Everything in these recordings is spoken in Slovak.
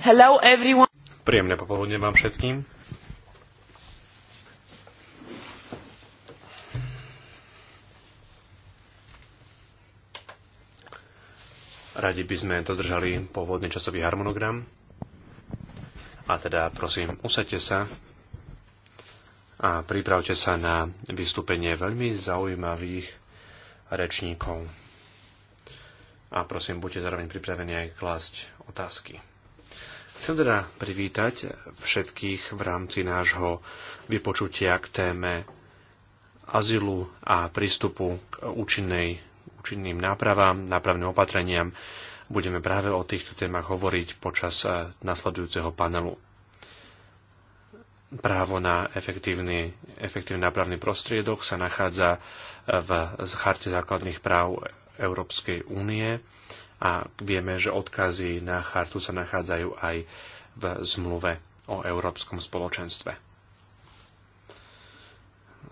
Hello everyone. Príjemné popoludne vám všetkým. Radi by sme dodržali pôvodný časový harmonogram. A teda prosím, usadte sa a pripravte sa na vystúpenie veľmi zaujímavých rečníkov. A prosím, buďte zároveň pripravení aj klásť otázky. Chcem teda privítať všetkých v rámci nášho vypočutia k téme azylu a prístupu k účinnej, účinným nápravám, nápravným opatreniam. Budeme práve o týchto témach hovoriť počas eh, nasledujúceho panelu. Právo na efektívny, efektívny nápravný prostriedok sa nachádza eh, v charte základných práv Európskej únie a vieme, že odkazy na chartu sa nachádzajú aj v zmluve o Európskom spoločenstve.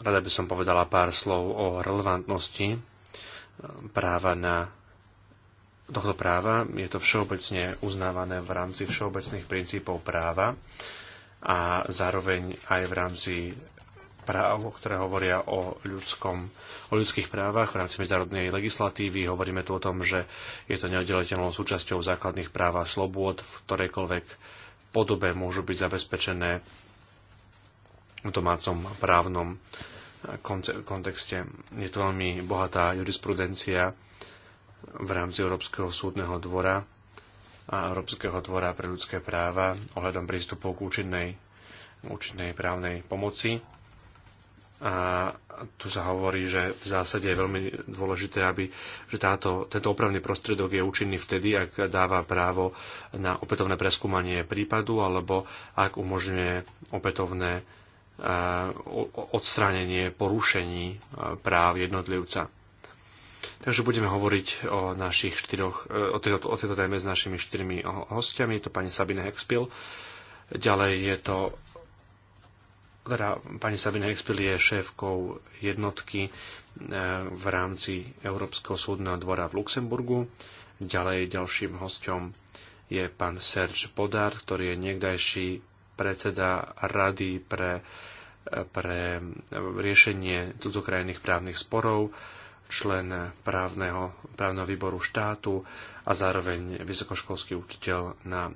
Rada by som povedala pár slov o relevantnosti e, práva na tohto práva. Je to všeobecne uznávané v rámci všeobecných princípov práva a zároveň aj v rámci práv, ktoré hovoria o, ľudskom, o ľudských právach v rámci medzinárodnej legislatívy. Hovoríme tu o tom, že je to neoddeliteľnou súčasťou základných práv a slobôd, v ktorejkoľvek podobe môžu byť zabezpečené v domácom právnom kontexte. Je to veľmi bohatá jurisprudencia v rámci Európskeho súdneho dvora a Európskeho dvora pre ľudské práva ohľadom prístupov k účinnej, účinnej právnej pomoci. A tu sa hovorí, že v zásade je veľmi dôležité, aby, že táto, tento opravný prostriedok je účinný vtedy, ak dáva právo na opätovné preskúmanie prípadu alebo ak umožňuje opätovné e, odstránenie porušení e, práv jednotlivca. Takže budeme hovoriť o našich štyroch, e, o tejto, o tejto téme s našimi štyrmi hostiami, to pani Sabine Hexpil, ďalej je to teda pani Sabina Expil je šéfkou jednotky e, v rámci Európskeho súdneho dvora v Luxemburgu. Ďalej ďalším hostom je pán Serge Podar, ktorý je niekdajší predseda Rady pre, e, pre riešenie cudzokrajných právnych sporov člen právneho, právneho výboru štátu a zároveň vysokoškolský učiteľ na,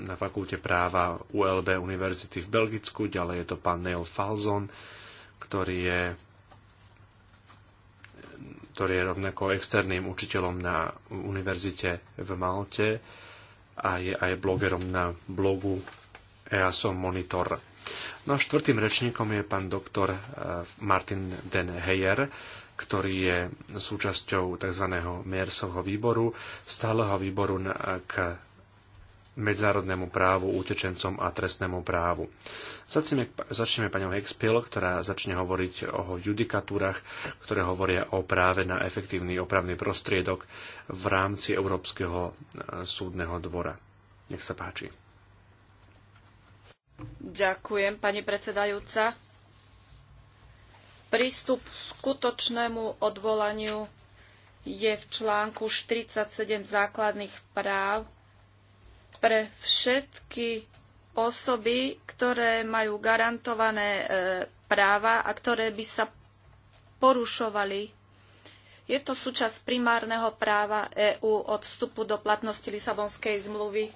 na fakulte práva ULB Univerzity v Belgicku. Ďalej je to pán Neil Falzon, ktorý je ktorý je rovnako externým učiteľom na univerzite v Malte a je aj blogerom na blogu EASO Monitor. No a štvrtým rečníkom je pán doktor eh, Martin Den Heyer, ktorý je súčasťou tzv. Miersovho výboru, stáleho výboru k medzinárodnému právu, utečencom a trestnému právu. Začneme, začneme paňou Hexpil, ktorá začne hovoriť o judikatúrach, ktoré hovoria o práve na efektívny opravný prostriedok v rámci Európskeho e, súdneho dvora. Nech sa páči. Ďakujem, pani predsedajúca. Prístup k skutočnému odvolaniu je v článku 47 základných práv pre všetky osoby, ktoré majú garantované e, práva a ktoré by sa porušovali. Je to súčasť primárneho práva EÚ od vstupu do platnosti Lisabonskej zmluvy,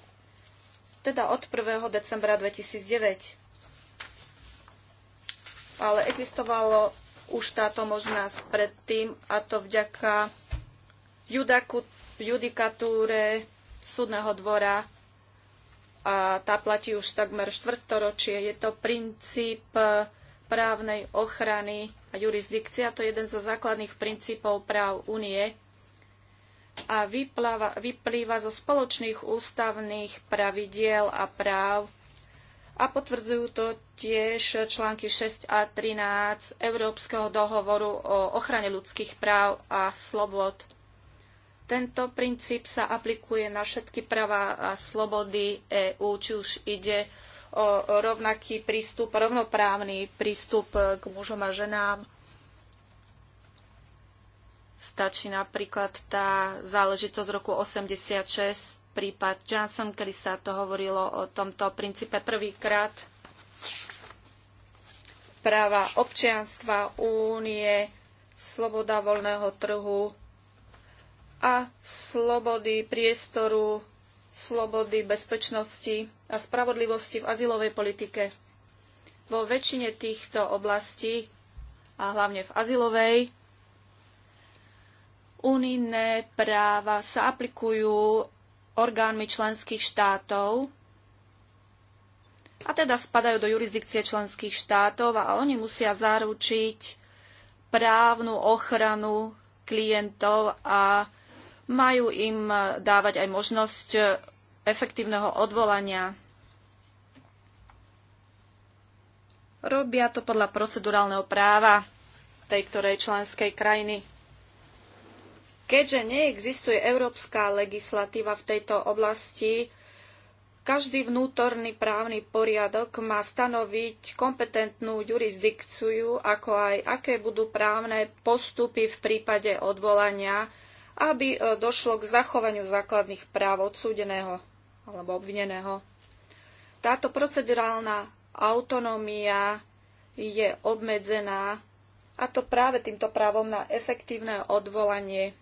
teda od 1. decembra 2009. Ale existovalo už táto možnosť predtým a to vďaka judaku, judikatúre súdneho dvora a tá platí už takmer štvrtoročie. Je to princíp e, právnej ochrany a jurisdikcia. To je jeden zo základných princípov práv únie a vyplýva zo spoločných ústavných pravidiel a práv a potvrdzujú to tiež články 6 a 13 Európskeho dohovoru o ochrane ľudských práv a slobod. Tento princíp sa aplikuje na všetky práva a slobody EÚ, či už ide o rovnaký prístup, rovnoprávny prístup k mužom a ženám. Stačí napríklad tá záležitosť z roku 86 prípad Johnson, kedy sa to hovorilo o tomto princípe prvýkrát. Práva občianstva, únie, sloboda voľného trhu a slobody priestoru, slobody bezpečnosti a spravodlivosti v azylovej politike. Vo väčšine týchto oblastí, a hlavne v azylovej, unijné práva sa aplikujú orgánmi členských štátov a teda spadajú do jurisdikcie členských štátov a oni musia zaručiť právnu ochranu klientov a majú im dávať aj možnosť efektívneho odvolania. Robia to podľa procedurálneho práva tej ktorej členskej krajiny. Keďže neexistuje európska legislatíva v tejto oblasti, každý vnútorný právny poriadok má stanoviť kompetentnú jurisdikciu, ako aj aké budú právne postupy v prípade odvolania, aby e, došlo k zachovaniu základných práv odsúdeného alebo obvineného. Táto procedurálna autonómia je obmedzená, a to práve týmto právom na efektívne odvolanie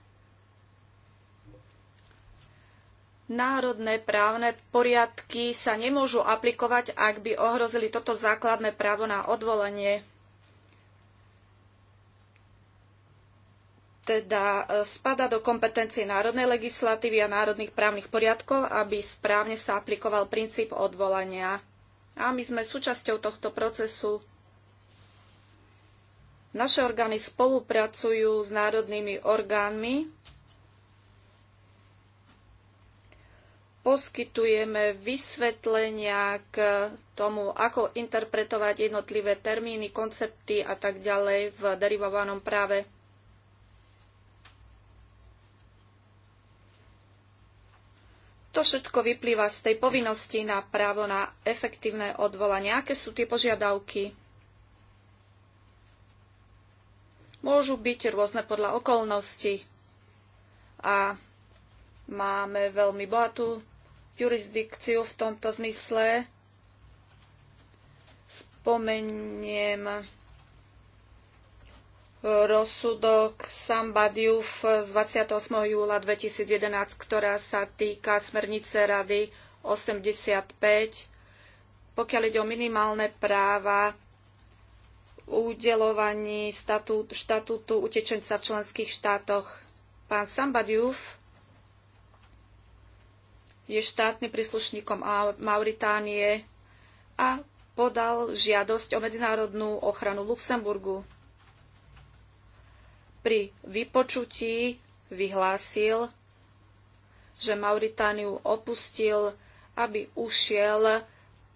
národné právne poriadky sa nemôžu aplikovať, ak by ohrozili toto základné právo na odvolanie. Teda e, spada do kompetencie národnej legislatívy a národných právnych poriadkov, aby správne sa aplikoval princíp odvolania. A my sme súčasťou tohto procesu. Naše orgány spolupracujú s národnými orgánmi poskytujeme vysvetlenia k tomu, ako interpretovať jednotlivé termíny, koncepty a tak ďalej v derivovanom práve. To všetko vyplýva z tej povinnosti na právo na efektívne odvolanie. Aké sú tie požiadavky? Môžu byť rôzne podľa okolností. A máme veľmi bohatú jurisdikciu v tomto zmysle. Spomeniem rozsudok Sambadiuf z 28. júla 2011, ktorá sa týka smernice Rady 85, pokiaľ ide o minimálne práva udelovaní štatútu utečenca v členských štátoch. Pán Sambadiuf je štátnym príslušníkom Mauritánie a podal žiadosť o medzinárodnú ochranu Luxemburgu. Pri vypočutí vyhlásil, že Mauritániu opustil, aby ušiel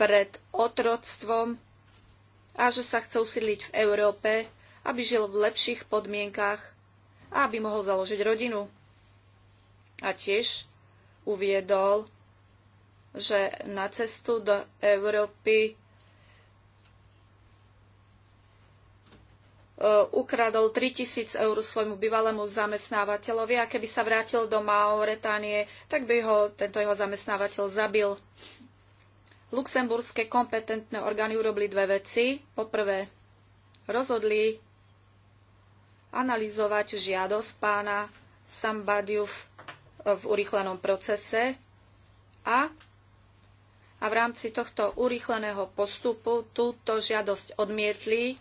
pred otroctvom a že sa chce usídliť v Európe, aby žil v lepších podmienkach a aby mohol založiť rodinu. A tiež uviedol, že na cestu do Európy e, ukradol 3000 eur svojmu bývalému zamestnávateľovi a keby sa vrátil do Mauretánie, tak by ho tento jeho zamestnávateľ zabil. Luxemburské kompetentné orgány urobili dve veci. Poprvé, rozhodli analyzovať žiadosť pána Sambadiu v urýchlenom procese a, a v rámci tohto urýchleného postupu túto žiadosť odmietli,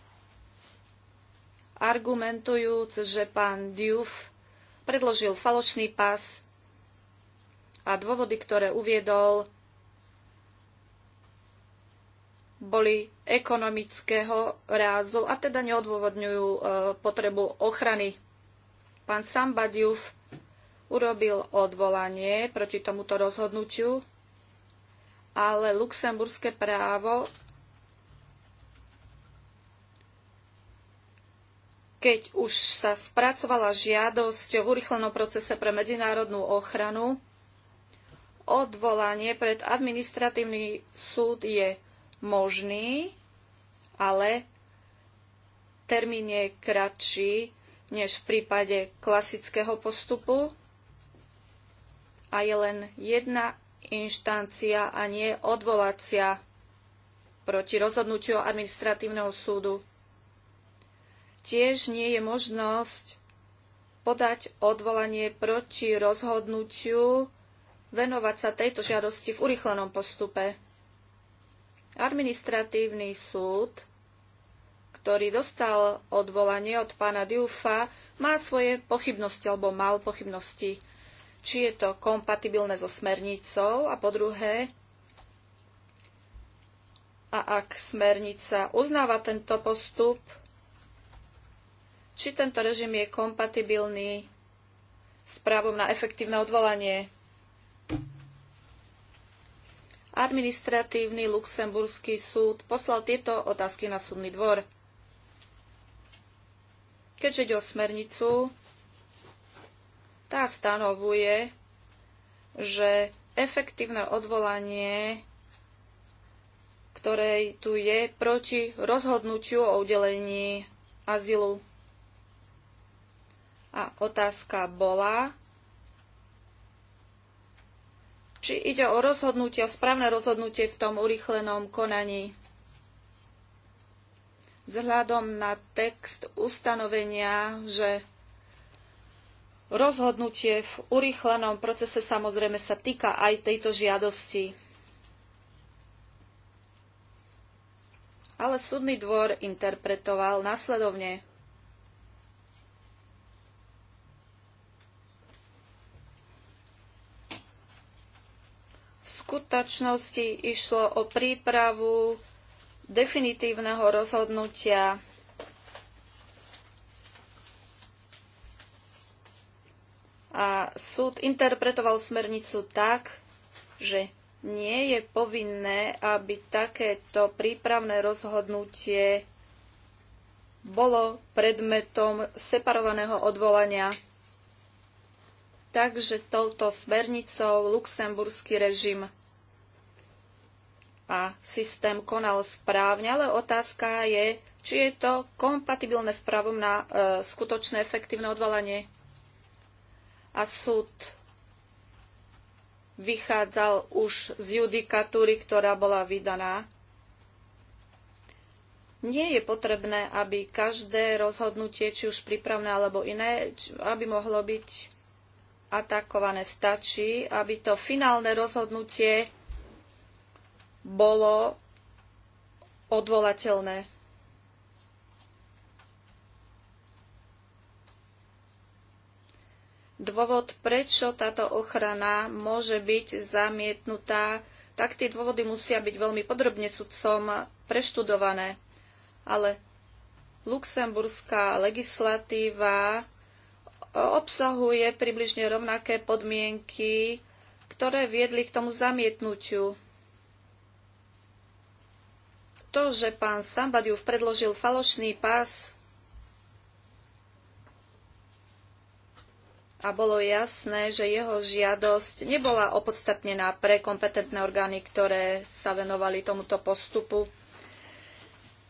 argumentujúc, že pán Diouf predložil falošný pas a dôvody, ktoré uviedol, boli ekonomického rázu a teda neodôvodňujú e, potrebu ochrany. Pán Sambadiuf urobil odvolanie proti tomuto rozhodnutiu, ale luxemburské právo, keď už sa spracovala žiadosť v urychlenom procese pre medzinárodnú ochranu, odvolanie pred administratívny súd je možný, ale termín je kratší než v prípade klasického postupu a je len jedna inštancia a nie odvolacia proti rozhodnutiu administratívneho súdu. Tiež nie je možnosť podať odvolanie proti rozhodnutiu venovať sa tejto žiadosti v urychlenom postupe. Administratívny súd, ktorý dostal odvolanie od pána Diufa, má svoje pochybnosti alebo mal pochybnosti či je to kompatibilné so smernicou a po druhé, a ak smernica uznáva tento postup, či tento režim je kompatibilný s právom na efektívne odvolanie. Administratívny luxemburský súd poslal tieto otázky na súdny dvor. Keďže ide o smernicu, tá stanovuje, že efektívne odvolanie, ktoré tu je proti rozhodnutiu o udelení azylu. A otázka bola, či ide o rozhodnutie, o správne rozhodnutie v tom urýchlenom konaní. Vzhľadom na text ustanovenia, že Rozhodnutie v urýchlenom procese samozrejme sa týka aj tejto žiadosti. Ale súdny dvor interpretoval následovne. V skutočnosti išlo o prípravu definitívneho rozhodnutia a súd interpretoval smernicu tak, že nie je povinné, aby takéto prípravné rozhodnutie bolo predmetom separovaného odvolania. Takže touto smernicou luxemburský režim a systém konal správne, ale otázka je, či je to kompatibilné s právom na e, skutočné efektívne odvolanie a súd vychádzal už z judikatúry, ktorá bola vydaná. Nie je potrebné, aby každé rozhodnutie, či už prípravné alebo iné, aby mohlo byť atakované. Stačí, aby to finálne rozhodnutie bolo odvolateľné. dôvod, prečo táto ochrana môže byť zamietnutá, tak tie dôvody musia byť veľmi podrobne sudcom preštudované. Ale luxemburská legislatíva obsahuje približne rovnaké podmienky, ktoré viedli k tomu zamietnutiu. To, že pán Sambadiu predložil falošný pás a bolo jasné, že jeho žiadosť nebola opodstatnená pre kompetentné orgány, ktoré sa venovali tomuto postupu.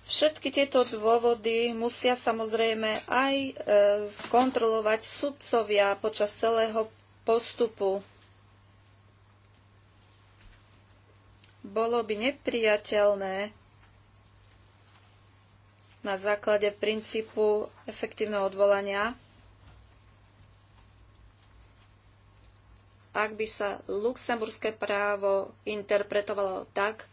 Všetky tieto dôvody musia samozrejme aj e, kontrolovať sudcovia počas celého postupu. Bolo by nepriateľné na základe princípu efektívneho odvolania ak by sa luxemburské právo interpretovalo tak,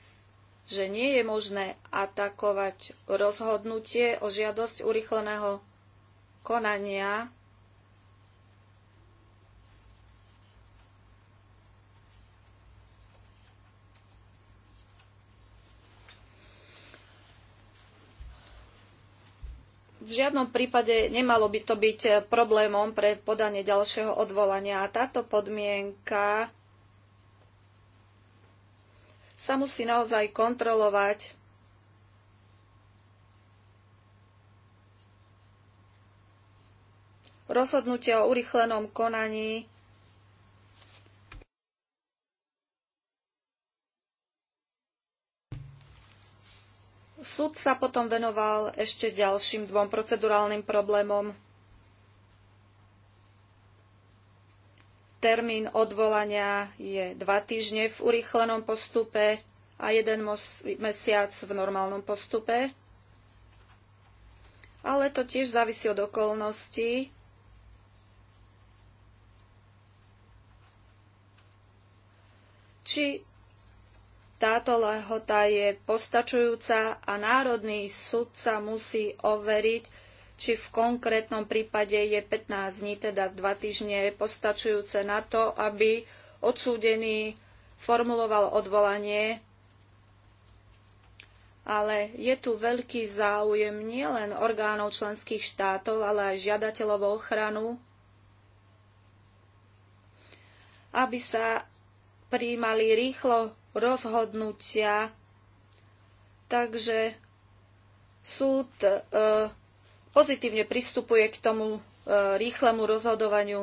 že nie je možné atakovať rozhodnutie o žiadosť urychleného konania v žiadnom prípade nemalo by to byť e, problémom pre podanie ďalšieho odvolania. A táto podmienka sa musí naozaj kontrolovať. Rozhodnutie o urychlenom konaní Súd sa potom venoval ešte ďalším dvom procedurálnym problémom. Termín odvolania je dva týždne v urýchlenom postupe a jeden mesiac v normálnom postupe. Ale to tiež závisí od okolností. Či táto lehota je postačujúca a Národný súd sa musí overiť, či v konkrétnom prípade je 15 dní, teda 2 týždne, postačujúce na to, aby odsúdený formuloval odvolanie ale je tu veľký záujem nielen orgánov členských štátov, ale aj žiadateľov o ochranu, aby sa príjmali rýchlo rozhodnutia. Takže súd e, pozitívne pristupuje k tomu e, rýchlemu rozhodovaniu.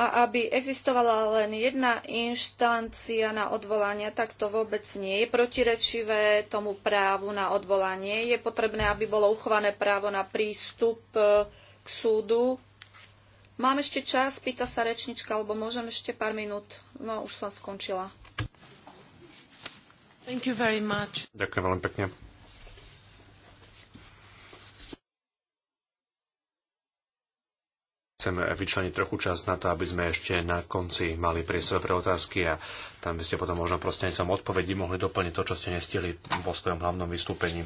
A aby existovala len jedna inštancia na odvolania, tak to vôbec nie je protirečivé tomu právu na odvolanie. Je potrebné, aby bolo uchované právo na prístup e, k súdu Mám ešte čas, pýta sa rečnička, alebo môžem ešte pár minút. No, už som skončila. Thank you very much. Ďakujem veľmi pekne. Chceme vyčleniť trochu čas na to, aby sme ešte na konci mali priestor pre otázky a tam by ste potom možno proste som odpovedí mohli doplniť to, čo ste nestihli vo svojom hlavnom vystúpení.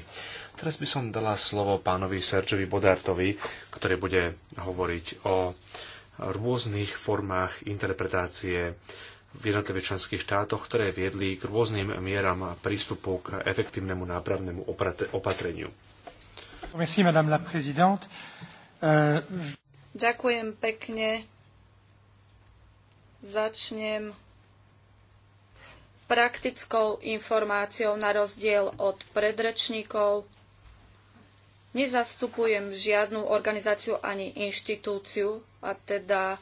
Teraz by som dala slovo pánovi Sergevi Bodartovi, ktorý bude hovoriť o rôznych formách interpretácie v jednotlivých členských štátoch, ktoré viedli k rôznym mieram prístupu k efektívnemu nápravnému opatreniu. Merci, madame la présidente. Euh, Ďakujem pekne. Začnem praktickou informáciou na rozdiel od predrečníkov. Nezastupujem žiadnu organizáciu ani inštitúciu a teda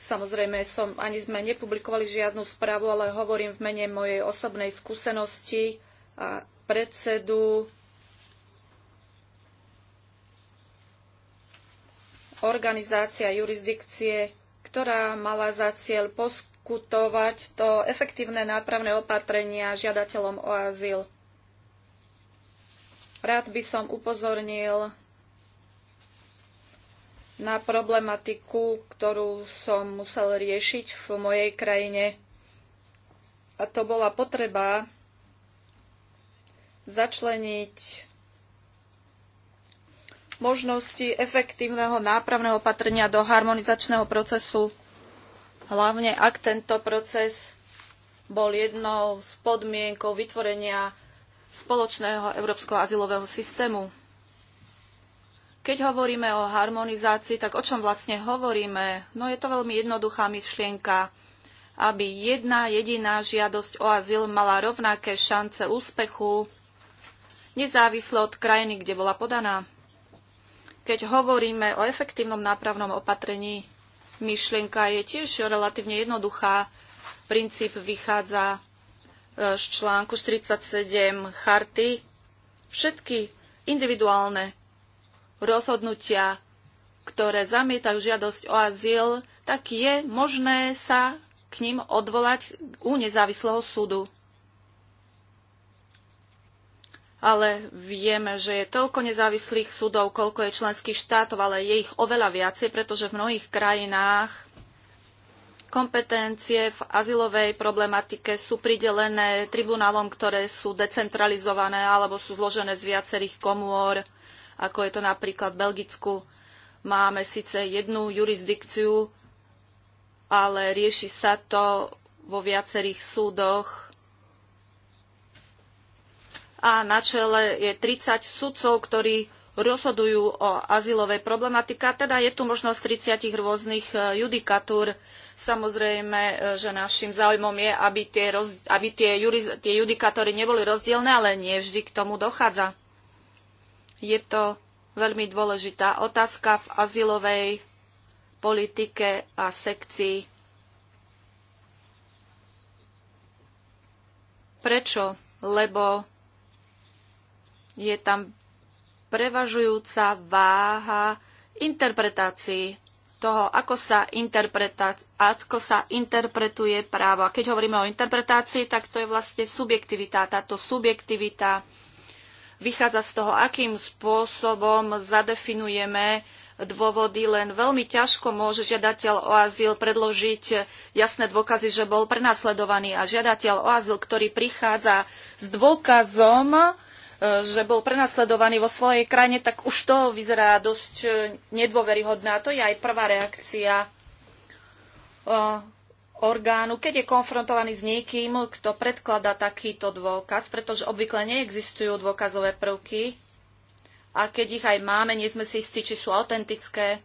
samozrejme som, ani sme nepublikovali žiadnu správu, ale hovorím v mene mojej osobnej skúsenosti a predsedu organizácia jurisdikcie, ktorá mala za cieľ poskutovať to efektívne nápravné opatrenia žiadateľom o azyl. Rád by som upozornil na problematiku, ktorú som musel riešiť v mojej krajine. A to bola potreba začleniť možnosti efektívneho nápravného opatrenia do harmonizačného procesu, hlavne ak tento proces bol jednou z podmienkou vytvorenia spoločného európskeho azylového systému. Keď hovoríme o harmonizácii, tak o čom vlastne hovoríme? No je to veľmi jednoduchá myšlienka, aby jedna jediná žiadosť o azyl mala rovnaké šance úspechu, nezávisle od krajiny, kde bola podaná. Keď hovoríme o efektívnom nápravnom opatrení, myšlienka je tiež relatívne jednoduchá. Princíp vychádza z článku 47 charty všetky individuálne rozhodnutia, ktoré zamietajú žiadosť o azyl, tak je možné sa k ním odvolať u nezávislého súdu. Ale vieme, že je toľko nezávislých súdov, koľko je členských štátov, ale je ich oveľa viacej, pretože v mnohých krajinách Kompetencie v azylovej problematike sú pridelené tribunálom, ktoré sú decentralizované alebo sú zložené z viacerých komôr, ako je to napríklad v Belgicku. Máme síce jednu jurisdikciu, ale rieši sa to vo viacerých súdoch a na čele je 30 sudcov, ktorí rozhodujú o azylovej problematike. Teda je tu možnosť 30 rôznych e, judikatúr. Samozrejme, e, že našim záujmom je, aby tie, roz, aby tie, juriz, tie judikátory neboli rozdielne, ale nie vždy k tomu dochádza. Je to veľmi dôležitá otázka v azylovej politike a sekcii. Prečo? Lebo je tam prevažujúca váha interpretácií toho, ako sa, ako sa interpretuje právo. A keď hovoríme o interpretácii, tak to je vlastne subjektivita. Táto subjektivita vychádza z toho, akým spôsobom zadefinujeme dôvody, len veľmi ťažko môže žiadateľ o azyl predložiť jasné dôkazy, že bol prenasledovaný. A žiadateľ o azyl, ktorý prichádza s dôkazom, E, že bol prenasledovaný vo svojej krajine, tak už to vyzerá dosť e, nedôveryhodné. A to je aj prvá reakcia e, orgánu, keď je konfrontovaný s niekým, kto predklada takýto dôkaz, pretože obvykle neexistujú dôkazové prvky a keď ich aj máme, nie sme si istí, či sú autentické.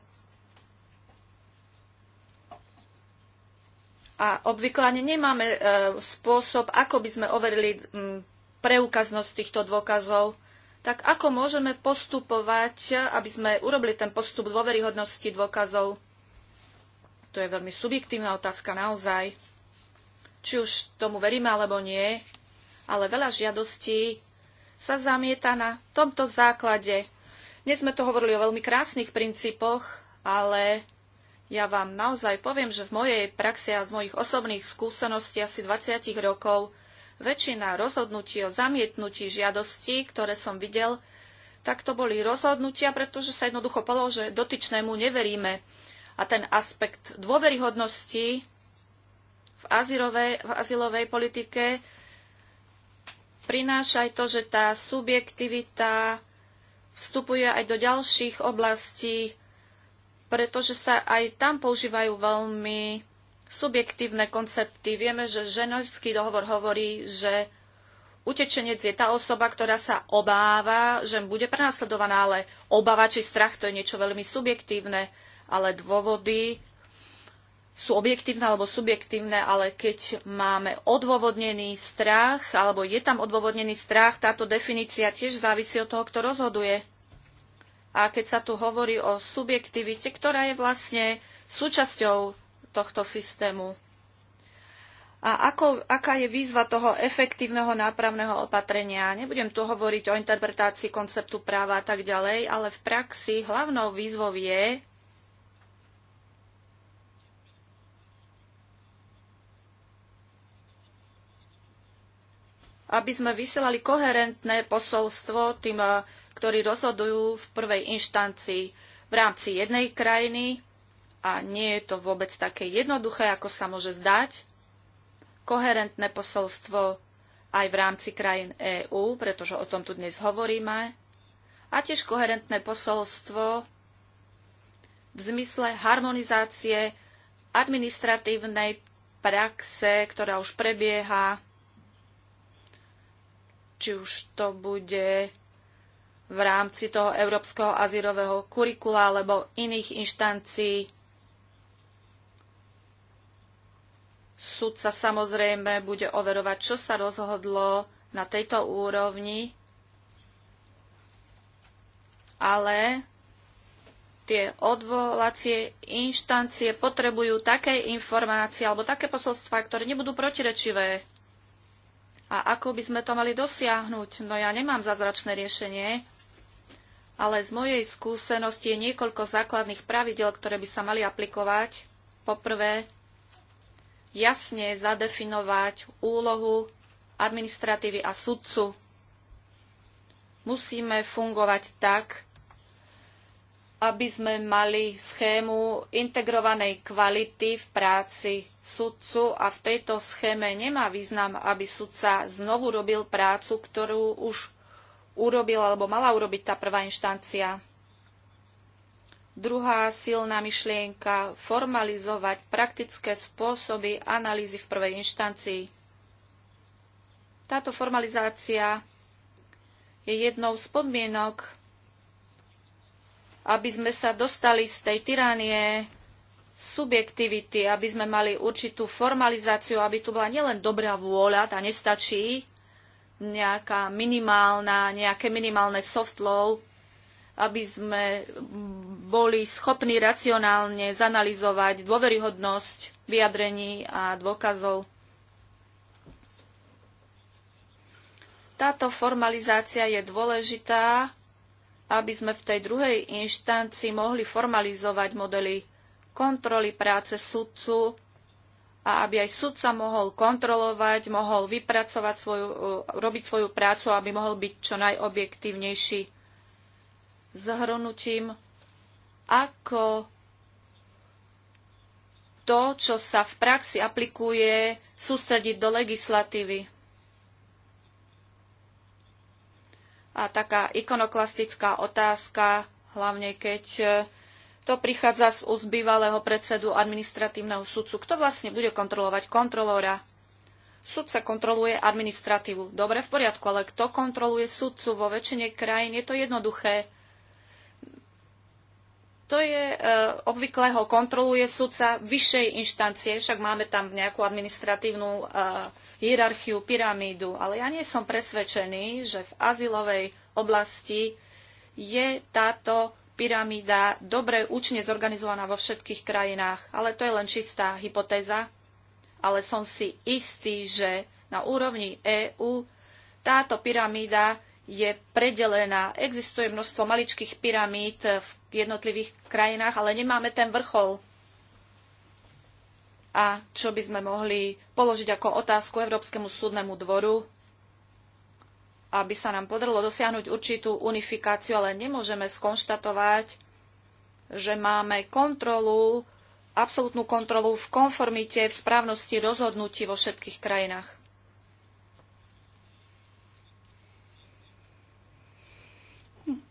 A obvykle ani nemáme spôsob, ako by sme overili preukaznosť týchto dôkazov, tak ako môžeme postupovať, aby sme urobili ten postup dôveryhodnosti dôkazov? To je veľmi subjektívna otázka naozaj. Či už tomu veríme alebo nie, ale veľa žiadostí sa zamieta na tomto základe. Dnes sme to hovorili o veľmi krásnych princípoch, ale ja vám naozaj poviem, že v mojej praxi a z mojich osobných skúseností asi 20 rokov väčšina rozhodnutí o zamietnutí žiadosti, ktoré som videl, tak to boli rozhodnutia, pretože sa jednoducho polo, že dotyčnému neveríme. A ten aspekt dôveryhodnosti v azylovej, v azylovej politike prináša aj to, že tá subjektivita vstupuje aj do ďalších oblastí, pretože sa aj tam používajú veľmi subjektívne koncepty. Vieme, že ženovský dohovor hovorí, že utečenec je tá osoba, ktorá sa obáva, že bude prenasledovaná, ale obava či strach to je niečo veľmi subjektívne, ale dôvody sú objektívne alebo subjektívne, ale keď máme odôvodnený strach, alebo je tam odôvodnený strach, táto definícia tiež závisí od toho, kto rozhoduje. A keď sa tu hovorí o subjektivite, ktorá je vlastne súčasťou tohto systému. A ako, aká je výzva toho efektívneho nápravného opatrenia? Nebudem tu hovoriť o interpretácii konceptu práva a tak ďalej, ale v praxi hlavnou výzvou je aby sme vysielali koherentné posolstvo tým, eh, ktorí rozhodujú v prvej inštancii v rámci jednej krajiny a nie je to vôbec také jednoduché, ako sa môže zdať. Koherentné posolstvo aj v rámci krajín EÚ, pretože o tom tu dnes hovoríme, a tiež koherentné posolstvo v zmysle harmonizácie administratívnej praxe, ktorá už prebieha, či už to bude v rámci toho Európskeho azírového kurikula alebo iných inštancií Sudca samozrejme bude overovať, čo sa rozhodlo na tejto úrovni, ale tie odvolacie inštancie potrebujú také informácie alebo také posolstva, ktoré nebudú protirečivé. A ako by sme to mali dosiahnuť? No ja nemám zázračné riešenie, ale z mojej skúsenosti je niekoľko základných pravidel, ktoré by sa mali aplikovať. Poprvé, jasne zadefinovať úlohu administratívy a sudcu. Musíme fungovať tak, aby sme mali schému integrovanej kvality v práci sudcu a v tejto schéme nemá význam, aby sudca znovu robil prácu, ktorú už urobil alebo mala urobiť tá prvá inštancia. Druhá silná myšlienka formalizovať praktické spôsoby analýzy v prvej inštancii. Táto formalizácia je jednou z podmienok, aby sme sa dostali z tej tyranie subjektivity, aby sme mali určitú formalizáciu, aby tu bola nielen dobrá vôľa, tá nestačí, nejaká minimálna, nejaké minimálne soft law, aby sme boli schopní racionálne zanalizovať dôveryhodnosť vyjadrení a dôkazov. Táto formalizácia je dôležitá, aby sme v tej druhej inštancii mohli formalizovať modely kontroly práce sudcu a aby aj sudca mohol kontrolovať, mohol vypracovať svoju, e, robiť svoju prácu, aby mohol byť čo najobjektívnejší. Zhrnutím ako to, čo sa v praxi aplikuje, sústrediť do legislatívy. A taká ikonoklastická otázka, hlavne keď e, to prichádza z úst bývalého predsedu administratívneho sudcu. Kto vlastne bude kontrolovať kontrolóra? Sudca kontroluje administratívu. Dobre, v poriadku, ale kto kontroluje sudcu? Vo väčšine krajín je to jednoduché to je, e, obvykle ho kontroluje sudca vyššej inštancie, však máme tam nejakú administratívnu e, hierarchiu, pyramídu, ale ja nie som presvedčený, že v azylovej oblasti je táto pyramída dobre účne zorganizovaná vo všetkých krajinách, ale to je len čistá hypotéza. Ale som si istý, že na úrovni EÚ táto pyramída je predelená. Existuje množstvo maličkých pyramíd v jednotlivých krajinách, ale nemáme ten vrchol. A čo by sme mohli položiť ako otázku Európskemu súdnemu dvoru, aby sa nám podarilo dosiahnuť určitú unifikáciu, ale nemôžeme skonštatovať, že máme kontrolu, absolútnu kontrolu v konformite, v správnosti rozhodnutí vo všetkých krajinách.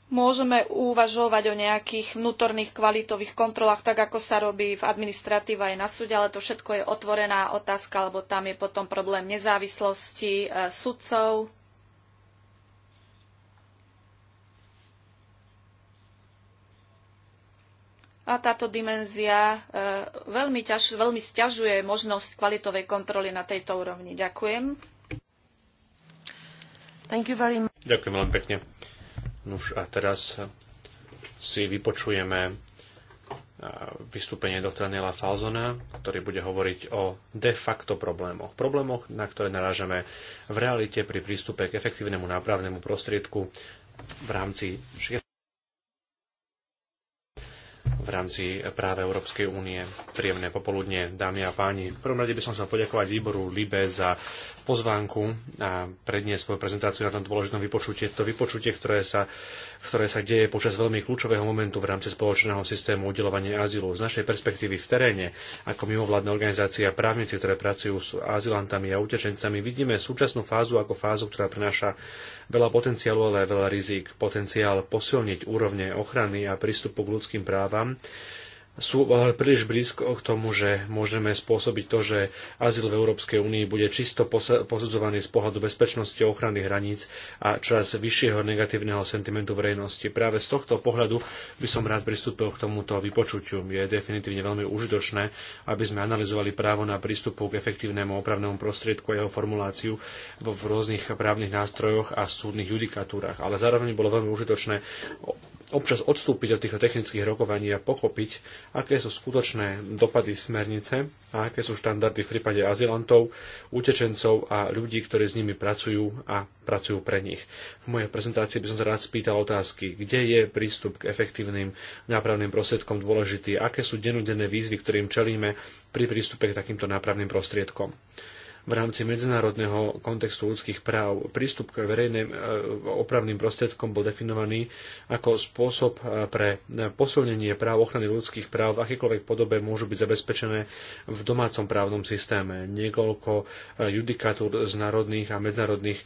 môžeme uvažovať o nejakých vnútorných kvalitových kontrolách, tak ako sa robí v administratíve aj na súde, ale to všetko je otvorená otázka, lebo tam je potom problém nezávislosti e, sudcov. A táto dimenzia e, veľmi, ťaž, veľmi stiažuje možnosť kvalitovej kontroly na tejto úrovni. Ďakujem. Ďakujem veľmi pekne. Nuž a teraz si vypočujeme vystúpenie doktora Nela Falzona, ktorý bude hovoriť o de facto problémoch. Problémoch, na ktoré narážame v realite pri prístupe k efektívnemu nápravnému prostriedku v rámci v rámci práve Európskej únie. Príjemné popoludne, dámy a páni. V prvom rade by som sa poďakovať výboru LIBE za pozvánku a predniesť svoju prezentáciu na tom dôležitom vypočutie. To vypočutie, ktoré sa, ktoré sa deje počas veľmi kľúčového momentu v rámci spoločného systému udelovania azylu. Z našej perspektívy v teréne, ako mimovládne organizácia a právnici, ktoré pracujú s azylantami a utečencami, vidíme súčasnú fázu ako fázu, ktorá prináša veľa potenciálu, ale aj veľa rizik. Potenciál posilniť úrovne ochrany a prístupu k ľudským právam sú ale príliš blízko k tomu, že môžeme spôsobiť to, že azyl v Európskej únii bude čisto posudzovaný z pohľadu bezpečnosti a ochrany hraníc a čoraz vyššieho negatívneho sentimentu verejnosti. Práve z tohto pohľadu by som rád pristúpil k tomuto vypočutiu. Je definitívne veľmi užitočné, aby sme analyzovali právo na prístupu k efektívnemu opravnému prostriedku a jeho formuláciu v rôznych právnych nástrojoch a súdnych judikatúrach. Ale zároveň bolo veľmi užitočné občas odstúpiť od týchto technických rokovaní a pochopiť, aké sú skutočné dopady smernice a aké sú štandardy v prípade azylantov, utečencov a ľudí, ktorí s nimi pracujú a pracujú pre nich. V mojej prezentácii by som sa rád spýtal otázky, kde je prístup k efektívnym nápravným prostriedkom dôležitý, aké sú denodenné výzvy, ktorým čelíme pri prístupe k takýmto nápravným prostriedkom v rámci medzinárodného kontextu ľudských práv. Prístup k verejným e, opravným prostriedkom bol definovaný ako spôsob e, pre posilnenie práv ochrany ľudských práv v akýkoľvek podobe môžu byť zabezpečené v domácom právnom systéme. Niekoľko e, judikatúr z národných a medzinárodných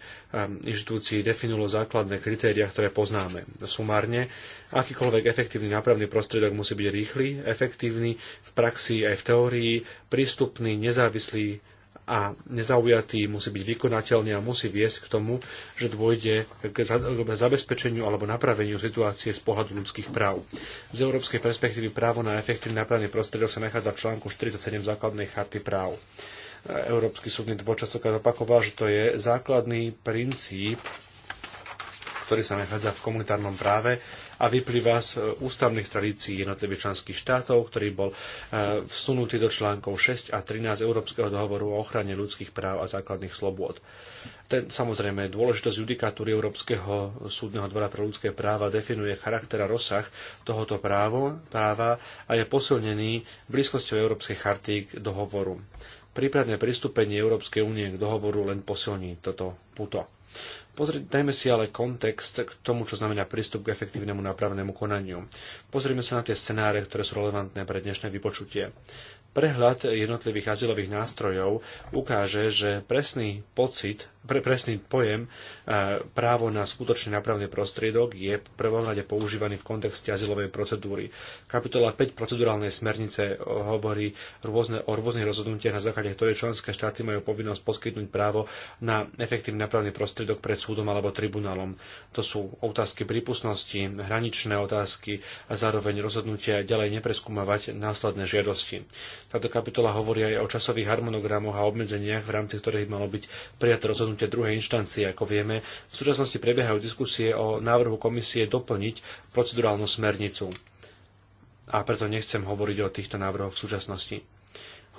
inštitúcií definulo základné kritéria, ktoré poznáme. Sumárne, akýkoľvek efektívny nápravný prostriedok musí byť rýchly, efektívny v praxi aj v teórii, prístupný, nezávislý a nezaujatý musí byť vykonateľný a musí viesť k tomu, že dôjde k zabezpečeniu alebo napraveniu situácie z pohľadu ľudských práv. Z európskej perspektívy právo na efektívny napravný prostriedok sa nachádza v článku 47 základnej charty práv. Európsky súdny dvor častokrát opakoval, že to je základný princíp, ktorý sa nachádza v komunitárnom práve a vyplýva z e, ústavných tradícií jednotlivých členských štátov, ktorý bol e, vsunutý do článkov 6 a 13 Európskeho dohovoru o ochrane ľudských práv a základných slobôd. Ten, samozrejme, dôležitosť judikatúry Európskeho súdneho dvora pre ľudské práva definuje charakter a rozsah tohoto právo, práva a je posilnený blízkosťou Európskej charty k dohovoru. Prípadné pristúpenie Európskej únie k dohovoru len posilní toto puto. Pozri, dajme si ale kontext k tomu, čo znamená prístup k efektívnemu nápravnému konaniu. Pozrieme sa na tie scenáre, ktoré sú relevantné pre dnešné vypočutie. Prehľad jednotlivých azylových nástrojov ukáže, že presný pocit pre presný pojem e, právo na skutočný napravný prostriedok je v prvom rade používaný v kontexte azylovej procedúry. Kapitola 5 procedurálnej smernice hovorí rôzne, o rôznych rozhodnutiach, na základe ktoré členské štáty majú povinnosť poskytnúť právo na efektívny napravný prostriedok pred súdom alebo tribunálom. To sú otázky prípustnosti, hraničné otázky a zároveň rozhodnutia ďalej nepreskúmavať následné žiadosti. Táto kapitola hovorí aj o časových harmonogramoch a obmedzeniach, v rámci ktorých malo byť prijaté rozhodnutie rozhodnutia druhej inštancie. Ako vieme, v súčasnosti prebiehajú diskusie o návrhu komisie doplniť procedurálnu smernicu. A preto nechcem hovoriť o týchto návrhoch v súčasnosti.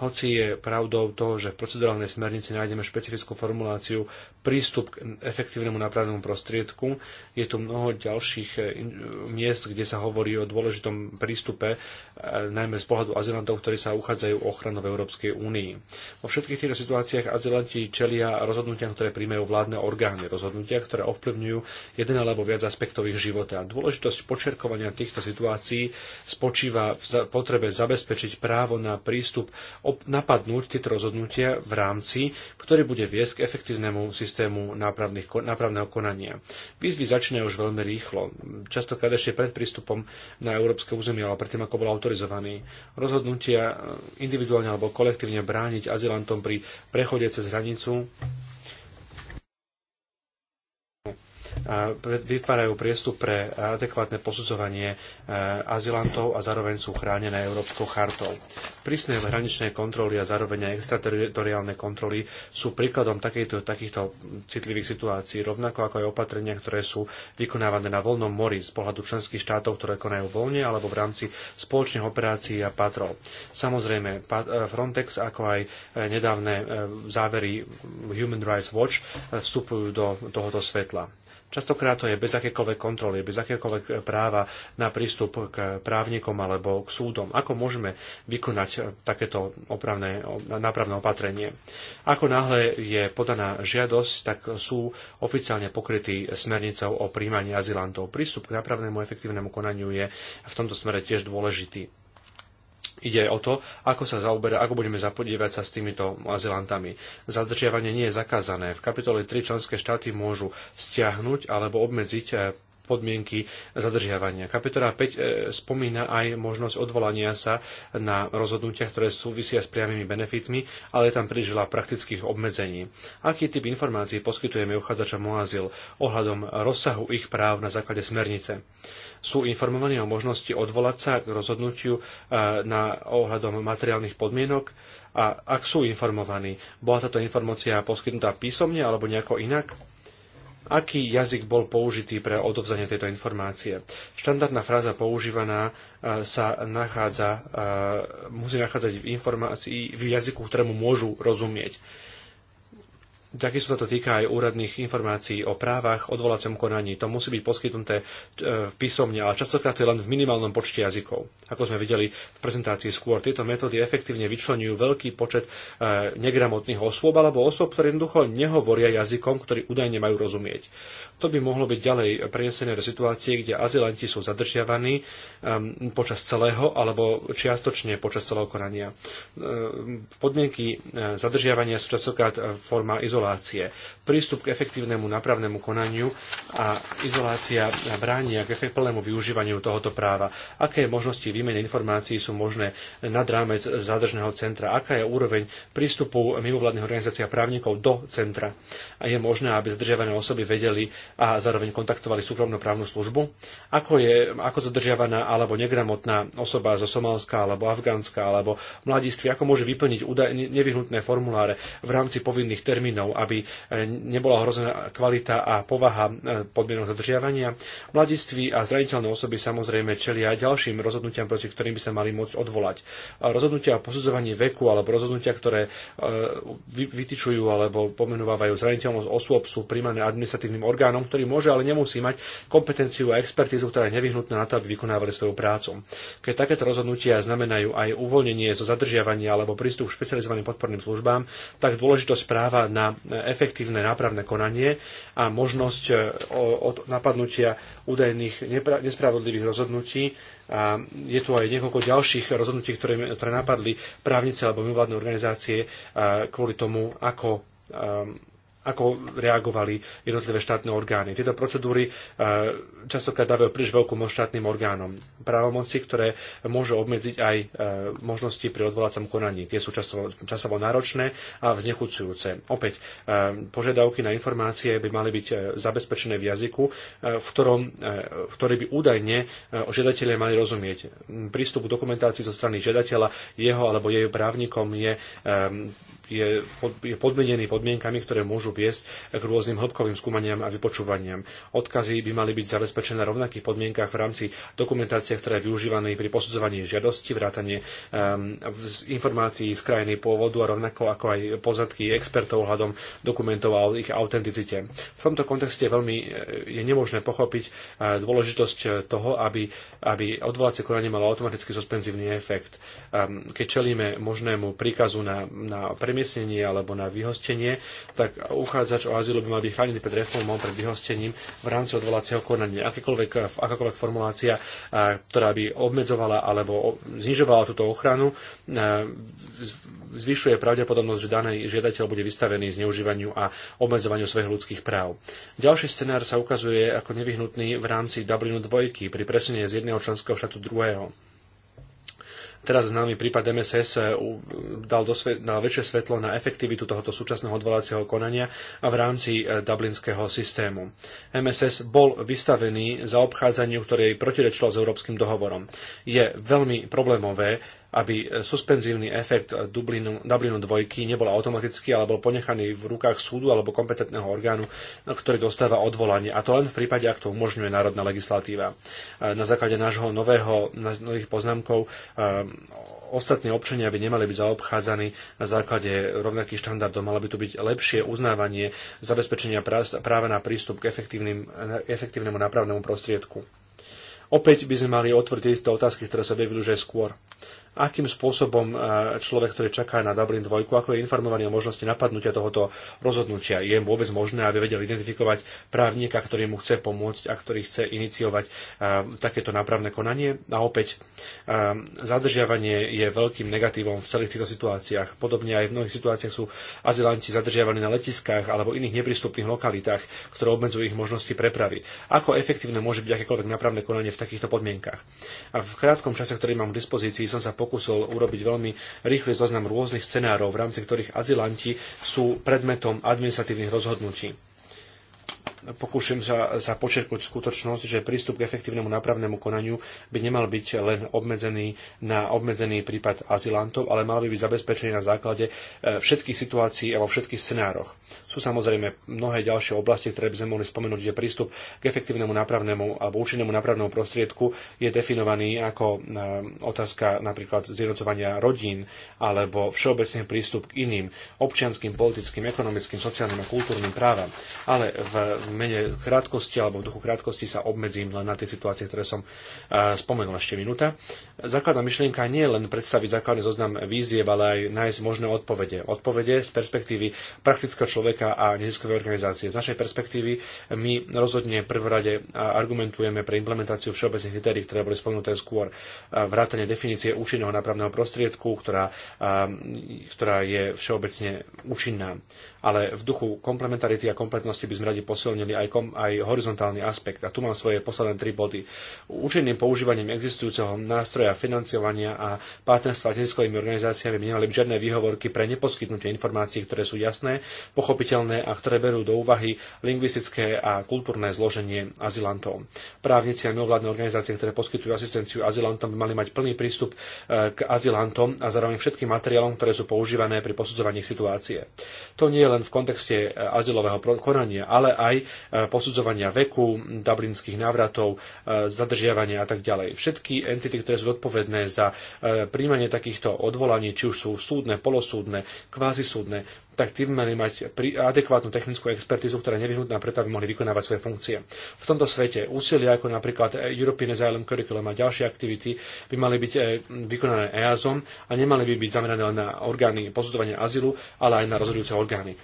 Hoci je pravdou to, že v procedurálnej smernici nájdeme špecifickú formuláciu prístup k efektívnemu nápravnému prostriedku. Je tu mnoho ďalších eh, miest, kde sa hovorí o dôležitom prístupe, eh, najmä z pohľadu azylantov, ktorí sa uchádzajú o ochranu v Európskej únii. Vo všetkých týchto situáciách azylanti čelia rozhodnutiam, ktoré príjmajú vládne orgány, rozhodnutia, ktoré ovplyvňujú jeden alebo viac aspektov ich života. Dôležitosť počerkovania týchto situácií spočíva v potrebe zabezpečiť právo na prístup, napadnúť tieto rozhodnutia v rámci, ktorý bude viesť k efektívnemu systému systému nápravného konania. Výzvy začínajú už veľmi rýchlo, častokrát ešte pred prístupom na európske územie, ale predtým, ako bol autorizovaný. Rozhodnutia individuálne alebo kolektívne brániť azylantom pri prechode cez hranicu vytvárajú priestup pre adekvátne posudzovanie e, azylantov a zároveň sú chránené Európskou chartou. Prísne hraničné kontroly a zároveň aj extrateritoriálne kontroly sú príkladom takýchto, takýchto citlivých situácií, rovnako ako aj opatrenia, ktoré sú vykonávané na voľnom mori z pohľadu členských štátov, ktoré konajú voľne alebo v rámci spoločných operácií a patrol. Samozrejme, e, Frontex ako aj e, nedávne závery Human Rights Watch vstupujú do tohoto svetla. Častokrát to je bez akékoľvek kontroly, bez akékoľvek e, práva na prístup k právnikom alebo k súdom. Ako môžeme vykonať e, takéto opravné, nápravné opatrenie? Ako náhle je podaná žiadosť, tak sú oficiálne pokrytí smernicou o príjmaní azylantov. Prístup k nápravnému efektívnemu konaniu je v tomto smere tiež dôležitý ide o to, ako sa zaoberá, ako budeme zapodievať sa s týmito azilantami. Zadržiavanie nie je zakázané. V kapitole 3 členské štáty môžu stiahnuť alebo obmedziť eh, podmienky zadržiavania. Kapitola 5 e, spomína aj možnosť odvolania sa na rozhodnutia, ktoré súvisia s priamými benefitmi, ale je tam príliš veľa praktických obmedzení. Aký typ informácií poskytujeme uchádzačom o azyl ohľadom rozsahu ich práv na základe smernice? Sú informovaní o možnosti odvolať sa k rozhodnutiu e, na ohľadom materiálnych podmienok? A ak sú informovaní, bola táto informácia poskytnutá písomne alebo nejako inak? aký jazyk bol použitý pre odovzdanie tejto informácie. Štandardná fráza používaná e, sa nachádza, e, musí nachádzať v, informácii, v jazyku, ktorému môžu rozumieť. Takisto sa to týka aj úradných informácií o právach, odvolacom konaní. To musí byť poskytnuté e, písomne, ale častokrát to je len v minimálnom počte jazykov. Ako sme videli v prezentácii skôr, tieto metódy efektívne vyčlenujú veľký počet e, negramotných osôb alebo osôb, ktoré jednoducho nehovoria jazykom, ktorý údajne majú rozumieť. To by mohlo byť ďalej prenesené do situácie, kde azylanti sú zadržiavaní um, počas celého alebo čiastočne počas celého konania. Um, podmienky uh, zadržiavania sú častokrát uh, forma izolácie. Prístup k efektívnemu nápravnému konaniu a izolácia bránia k efektívnemu využívaniu tohoto práva. Aké možnosti výmeny informácií sú možné nad rámec zádržného centra? Aká je úroveň prístupu mimovládnych organizácií a právnikov do centra? A je možné, aby zadržiavané osoby vedeli, a zároveň kontaktovali súkromnú právnu službu, ako, je, ako zadržiavaná alebo negramotná osoba zo Somálska alebo Afgánska alebo mladiství, ako môže vyplniť údaj, nevyhnutné formuláre v rámci povinných termínov, aby e, nebola hrozená kvalita a povaha e, podmienok zadržiavania. Mladiství a zraniteľné osoby samozrejme čelia ďalším rozhodnutiam, proti ktorým by sa mali môcť odvolať. Rozhodnutia o posudzovaní veku alebo rozhodnutia, ktoré e, vytyčujú alebo pomenovávajú zraniteľnosť osôb, sú príjmané administratívnym orgánom orgánom, ktorý môže, ale nemusí mať kompetenciu a expertízu, ktorá je nevyhnutná na to, aby vykonávali svoju prácu. Keď takéto rozhodnutia znamenajú aj uvoľnenie zo zadržiavania alebo prístup k špecializovaným podporným službám, tak dôležitosť práva na efektívne nápravné konanie a možnosť e, od napadnutia údajných nespravodlivých rozhodnutí a je tu aj niekoľko ďalších rozhodnutí, ktoré, ktoré napadli právnice alebo mimovládne organizácie kvôli tomu, ako ako reagovali jednotlivé štátne orgány. Tieto procedúry eh, častokrát dávajú príliš veľkú moc štátnym orgánom. Právomoci, ktoré môžu obmedziť aj e, možnosti pri odvolacom konaní. Tie sú časovo, časovo náročné a vznechúcujúce. Opäť, e, požiadavky na informácie by mali byť e, zabezpečené v jazyku, v ktorom, v ktorý by údajne žiadatelia mali rozumieť. Prístup k dokumentácii zo strany žiadateľa, jeho alebo jej právnikom je je, podmenený podmienkami, ktoré môžu viesť k rôznym hĺbkovým skúmaniam a vypočúvaniam. Odkazy by mali byť zabezpečené zabezpečené v rovnakých podmienkach v rámci dokumentácie, ktorá je využívaná pri posudzovaní žiadosti, vrátanie ehm, informácií z krajiny pôvodu a rovnako ako aj poznatky expertov ohľadom dokumentov a ich autenticite. V tomto kontexte veľmi e, je nemožné pochopiť e, dôležitosť e, toho, aby, aby odvolacie konanie malo automaticky suspenzívny efekt. Ehm, keď čelíme možnému príkazu na, na premiesnenie alebo na vyhostenie, tak uchádzač o azyl by mal byť chránený pred reformou, pred vyhostením v rámci odvolacieho konania akákoľvek, akákoľvek formulácia, ktorá by obmedzovala alebo znižovala túto ochranu, zvyšuje pravdepodobnosť, že daný žiadateľ bude vystavený zneužívaniu a obmedzovaniu svojich ľudských práv. Ďalší scenár sa ukazuje ako nevyhnutný v rámci Dublinu 2 pri presunie z jedného členského štátu druhého teraz známy prípad MSS eh, dal na väčšie svetlo na efektivitu tohoto súčasného odvolacieho konania a v rámci eh, dublinského systému. MSS bol vystavený za obchádzaniu, ktoré protirečilo s európskym dohovorom. Je veľmi problémové, aby e, suspenzívny efekt e, Dublinu, Dublinu 2 nebol automatický, ale bol ponechaný v rukách súdu alebo kompetentného orgánu, ktorý dostáva odvolanie. A to len v prípade, ak to umožňuje národná legislatíva. E, na základe nášho nového, nových poznámkov ostatní občania by nemali byť zaobchádzaní na základe rovnakých štandardov. Malo by tu byť lepšie uznávanie zabezpečenia práva na prístup k efektívnemu nápravnému prostriedku. Opäť by sme mali otvoriť isté otázky, ktoré sa objavili už skôr akým spôsobom e, človek, ktorý čaká na Dublin 2, ako je informovaný o možnosti napadnutia tohoto rozhodnutia. Je vôbec možné, aby vedel identifikovať právnika, ktorý mu chce pomôcť a ktorý chce iniciovať e, takéto nápravné konanie. A opäť, e, zadržiavanie je veľkým negatívom v celých týchto situáciách. Podobne aj v mnohých situáciách sú azylanti zadržiavaní na letiskách alebo iných neprístupných lokalitách, ktoré obmedzujú ich možnosti prepravy. Ako efektívne môže byť akékoľvek nápravné konanie v takýchto podmienkach? A v krátkom čase, ktorý mám k dispozícii, som sa pokusil urobiť veľmi rýchly zoznam rôznych scenárov, v rámci ktorých azilanti sú predmetom administratívnych rozhodnutí pokúšam sa, sa počerknúť skutočnosť, že prístup k efektívnemu nápravnému konaniu by nemal byť len obmedzený na obmedzený prípad azylantov, ale mal by byť zabezpečený na základe e, všetkých situácií a vo všetkých scenároch. Sú samozrejme mnohé ďalšie oblasti, ktoré by sme mohli spomenúť, kde prístup k efektívnemu nápravnému alebo účinnému nápravnému prostriedku je definovaný ako e, otázka napríklad zjednocovania rodín alebo všeobecný prístup k iným občianským, politickým, ekonomickým, sociálnym a kultúrnym právam. Ale v mene krátkosti alebo v duchu krátkosti sa obmedzím len na tie situácie, ktoré som eh, spomenul ešte minúta. Základná myšlienka nie je len predstaviť základný zoznam víziev, ale aj nájsť možné odpovede. Odpovede z perspektívy praktického človeka a neziskovej organizácie. Z našej perspektívy my rozhodne prvorade eh, argumentujeme pre implementáciu všeobecných kritérií, ktoré boli spomenuté skôr. Eh, Vrátanie definície účinného nápravného prostriedku, ktorá, ktorá je všeobecne účinná ale v duchu komplementarity a kompletnosti by sme radi posilnili aj, kom, aj horizontálny aspekt. A tu mám svoje posledné tri body. Účinným používaním existujúceho nástroja financovania a partnerstva tiskovými organizáciami by nemali byť žiadne výhovorky pre neposkytnutie informácií, ktoré sú jasné, pochopiteľné a ktoré berú do úvahy lingvistické a kultúrne zloženie azilantov. Právnici a mimovládne organizácie, ktoré poskytujú asistenciu azilantom, by mali mať plný prístup e, k azilantom a zároveň všetkým materiálom, ktoré sú používané pri posudzovaní situácie. To nie je len v kontexte e, azylového konania, ale aj e, posudzovania veku, dublinských návratov, e, zadržiavania a tak ďalej. Všetky entity, ktoré sú zodpovedné za príjmanie takýchto odvolaní, či už sú súdne, polosúdne, kvázisúdne, tak tí by mali mať adekvátnu technickú expertizu, ktorá je nevyhnutná preto, aby mohli vykonávať svoje funkcie. V tomto svete úsilia ako napríklad European Asylum Curriculum a ďalšie aktivity by mali byť eh, vykonané EASom a nemali by byť zamerané len na orgány posudzovania azylu, ale aj na rozhodujúce orgány.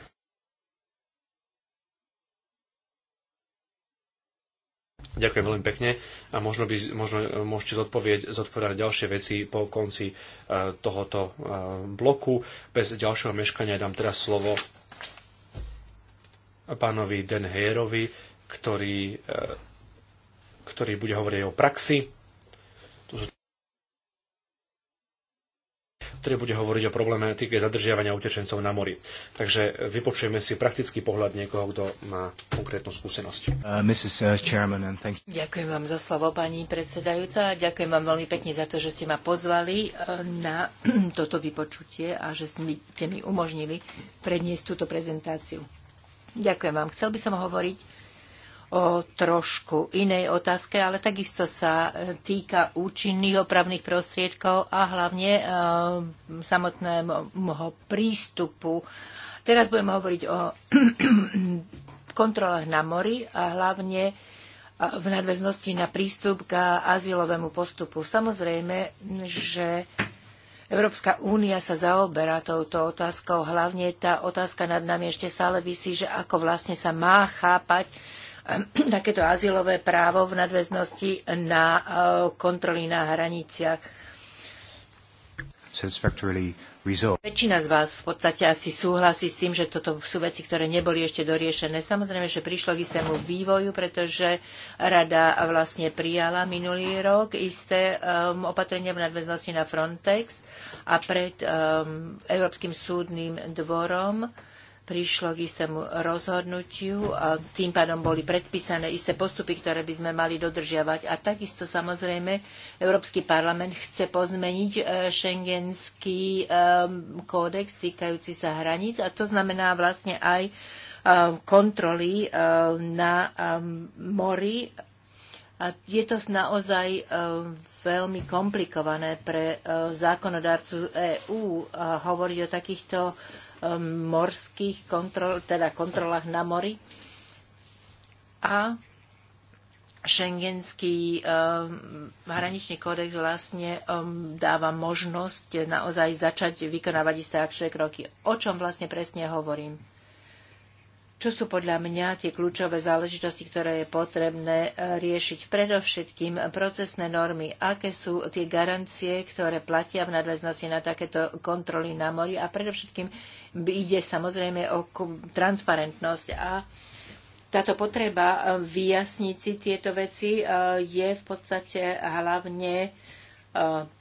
Ďakujem veľmi pekne a možno, by, možno e, môžete zodpovieť, zodpovedať ďalšie veci po konci e, tohoto e, bloku. Bez ďalšieho meškania dám teraz slovo pánovi Den Heerovi, ktorý, ktorý bude hovoriť o praxi ktorý bude hovoriť o problematike zadržiavania utečencov na mori. Takže vypočujeme si praktický pohľad niekoho, kto má konkrétnu skúsenosť. Uh, uh, Ďakujem vám za slovo, pani predsedajúca. Ďakujem vám veľmi pekne za to, že ste ma pozvali uh, na toto vypočutie a že ste mi umožnili predniesť túto prezentáciu. Ďakujem vám. Chcel by som hovoriť o trošku inej otázke, ale takisto sa týka účinných opravných prostriedkov a hlavne e, eh, samotného prístupu. Teraz budeme hovoriť o kontrolách na mori a hlavne eh, v nadväznosti na prístup k azylovému postupu. Samozrejme, že Európska únia sa zaoberá touto otázkou, hlavne tá otázka nad nami ešte stále vysí, že ako vlastne sa má chápať Ehm, takéto azylové právo v nadväznosti na eh, kontroly na hraniciach. Väčšina z vás v podstate asi súhlasí s tým, že toto sú veci, ktoré neboli ešte doriešené. Samozrejme, že prišlo k istému vývoju, pretože rada vlastne prijala minulý rok isté um, opatrenia v nadväznosti na Frontex a pred um, Európskym súdnym dvorom prišlo k istému rozhodnutiu, tým pádom boli predpísané isté postupy, ktoré by sme mali dodržiavať. A takisto samozrejme Európsky parlament chce pozmeniť e, šengenský e, kódex týkajúci sa hraníc a to znamená vlastne aj e, kontroly na mori. A je to naozaj veľmi komplikované pre zákonodárcu EÚ hovoriť o takýchto Um, morských kontrol, teda kontrolách na mori a Schengenský um, hraničný kódex vlastne um, dáva možnosť naozaj začať vykonávať isté akšie kroky. O čom vlastne presne hovorím? čo sú podľa mňa tie kľúčové záležitosti, ktoré je potrebné e, riešiť. Predovšetkým procesné normy, aké sú tie garancie, ktoré platia v nadväznosti na takéto kontroly na mori a predovšetkým ide samozrejme o transparentnosť a táto potreba e, vyjasniť si tieto veci e, je v podstate hlavne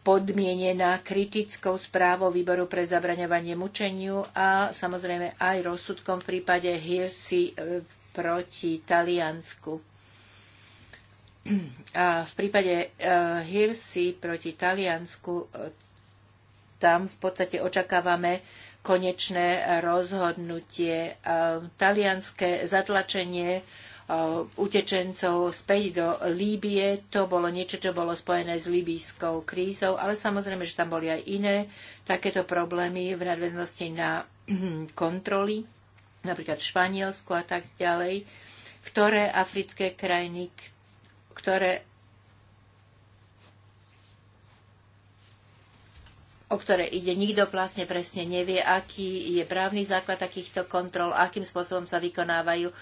podmienená kritickou správou výboru pre zabraňovanie mučeniu a samozrejme aj rozsudkom v prípade Hirsi e, proti Taliansku. A v prípade e, Hirsi proti Taliansku e, tam v podstate očakávame konečné rozhodnutie. Talianské zatlačenie Uh, utečencov späť do Líbie. To bolo niečo, čo bolo spojené s líbijskou krízou, ale samozrejme, že tam boli aj iné takéto problémy v nadväznosti na kontroly, napríklad v Španielsku a tak ďalej, ktoré africké krajiny, ktoré o ktoré ide. Nikto vlastne presne nevie, aký je právny základ takýchto kontrol, akým spôsobom sa vykonávajú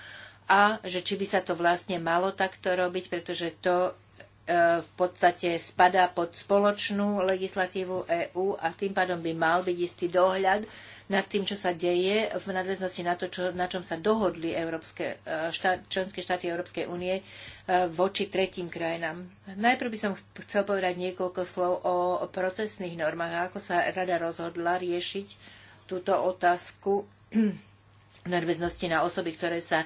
a že či by sa to vlastne malo takto robiť, pretože to e, v podstate spadá pod spoločnú legislatívu EÚ a tým pádom by mal byť istý dohľad nad tým, čo sa deje v nadväznosti na to, čo, na čom sa dohodli Európske, e, štát, členské štáty Európskej únie e, voči tretím krajinám. Najprv by som chcel povedať niekoľko slov o procesných normách a ako sa rada rozhodla riešiť túto otázku nadväznosti na osoby, ktoré sa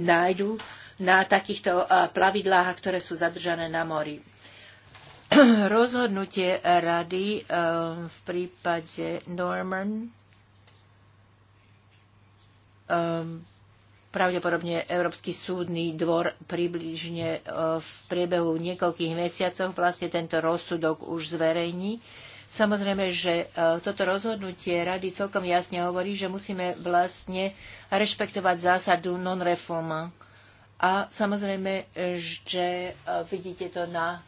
nájdu na takýchto plavidlách, ktoré sú zadržané na mori. Rozhodnutie rady e, v prípade Norman e, pravdepodobne Európsky súdny dvor približne e, v priebehu niekoľkých mesiacov vlastne tento rozsudok už zverejní. Samozrejme, že e, toto rozhodnutie rady celkom jasne hovorí, že musíme vlastne rešpektovať zásadu non-reforma. A samozrejme, e, že e, vidíte to na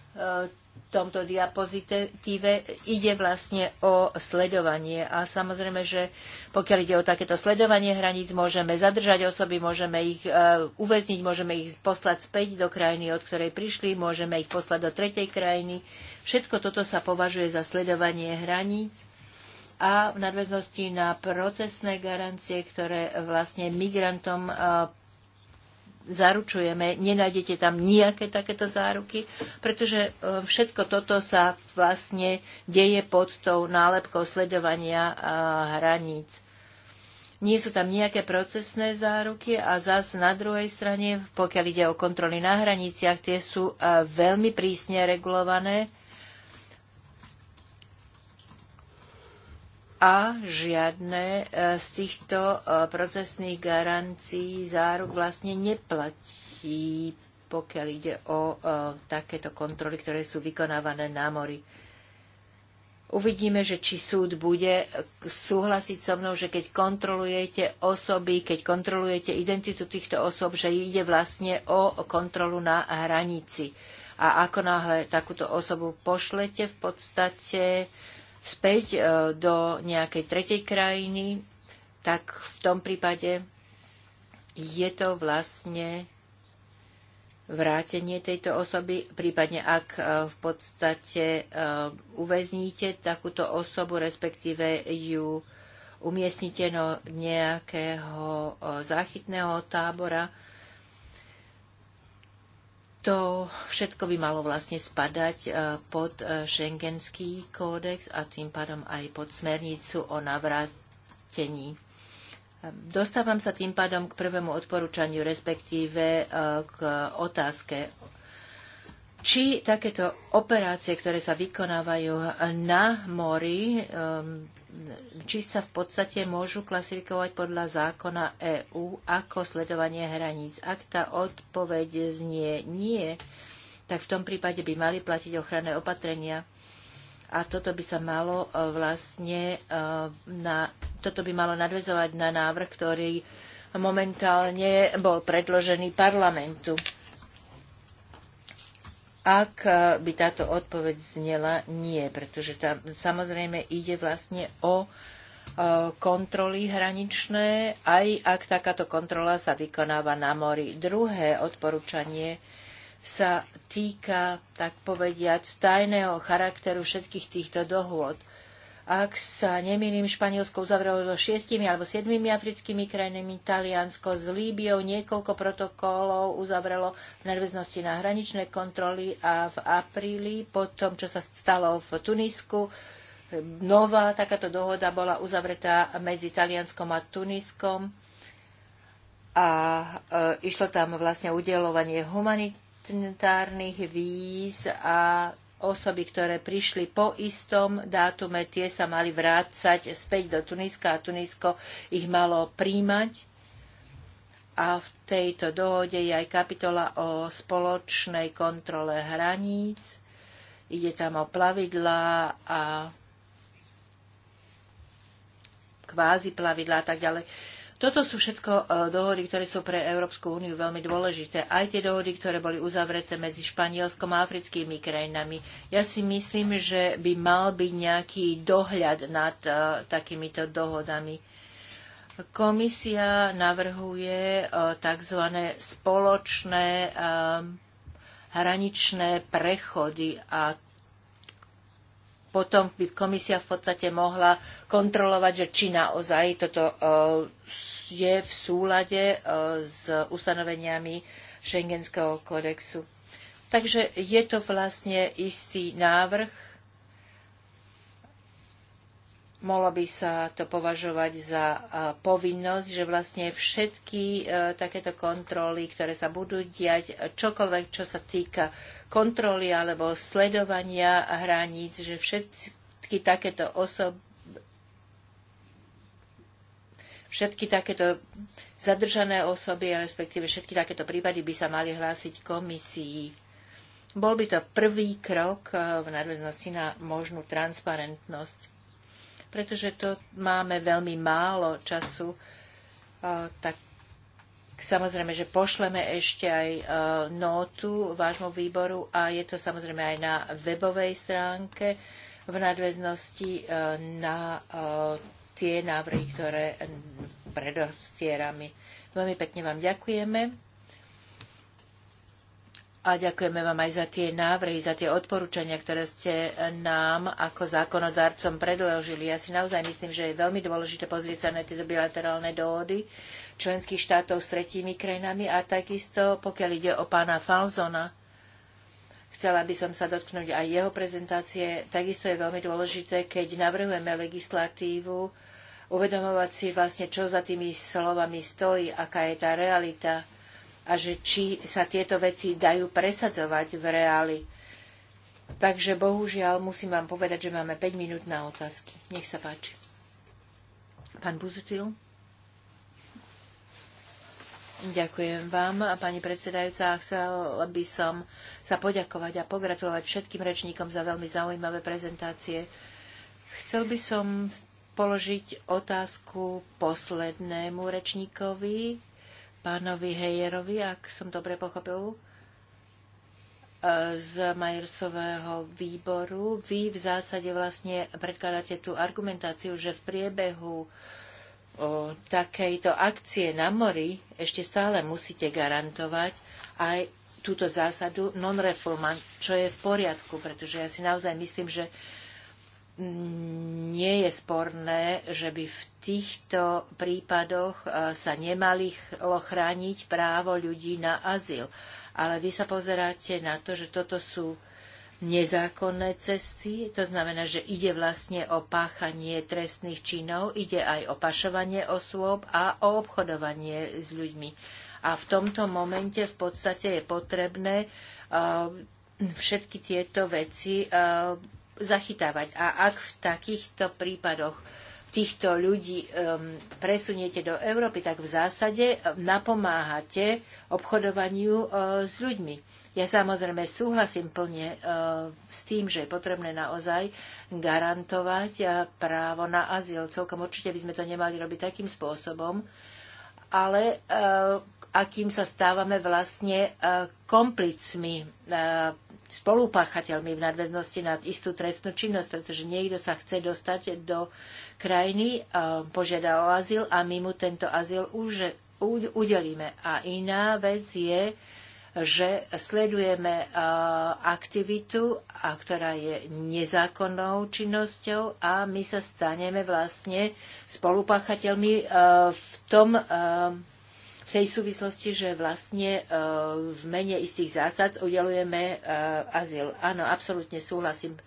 tomto diapozitíve ide vlastne o sledovanie. A samozrejme, že pokiaľ ide o takéto sledovanie hraníc, môžeme zadržať osoby, môžeme ich e, uväzniť, môžeme ich poslať späť do krajiny, od ktorej prišli, môžeme ich poslať do tretej krajiny. Všetko toto sa považuje za sledovanie hraníc a v nadväznosti na procesné garancie, ktoré vlastne migrantom e, zaručujeme, nenájdete tam nejaké takéto záruky, pretože e, všetko toto sa vlastne deje pod tou nálepkou sledovania e, hraníc. Nie sú tam nejaké procesné záruky a zas na druhej strane, pokiaľ ide o kontroly na hraniciach, tie sú e, veľmi prísne regulované a žiadne e, z týchto e, procesných garancií záruk vlastne neplatí, pokiaľ ide o e, takéto kontroly, ktoré sú vykonávané na mori. Uvidíme, že či súd bude súhlasiť so mnou, že keď kontrolujete osoby, keď kontrolujete identitu týchto osob, že ide vlastne o kontrolu na hranici. A ako náhle takúto osobu pošlete, v podstate späť e, do nejakej tretej krajiny, tak v tom prípade je to vlastne vrátenie tejto osoby, prípadne ak e, v podstate e, uväzníte takúto osobu, respektíve ju umiestnite do nejakého záchytného tábora, to všetko by malo vlastne spadať e, pod šengenský e, kódex a tým pádom aj pod smernicu o navrátení. E, dostávam sa tým pádom k prvému odporúčaniu, respektíve k otázke, či takéto operácie, ktoré sa vykonávajú na mori, či sa v podstate môžu klasifikovať podľa zákona EÚ ako sledovanie hraníc. Ak tá odpoveď znie nie, tak v tom prípade by mali platiť ochranné opatrenia a toto by sa malo e, vlastne e, na, toto by malo nadvezovať na návrh, ktorý momentálne bol predložený parlamentu ak by táto odpoveď znela nie, pretože tam samozrejme ide vlastne o kontroly hraničné, aj ak takáto kontrola sa vykonáva na mori. Druhé odporúčanie sa týka, tak povediať, tajného charakteru všetkých týchto dohôd ak sa nemýlim, Španielsko uzavrelo so šiestimi alebo siedmimi africkými krajinami, Taliansko s Líbiou niekoľko protokolov uzavrelo v nadväznosti na hraničné kontroly a v apríli, po tom, čo sa stalo v Tunisku, nová takáto dohoda bola uzavretá medzi Talianskom a Tuniskom a e, išlo tam vlastne udelovanie humanitárnych víz a osoby, ktoré prišli po istom dátume, tie sa mali vrácať späť do Tuniska a Tunisko ich malo príjmať. A v tejto dohode je aj kapitola o spoločnej kontrole hraníc. Ide tam o plavidlá a kvázi plavidlá a tak ďalej. Toto sú všetko e, dohody, ktoré sú pre Európsku úniu veľmi dôležité. Aj tie dohody, ktoré boli uzavreté medzi Španielskom a africkými krajinami. Ja si myslím, že by mal byť nejaký dohľad nad e, takýmito dohodami. Komisia navrhuje e, tzv. spoločné hraničné prechody a potom by komisia v podstate mohla kontrolovať, že či naozaj toto e, je v súlade e, s ustanoveniami Schengenského kodexu. Takže je to vlastne istý návrh, mohlo by sa to považovať za e, povinnosť, že vlastne všetky e, takéto kontroly, ktoré sa budú diať, čokoľvek, čo sa týka kontroly alebo sledovania hraníc, že všetky takéto osoby všetky takéto zadržané osoby, respektíve všetky takéto prípady by sa mali hlásiť komisii. Bol by to prvý krok e, v nadväznosti na možnú transparentnosť pretože to máme veľmi málo času, tak samozrejme, že pošleme ešte aj notu vášmu výboru a je to samozrejme aj na webovej stránke v nadväznosti na tie návrhy, ktoré predostierame. Veľmi pekne vám ďakujeme a ďakujeme vám aj za tie návrhy, za tie odporúčania, ktoré ste nám ako zákonodárcom predložili. Ja si naozaj myslím, že je veľmi dôležité pozrieť sa na tieto bilaterálne dohody členských štátov s tretími krajinami a takisto, pokiaľ ide o pána Falzona, chcela by som sa dotknúť aj jeho prezentácie. Takisto je veľmi dôležité, keď navrhujeme legislatívu, uvedomovať si vlastne, čo za tými slovami stojí, aká je tá realita a že či sa tieto veci dajú presadzovať v reáli. Takže bohužiaľ musím vám povedať, že máme 5 minút na otázky. Nech sa páči. Pán Buzutil. Ďakujem vám, pani predsedajúca. Chcel by som sa poďakovať a pogratulovať všetkým rečníkom za veľmi zaujímavé prezentácie. Chcel by som položiť otázku poslednému rečníkovi, pánovi Hejerovi, ak som dobre pochopil, e, z Majersového výboru. Vy v zásade vlastne predkladáte tú argumentáciu, že v priebehu o takejto akcie na mori ešte stále musíte garantovať aj túto zásadu non reformant, čo je v poriadku, pretože ja si naozaj myslím, že nie je sporné, že by v týchto prípadoch e, sa nemali chrániť právo ľudí na azyl. Ale vy sa pozeráte na to, že toto sú nezákonné cesty, to znamená, že ide vlastne o páchanie trestných činov, ide aj o pašovanie osôb a o obchodovanie s ľuďmi. A v tomto momente v podstate je potrebné e, všetky tieto veci e, zachytávať. A ak v takýchto prípadoch týchto ľudí um, presuniete do Európy, tak v zásade um, napomáhate obchodovaniu uh, s ľuďmi. Ja samozrejme súhlasím plne uh, s tým, že je potrebné naozaj garantovať uh, právo na azyl. Celkom určite by sme to nemali robiť takým spôsobom, ale uh, akým sa stávame vlastne uh, komplicmi uh, spolupáchateľmi v nadväznosti na istú trestnú činnosť, pretože niekto sa chce dostať do krajiny, e, požiada o azyl a my mu tento azyl už udelíme. A iná vec je, že sledujeme e, aktivitu, ktorá je nezákonnou činnosťou a my sa staneme vlastne spolupáchateľmi e, v tom tej súvislosti, že vlastne e, v mene istých zásad udelujeme e, azyl. Áno, absolútne súhlasím.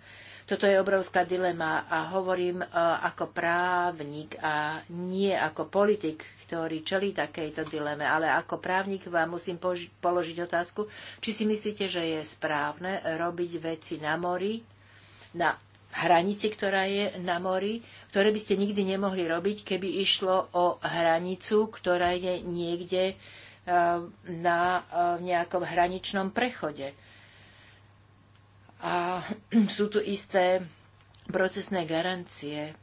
Toto je obrovská dilema a hovorím e, ako právnik a nie ako politik, ktorý čelí takejto dileme, ale ako právnik vám musím položiť otázku, či si myslíte, že je správne robiť veci na mori, na hranici, ktorá je na mori, ktoré by ste nikdy nemohli robiť, keby išlo o hranicu, ktorá je niekde e, na e, nejakom hraničnom prechode. A sú tu isté procesné garancie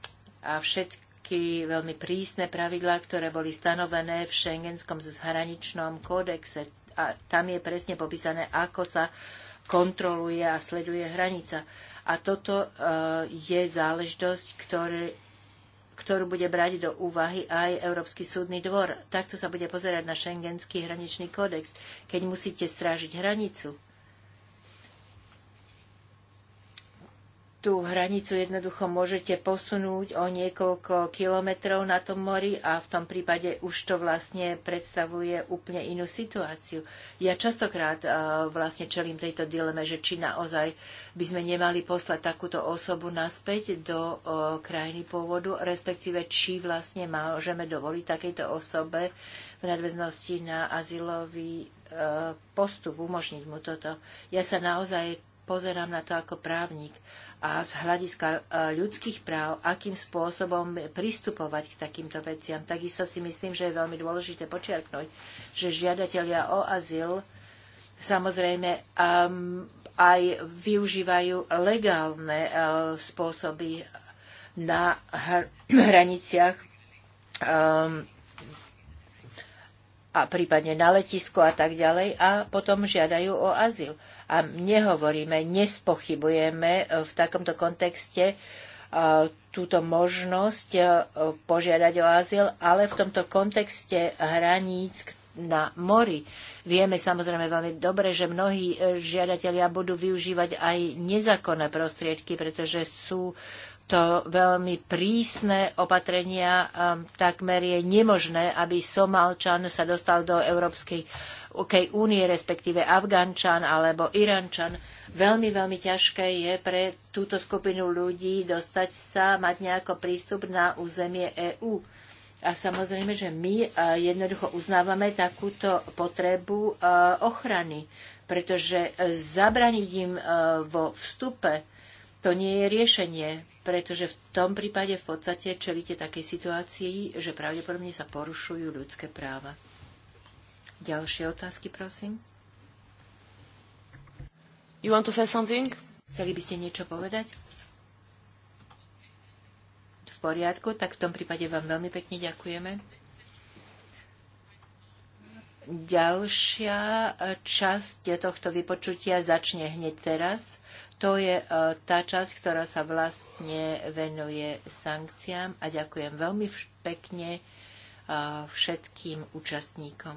a všetky veľmi prísne pravidlá, ktoré boli stanovené v šengenskom zhraničnom kódexe. A tam je presne popísané, ako sa kontroluje a sleduje hranica. A toto e, je záležitosť, ktorý, ktorú bude brať do úvahy aj Európsky súdny dvor. Takto sa bude pozerať na šengenský hraničný kódex, keď musíte strážiť hranicu tú hranicu jednoducho môžete posunúť o niekoľko kilometrov na tom mori a v tom prípade už to vlastne predstavuje úplne inú situáciu. Ja častokrát e, vlastne čelím tejto dileme, že či naozaj by sme nemali poslať takúto osobu naspäť do e, krajiny pôvodu, respektíve či vlastne môžeme dovoliť takejto osobe v nadväznosti na azylový e, postup, umožniť mu toto. Ja sa naozaj pozerám na to ako právnik a z hľadiska e, ľudských práv, akým spôsobom pristupovať k takýmto veciam. Takisto si myslím, že je veľmi dôležité počiarknúť, že žiadatelia o azyl samozrejme um, aj využívajú legálne uh, spôsoby na hr- hraniciach um, a prípadne na letisku a tak ďalej a potom žiadajú o azyl a nehovoríme, nespochybujeme v takomto kontexte túto možnosť požiadať o azyl, ale v tomto kontexte hraníc na mori. Vieme samozrejme veľmi dobre, že mnohí e, žiadatelia budú využívať aj nezákonné prostriedky, pretože sú to veľmi prísne opatrenia takmer je nemožné, aby Somálčan sa dostal do Európskej únie, respektíve Afgančan alebo Irančan. Veľmi, veľmi ťažké je pre túto skupinu ľudí dostať sa, mať nejaký prístup na územie EÚ. A samozrejme, že my jednoducho uznávame takúto potrebu ochrany, pretože e, zabraniť im e, vo vstupe to nie je riešenie, pretože v tom prípade v podstate čelíte takej situácii, že pravdepodobne sa porušujú ľudské práva. Ďalšie otázky, prosím. You want to say something? Chceli by ste niečo povedať? V poriadku, tak v tom prípade vám veľmi pekne ďakujeme. Ďalšia časť tohto vypočutia začne hneď teraz. To je e, tá časť, ktorá sa vlastne venuje sankciám a ďakujem veľmi pekne e, všetkým účastníkom.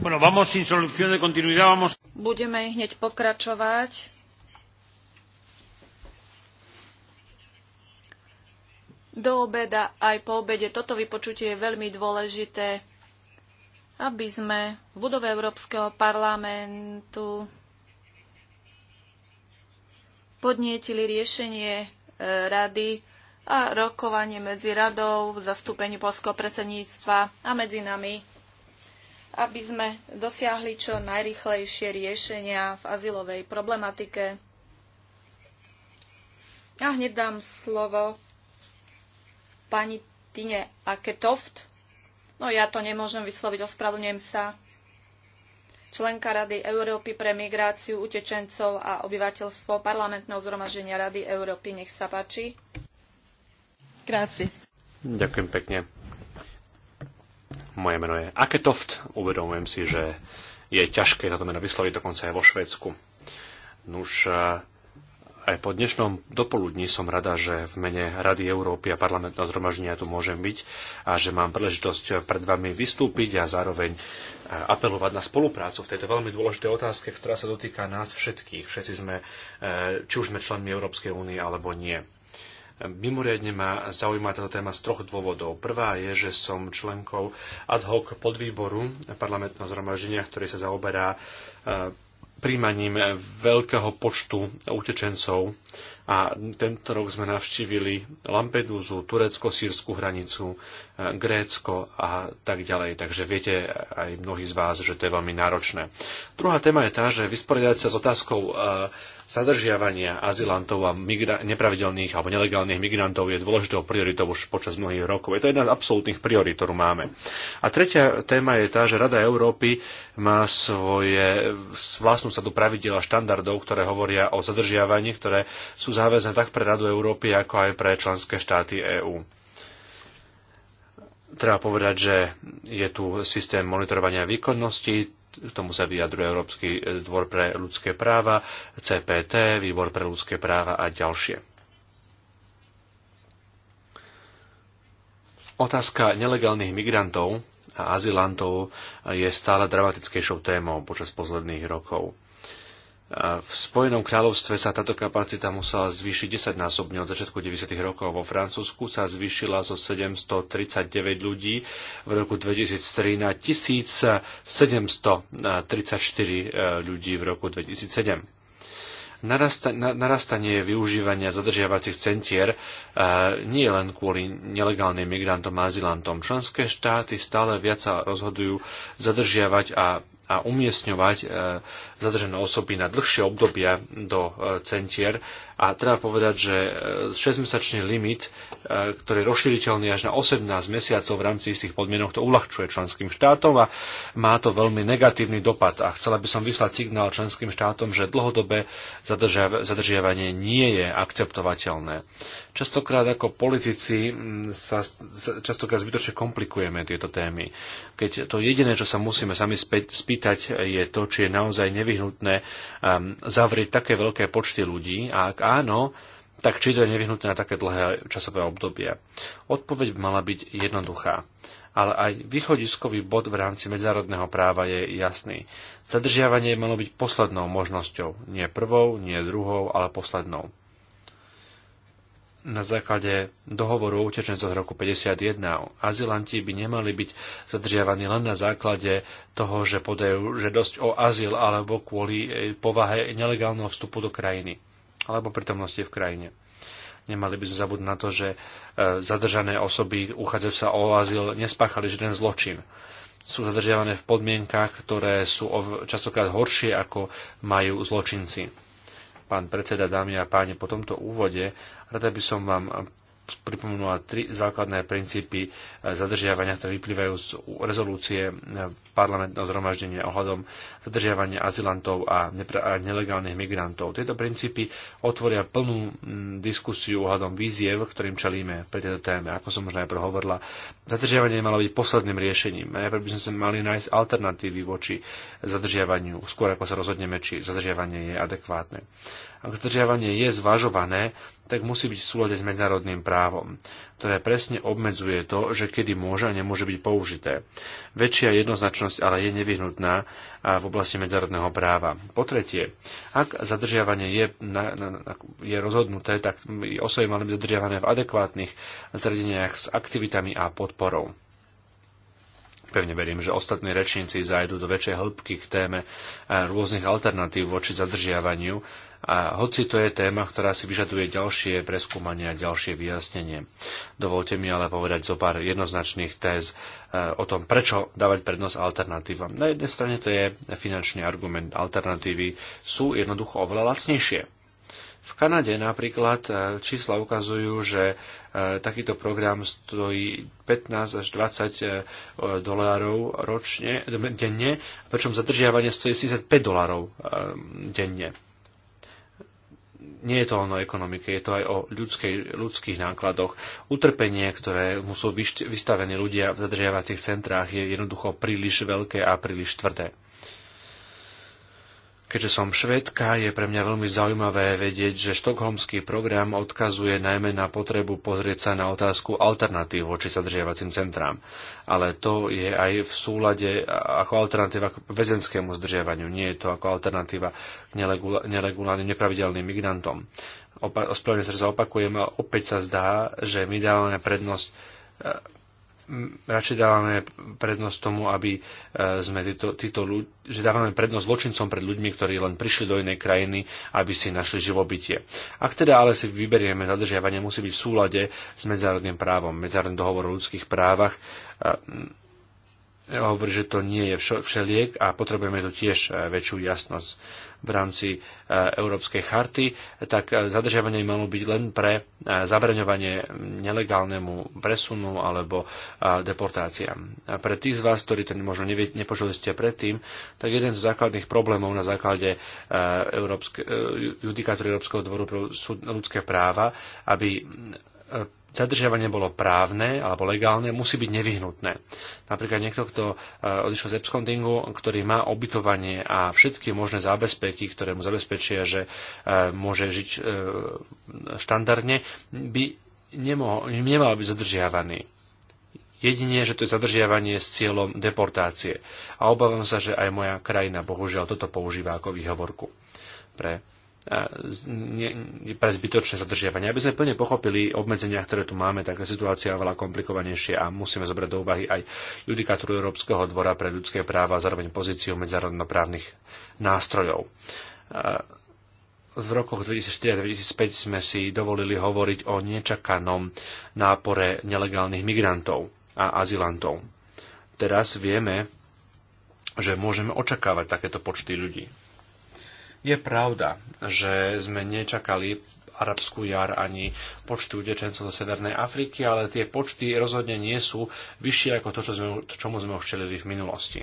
Bueno, vamos sin solución de continuidad, vamos... Budeme hneď pokračovať. Do obeda aj po obede toto vypočutie je veľmi dôležité, aby sme v budove Európskeho parlamentu podnietili riešenie e, rady a rokovanie medzi radou v zastúpení polského predsedníctva a medzi nami aby sme dosiahli čo najrychlejšie riešenia v azylovej problematike. A hneď dám slovo pani Tine Aketoft. No ja to nemôžem vysloviť, ospravedlňujem sa. Členka Rady Európy pre migráciu, utečencov a obyvateľstvo parlamentného zhromaždenia Rady Európy. Nech sa páči. Gráci. Ďakujem pekne. Moje meno je Aketoft. Uvedomujem si, že je ťažké toto meno vysloviť dokonca aj vo Švedsku. Nuž, e, aj po dnešnom dopoludní som rada, že v mene Rady Európy a parlamentného zhromaždenia tu môžem byť a že mám príležitosť pred vami vystúpiť a zároveň e, apelovať na spoluprácu v tejto veľmi dôležitej otázke, ktorá sa dotýka nás všetkých. Všetci sme, e, či už sme členmi Európskej únie alebo nie. Mimoriadne ma zaujíma táto téma z troch dôvodov. Prvá je, že som členkou ad hoc podvýboru parlamentného zhromaždenia, ktorý sa zaoberá e, príjmaním veľkého počtu utečencov a tento rok sme navštívili Lampedúzu, turecko-sírskú hranicu, e, Grécko a tak ďalej. Takže viete aj mnohí z vás, že to je veľmi náročné. Druhá téma je tá, že vysporiadať sa s otázkou e, zadržiavania azylantov a migra- nepravidelných alebo nelegálnych migrantov je dôležitou prioritou už počas mnohých rokov. Je to jedna z absolútnych priorit, ktorú máme. A tretia téma je tá, že Rada Európy má svoje vlastnú sadu pravidel a štandardov, ktoré hovoria o zadržiavaní, ktoré sú záväzne tak pre Radu Európy, ako aj pre členské štáty EÚ treba povedať, že je tu systém monitorovania výkonnosti, k tomu sa vyjadruje Európsky e, dvor pre ľudské práva, CPT, Výbor pre ľudské práva a ďalšie. Otázka nelegálnych migrantov a azylantov je stále dramatickejšou témou počas posledných rokov. V Spojenom kráľovstve sa táto kapacita musela zvýšiť 10-násobne od začiatku 90. rokov. Vo Francúzsku sa zvýšila zo 739 ľudí v roku 2003 na 1734 e, ľudí v roku 2007 narastanie využívania zadržiavacích centier e, nie len kvôli nelegálnym migrantom a azilantom. Členské štáty stále viac sa rozhodujú zadržiavať a a umiestňovať e, zadržené osoby na dlhšie obdobia do e, centier. A treba povedať, že 6-mesačný e, limit ktorý je rozšíriteľný až na 18 mesiacov v rámci istých podmienok, to uľahčuje členským štátom a má to veľmi negatívny dopad. A chcela by som vyslať signál členským štátom, že dlhodobé zadržiavanie nie je akceptovateľné. Častokrát ako politici mm, sa častokrát zbytočne komplikujeme tieto témy. Keď to jediné, čo sa musíme sami spýtať, je to, či je naozaj nevyhnutné um, zavrieť také veľké počty ľudí a ak áno, tak či to je nevyhnutné na také dlhé časové obdobie. Odpoveď by mala byť jednoduchá, ale aj východiskový bod v rámci medzinárodného práva je jasný. Zadržiavanie malo byť poslednou možnosťou, nie prvou, nie druhou, ale poslednou na základe dohovoru o utečencoch roku 51. Azylanti by nemali byť zadržiavaní len na základe toho, že podajú žiadosť o azyl alebo kvôli eh, povahe nelegálneho vstupu do krajiny alebo prítomnosti v krajine. Nemali by sme zabudnúť na to, že e, zadržané osoby uchádzajú sa o azyl, nespáchali žiaden zločin. Sú zadržiavané v podmienkach, ktoré sú častokrát horšie, ako majú zločinci. Pán predseda, dámy a páni, po tomto úvode rada by som vám pripomenula tri základné princípy e, zadržiavania, ktoré vyplývajú z rezolúcie e, parlamentného zhromaždenia ohľadom zadržiavania azylantov a, a nelegálnych migrantov. Tieto princípy otvoria plnú diskusiu ohľadom víziev, ktorým čelíme pri tejto téme. Ako som už najprv hovorila, zadržiavanie malo byť posledným riešením. Najprv by sme sa mali nájsť alternatívy voči zadržiavaniu, skôr ako sa rozhodneme, či zadržiavanie je adekvátne ak zdržiavanie je zvažované, tak musí byť v súlade s medzinárodným právom, ktoré presne obmedzuje to, že kedy môže a nemôže byť použité. Väčšia jednoznačnosť možnosť, ale je nevyhnutná v oblasti medzinárodného práva. Po tretie, ak zadržiavanie je, na, na, je rozhodnuté, tak osoby mali byť zadržiavané v adekvátnych zariadeniach s aktivitami a podporou. Pevne verím, že ostatní rečníci zajdu do väčšej hĺbky k téme eh, rôznych alternatív voči zadržiavaniu, a hoci to je téma, ktorá si vyžaduje ďalšie preskúmanie a ďalšie vyjasnenie, dovolte mi ale povedať zo pár jednoznačných téz e, o tom, prečo dávať prednosť alternatívam. Na jednej strane to je finančný argument. Alternatívy sú jednoducho oveľa lacnejšie. V Kanade napríklad e, čísla ukazujú, že e, takýto program stojí 15 až 20 dolárov ročne, denne, pričom zadržiavanie stojí 65 dolárov denne nie je to len o ekonomike, je to aj o ľudskej, ľudských nákladoch. Utrpenie, ktoré sú vystavení ľudia v zadržiavacích centrách, je jednoducho príliš veľké a príliš tvrdé. Keďže som švedka, je pre mňa veľmi zaujímavé vedieť, že štokholmský program odkazuje najmä na potrebu pozrieť sa na otázku alternatív voči zadržiavacím centrám. Ale to je aj v súlade ako alternatíva k väzenskému zdržiavaniu, nie je to ako alternatíva k nelegulárnym nepravidelným migrantom. Opa- ospravedlňujem sa, že zaopakujem, opäť sa zdá, že my dávame prednosť e, radšej dávame prednosť tomu, aby e, sme títo, títo ľudí, že dávame prednosť zločincom pred ľuďmi, ktorí len prišli do inej krajiny, aby si našli živobytie. Ak teda ale si vyberieme zadržiavanie, musí byť v súlade s medzinárodným právom, medzinárodným dohovor o ľudských právach, e, hovorí, že to nie je všeliek a potrebujeme tu tiež e, väčšiu jasnosť v rámci e, Európskej charty, tak e, zadržiavanie malo byť len pre e, zabraňovanie nelegálnemu presunu alebo deportáciám. A pre tých z vás, ktorí to možno nepočuli ste predtým, tak jeden z základných problémov na základe Európske, judikátor Európskeho dvoru pre ľudské práva, aby zadržiavanie bolo právne alebo legálne, musí byť nevyhnutné. Napríklad niekto, kto e, odišiel z Epskontingu, ktorý má obytovanie a všetky možné zábezpeky, ktoré mu zabezpečia, že e, môže žiť e, štandardne, by nemohol, nemal byť zadržiavaný. Jedine, že to je zadržiavanie s cieľom deportácie. A obávam sa, že aj moja krajina bohužiaľ toto používa ako výhovorku pre pre zbytočné zadržiavanie. Aby sme plne pochopili obmedzenia, ktoré tu máme, tak je situácia veľa komplikovanejšia a musíme zobrať do úvahy aj judikatúru Európskeho dvora pre ľudské práva a zároveň pozíciu medzinárodnoprávnych nástrojov v rokoch 2004 a 2005 sme si dovolili hovoriť o nečakanom nápore nelegálnych migrantov a azylantov. Teraz vieme, že môžeme očakávať takéto počty ľudí. Je pravda, že sme nečakali arabskú jar ani počty utečencov zo Severnej Afriky, ale tie počty rozhodne nie sú vyššie ako to, čo sme, čomu sme už čelili v minulosti.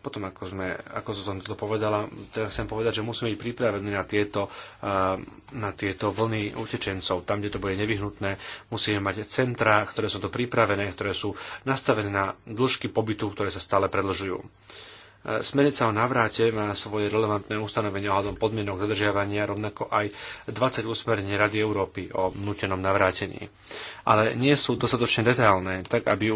Potom, ako, sme, ako som to povedala, teraz chcem povedať, že musíme byť pripravení na tieto, eh, na tieto vlny utečencov. Tam, kde to bude nevyhnutné, musíme mať centrá, ktoré sú to pripravené, ktoré sú nastavené na dĺžky pobytu, ktoré sa stále predlžujú. E, smernica o navráte má svoje relevantné ustanovenie ohľadom podmienok zadržiavania, rovnako aj 20 usmerení Rady Európy o nutenom navrátení. Ale nie sú dostatočne detailné, tak aby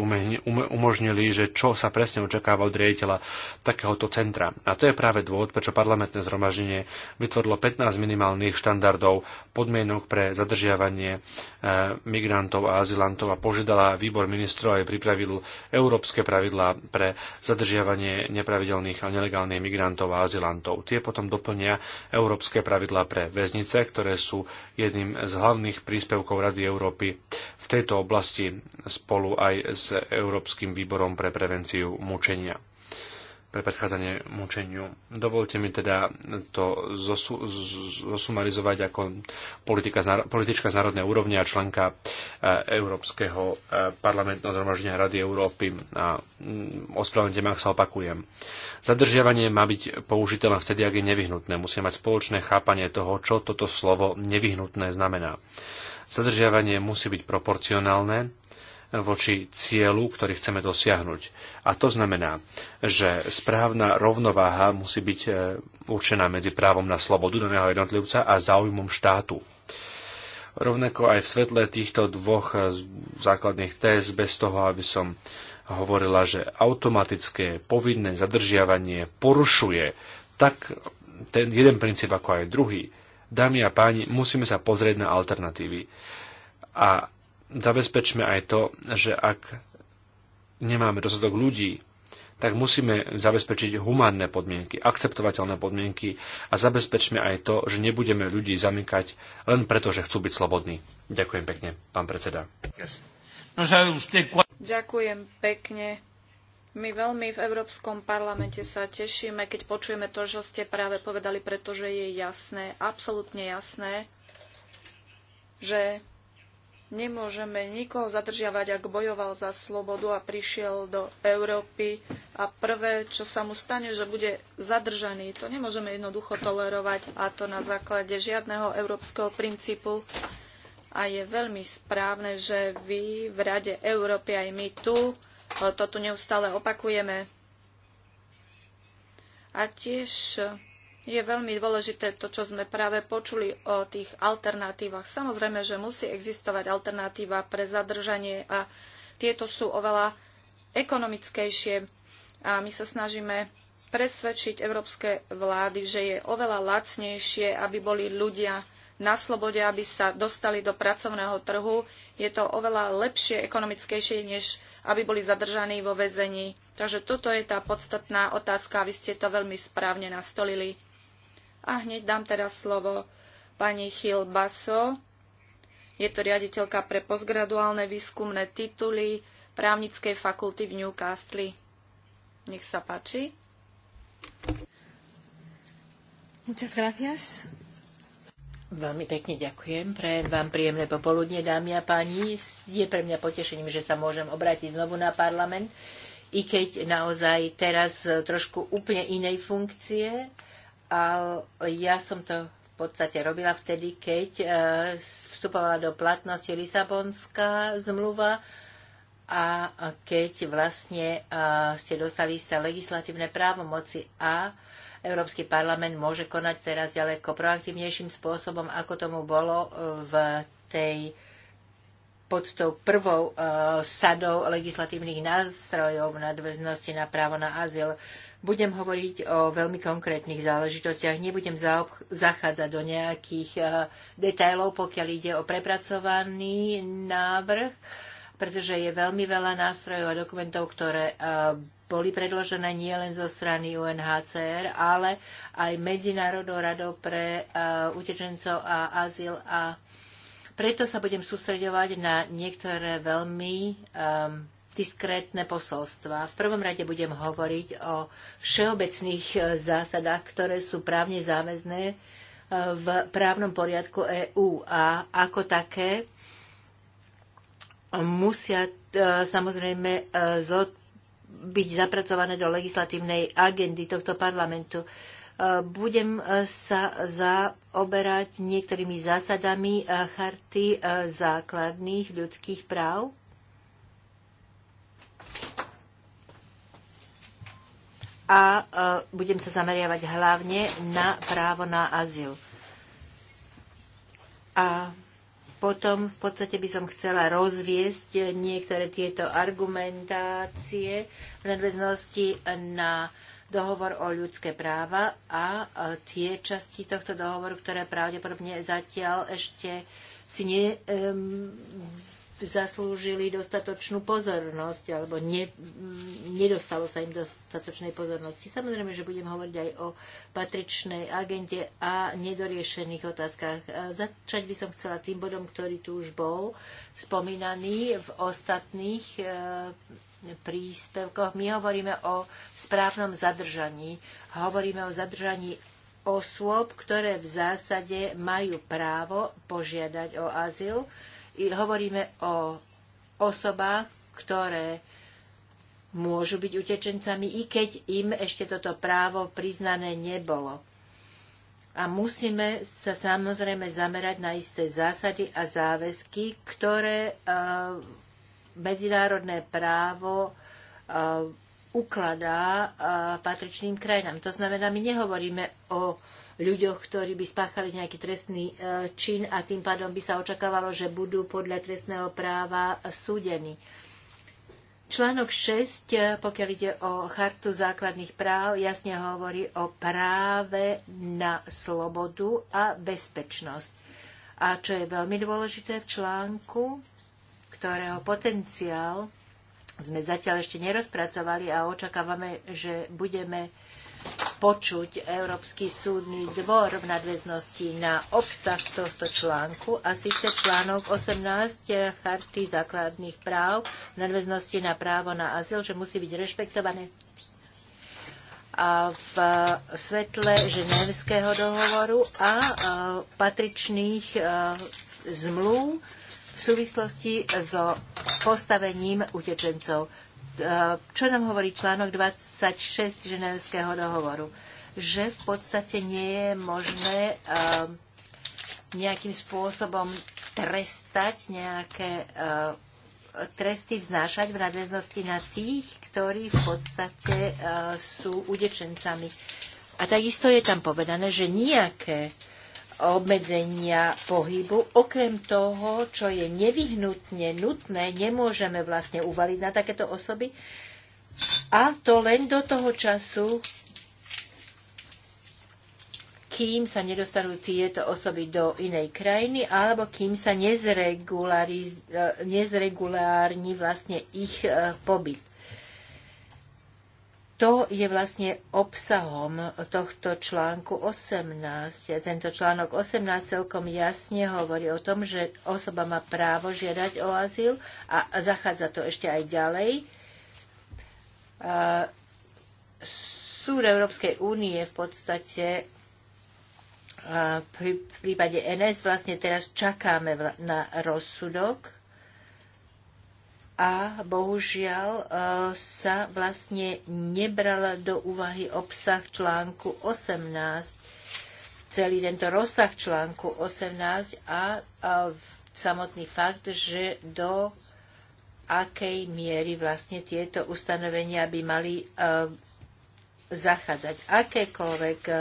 umožnili, že čo sa presne očakáva od riaditeľa takéhoto centra. A to je práve dôvod, prečo parlamentné zhromaždenie vytvorilo 15 minimálnych štandardov podmienok pre zadržiavanie e, migrantov a azylantov a požiadala výbor ministrov aj pripravil európske pravidlá pre zadržiavanie nepravidelných nelegálnych a nelegálnych migrantov a azylantov. Tie potom doplnia európske pravidlá pre väznice, ktoré sú jedným z hlavných príspevkov Rady Európy v tejto oblasti spolu aj s Európskym výborom pre prevenciu mučenia pre predchádzanie mučeniu. Dovolte mi teda to zosu, zosumarizovať ako politika, politička z národnej úrovne a členka e, Európskeho e, parlamentného zhromaždenia Rady Európy. A mm, ospravedlňte ma, ak sa opakujem. Zadržiavanie má byť použité len vtedy, ak je nevyhnutné. Musíme mať spoločné chápanie toho, čo toto slovo nevyhnutné znamená. Zadržiavanie musí byť proporcionálne, voči cieľu, ktorý chceme dosiahnuť. A to znamená, že správna rovnováha musí byť e, určená medzi právom na slobodu daného jednotlivca a záujmom štátu. Rovnako aj v svetle týchto dvoch e, základných téz, bez toho, aby som hovorila, že automatické povinné zadržiavanie porušuje tak ten jeden princíp ako aj druhý. Dámy a páni, musíme sa pozrieť na alternatívy. A zabezpečme aj to, že ak nemáme dostatok ľudí, tak musíme zabezpečiť humánne podmienky, akceptovateľné podmienky a zabezpečme aj to, že nebudeme ľudí zamykať len preto, že chcú byť slobodní. Ďakujem pekne, pán predseda. Ďakujem pekne. My veľmi v Európskom parlamente sa tešíme, keď počujeme to, čo ste práve povedali, pretože je jasné, absolútne jasné, že Nemôžeme nikoho zadržiavať, ak bojoval za slobodu a prišiel do Európy a prvé, čo sa mu stane, že bude zadržaný. To nemôžeme jednoducho tolerovať a to na základe žiadneho európskeho princípu. A je veľmi správne, že vy v Rade Európy aj my tu to tu neustále opakujeme. A tiež je veľmi dôležité to, čo sme práve počuli o tých alternatívach. Samozrejme, že musí existovať alternatíva pre zadržanie a tieto sú oveľa ekonomickejšie a my sa snažíme presvedčiť európske vlády, že je oveľa lacnejšie, aby boli ľudia na slobode, aby sa dostali do pracovného trhu. Je to oveľa lepšie, ekonomickejšie, než aby boli zadržaní vo väzení. Takže toto je tá podstatná otázka a vy ste to veľmi správne nastolili. A hneď dám teraz slovo pani Chil Baso. Je to riaditeľka pre postgraduálne výskumné tituly právnickej fakulty v Newcastle. Nech sa páči. Muchas gracias. Veľmi pekne ďakujem. Prajem vám príjemné popoludne, dámy a páni. Je pre mňa potešením, že sa môžem obrátiť znovu na parlament, i keď naozaj teraz trošku úplne inej funkcie ale ja som to v podstate robila vtedy, keď e, vstupovala do platnosti Lisabonská zmluva a keď vlastne e, ste dostali sa legislatívne právomoci a Európsky parlament môže konať teraz ďaleko proaktívnejším spôsobom, ako tomu bolo e, v tej pod tou prvou sadou legislatívnych nástrojov v nadväznosti na právo na azyl. Budem hovoriť o veľmi konkrétnych záležitostiach, nebudem zachádzať do nejakých e, detajlov, pokiaľ ide o prepracovaný návrh, pretože je veľmi veľa nástrojov a dokumentov, ktoré e, boli predložené nielen zo strany UNHCR, ale aj Medzinárodnou radou pre e, utečencov a azyl a preto sa budem sústredovať na niektoré veľmi um, diskrétne posolstva. V prvom rade budem hovoriť o všeobecných e, zásadách, ktoré sú právne záväzné e, v právnom poriadku EÚ a ako také musia e, samozrejme byť zapracované do legislatívnej agendy tohto parlamentu. Budem sa zaoberať niektorými zásadami charty základných ľudských práv a e, budem sa zameriavať hlavne na právo na azyl. A potom v podstate by som chcela rozviesť niektoré tieto argumentácie v nadväznosti na dohovor o ľudské práva a e, tie časti tohto dohovoru, ktoré pravdepodobne zatiaľ ešte si ne, um, zaslúžili dostatočnú pozornosť, alebo ne, nedostalo sa im dostatočnej pozornosti. Samozrejme, že budem hovoriť aj o patričnej agente a nedoriešených otázkach. Začať by som chcela tým bodom, ktorý tu už bol spomínaný v ostatných e, príspevkoch. My hovoríme o správnom zadržaní. Hovoríme o zadržaní osôb, ktoré v zásade majú právo požiadať o azyl hovoríme o osobách, ktoré môžu byť utečencami, i keď im ešte toto právo priznané nebolo. A musíme sa samozrejme zamerať na isté zásady a záväzky, ktoré uh, medzinárodné právo uh, ukladá uh, patričným krajinám. To znamená, my nehovoríme o ľuďoch, ktorí by spáchali nejaký trestný e, čin a tým pádom by sa očakávalo, že budú podľa trestného práva súdení. Článok 6, e, pokiaľ ide o chartu základných práv, jasne hovorí o práve na slobodu a bezpečnosť. A čo je veľmi dôležité v článku, ktorého potenciál sme zatiaľ ešte nerozpracovali a očakávame, že budeme počuť Európsky súdny dvor v nadväznosti na obsah tohto článku a síce článok 18 eh, Charty základných práv v nadväznosti na právo na azyl, že musí byť rešpektované a v eh, svetle Ženevského dohovoru a eh, patričných zmluv v súvislosti so postavením utečencov čo nám hovorí článok 26 Ženevského dohovoru? Že v podstate nie je možné um, nejakým spôsobom trestať nejaké uh, tresty vznášať v nadväznosti na tých, ktorí v podstate uh, sú udečencami. A takisto je tam povedané, že nejaké obmedzenia pohybu. Okrem toho, čo je nevyhnutne nutné, nemôžeme vlastne uvaliť na takéto osoby. A to len do toho času, kým sa nedostanú tieto osoby do inej krajiny, alebo kým sa e, nezregulárni vlastne ich e, pobyt to je vlastne obsahom tohto článku 18. Tento článok 18 celkom jasne hovorí o tom, že osoba má právo žiadať o azyl a zachádza to ešte aj ďalej. Súd Európskej únie v podstate v prípade NS vlastne teraz čakáme na rozsudok a bohužiaľ e, sa vlastne nebrala do úvahy obsah článku 18, celý tento rozsah článku 18 a, a samotný fakt, že do akej miery vlastne tieto ustanovenia by mali e, zachádzať. Akékoľvek e,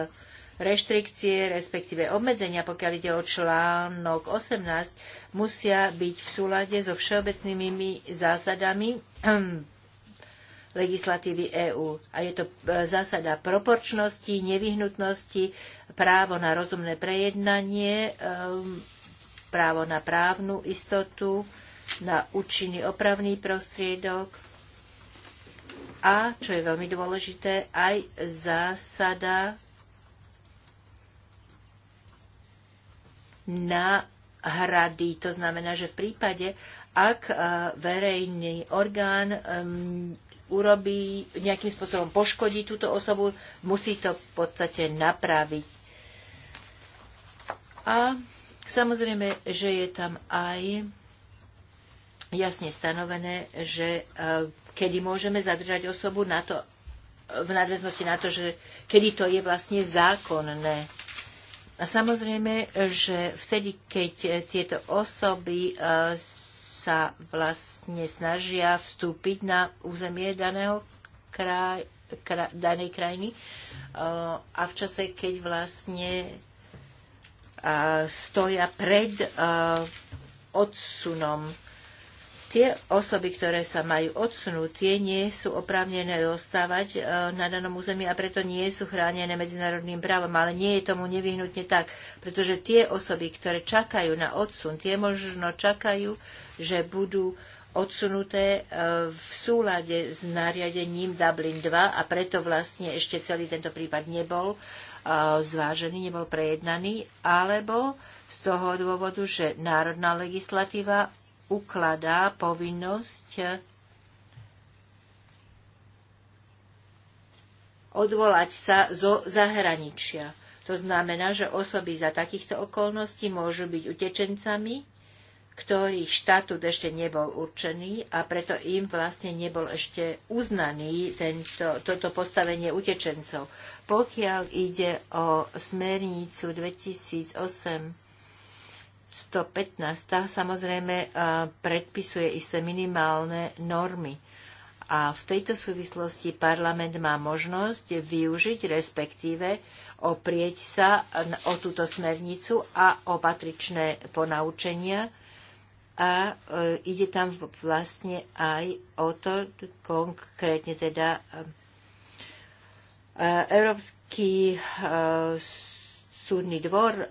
reštrikcie, respektíve obmedzenia, pokiaľ ide o článok 18, musia byť v súlade so všeobecnými zásadami legislatívy EÚ. A je to e, zásada proporčnosti, nevyhnutnosti, právo na rozumné prejednanie, ehm, právo na právnu istotu, na účinný opravný prostriedok a, čo je veľmi dôležité, aj zásada hrady. To znamená, že v prípade, ak e, verejný orgán e, urobí, nejakým spôsobom poškodí túto osobu, musí to v podstate napraviť. A samozrejme, že je tam aj jasne stanovené, že e, kedy môžeme zadržať osobu na to, v nadväznosti na to, že kedy to je vlastne zákonné. A samozrejme, že vtedy, keď eh, tieto osoby eh, sa vlastne snažia vstúpiť na územie daného kraj, kraj, danej krajiny eh, a v čase, keď vlastne stoja pred odsunom tie osoby, ktoré sa majú odsunúť, tie nie sú oprávnené dostávať e, na danom území a preto nie sú chránené medzinárodným právom. Ale nie je tomu nevyhnutne tak, pretože tie osoby, ktoré čakajú na odsun, tie možno čakajú, že budú odsunuté e, v súlade s nariadením Dublin 2 a preto vlastne ešte celý tento prípad nebol e, zvážený, nebol prejednaný, alebo z toho dôvodu, že národná legislatíva ukladá povinnosť odvolať sa zo zahraničia. To znamená, že osoby za takýchto okolností môžu byť utečencami, ktorých štatút ešte nebol určený a preto im vlastne nebol ešte uznaný tento, toto postavenie utečencov. Pokiaľ ide o smernicu 2008 115 samozrejme e, predpisuje isté minimálne normy. A v tejto súvislosti parlament má možnosť využiť, respektíve oprieť sa o túto smernicu a o patričné ponaučenia. A e, ide tam vlastne aj o to, konkrétne teda e, Európsky súdny dvor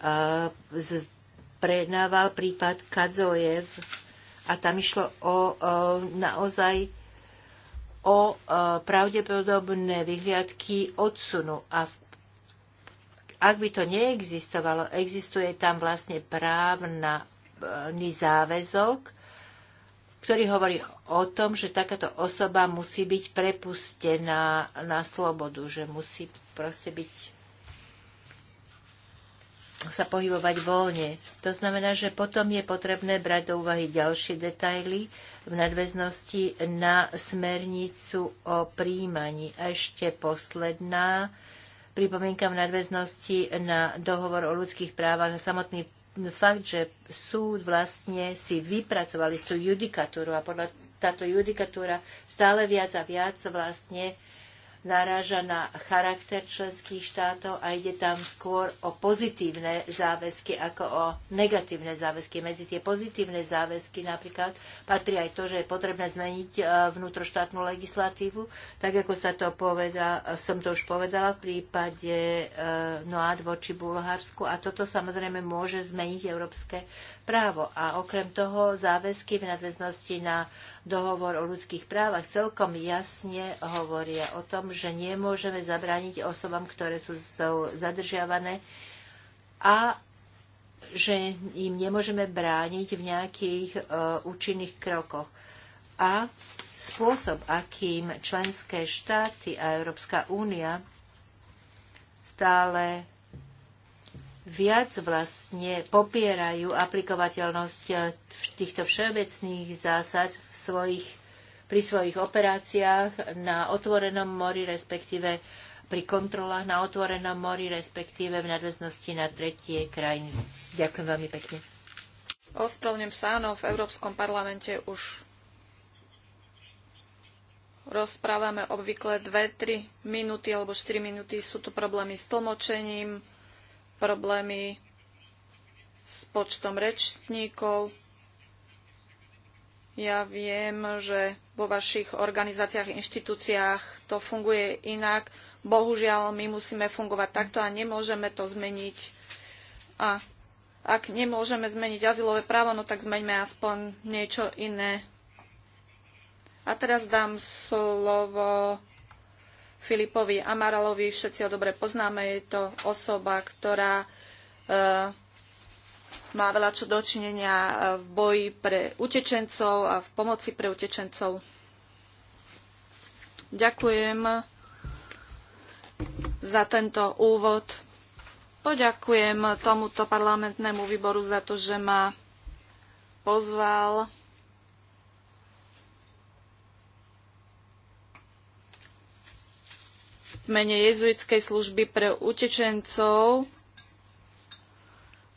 prejednával prípad Kadzojev a tam išlo o, o naozaj o, o pravdepodobné vyhliadky odsunu a v ak by to neexistovalo, existuje tam vlastne právny záväzok, ktorý hovorí o tom, že takáto osoba musí byť prepustená na slobodu, že musí proste byť sa pohybovať voľne. To znamená, že potom je potrebné brať do úvahy ďalšie detaily v nadväznosti na smernicu o príjmaní. A ešte posledná pripomienka v nadväznosti na dohovor o ľudských právach a samotný fakt, že súd vlastne si vypracovali tú judikatúru a podľa táto judikatúra stále viac a viac vlastne uh, naráža na charakter členských štátov a ide tam skôr o pozitívne záväzky ako o negatívne záväzky. Medzi tie pozitívne záväzky napríklad patrí aj to, že je potrebné zmeniť e, vnútroštátnu legislatívu, tak ako sa to poveda, som to už povedala v prípade e, Noad voči Bulharsku a toto samozrejme môže zmeniť európske právo. A okrem toho záväzky v nadväznosti na dohovor o ľudských právach celkom jasne hovoria o tom, že nemôžeme zabrániť osobám, ktoré sú, zadržiavané a že im nemôžeme brániť v nejakých e, účinných krokoch. A spôsob, akým členské štáty a Európska únia stále viac vlastne popierajú aplikovateľnosť eh, týchto všeobecných zásad v svojich, pri svojich operáciách na otvorenom mori, respektíve pri kontrolách na otvorenom mori, respektíve v nadväznosti na tretie krajiny. Ďakujem veľmi pekne. Ospravnem sa, áno, v Európskom parlamente už rozprávame obvykle 2-3 minúty alebo 4 minúty. Sú tu problémy s tlmočením, problémy s počtom rečníkov. Ja viem, že vo vašich organizáciách, inštitúciách to funguje inak. Bohužiaľ, my musíme fungovať takto a nemôžeme to zmeniť. A ak nemôžeme zmeniť azylové právo, no tak zmeňme aspoň niečo iné. A teraz dám slovo Filipovi Amaralovi, všetci ho dobre poznáme, je to osoba, ktorá e, má veľa čo dočinenia e, v boji pre utečencov a v pomoci pre utečencov. Ďakujem za tento úvod. Poďakujem tomuto parlamentnému výboru za to, že ma pozval v mene jezuitskej služby pre utečencov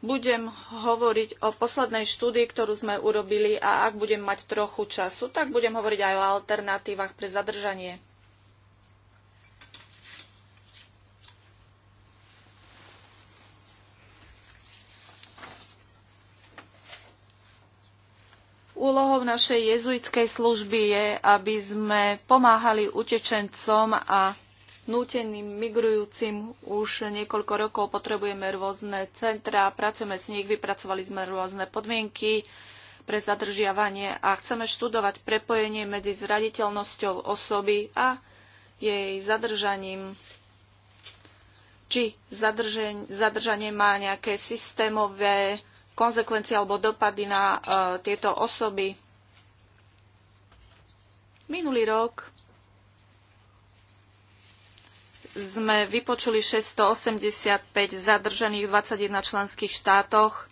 budem hovoriť o poslednej štúdii, ktorú sme urobili a ak budem mať trochu času, tak budem hovoriť aj o alternatívach pre zadržanie. Úlohou našej jezuitskej služby je, aby sme pomáhali utečencom a núteným migrujúcim už niekoľko rokov potrebujeme rôzne centra, pracujeme s nich, vypracovali sme rôzne podmienky pre zadržiavanie a chceme študovať prepojenie medzi zraditeľnosťou osoby a jej zadržaním či zadrženie, zadržanie má nejaké systémové konsekvencie alebo dopady na uh, tieto osoby. Minulý rok sme vypočuli 685 zadržaných v 21 členských štátoch.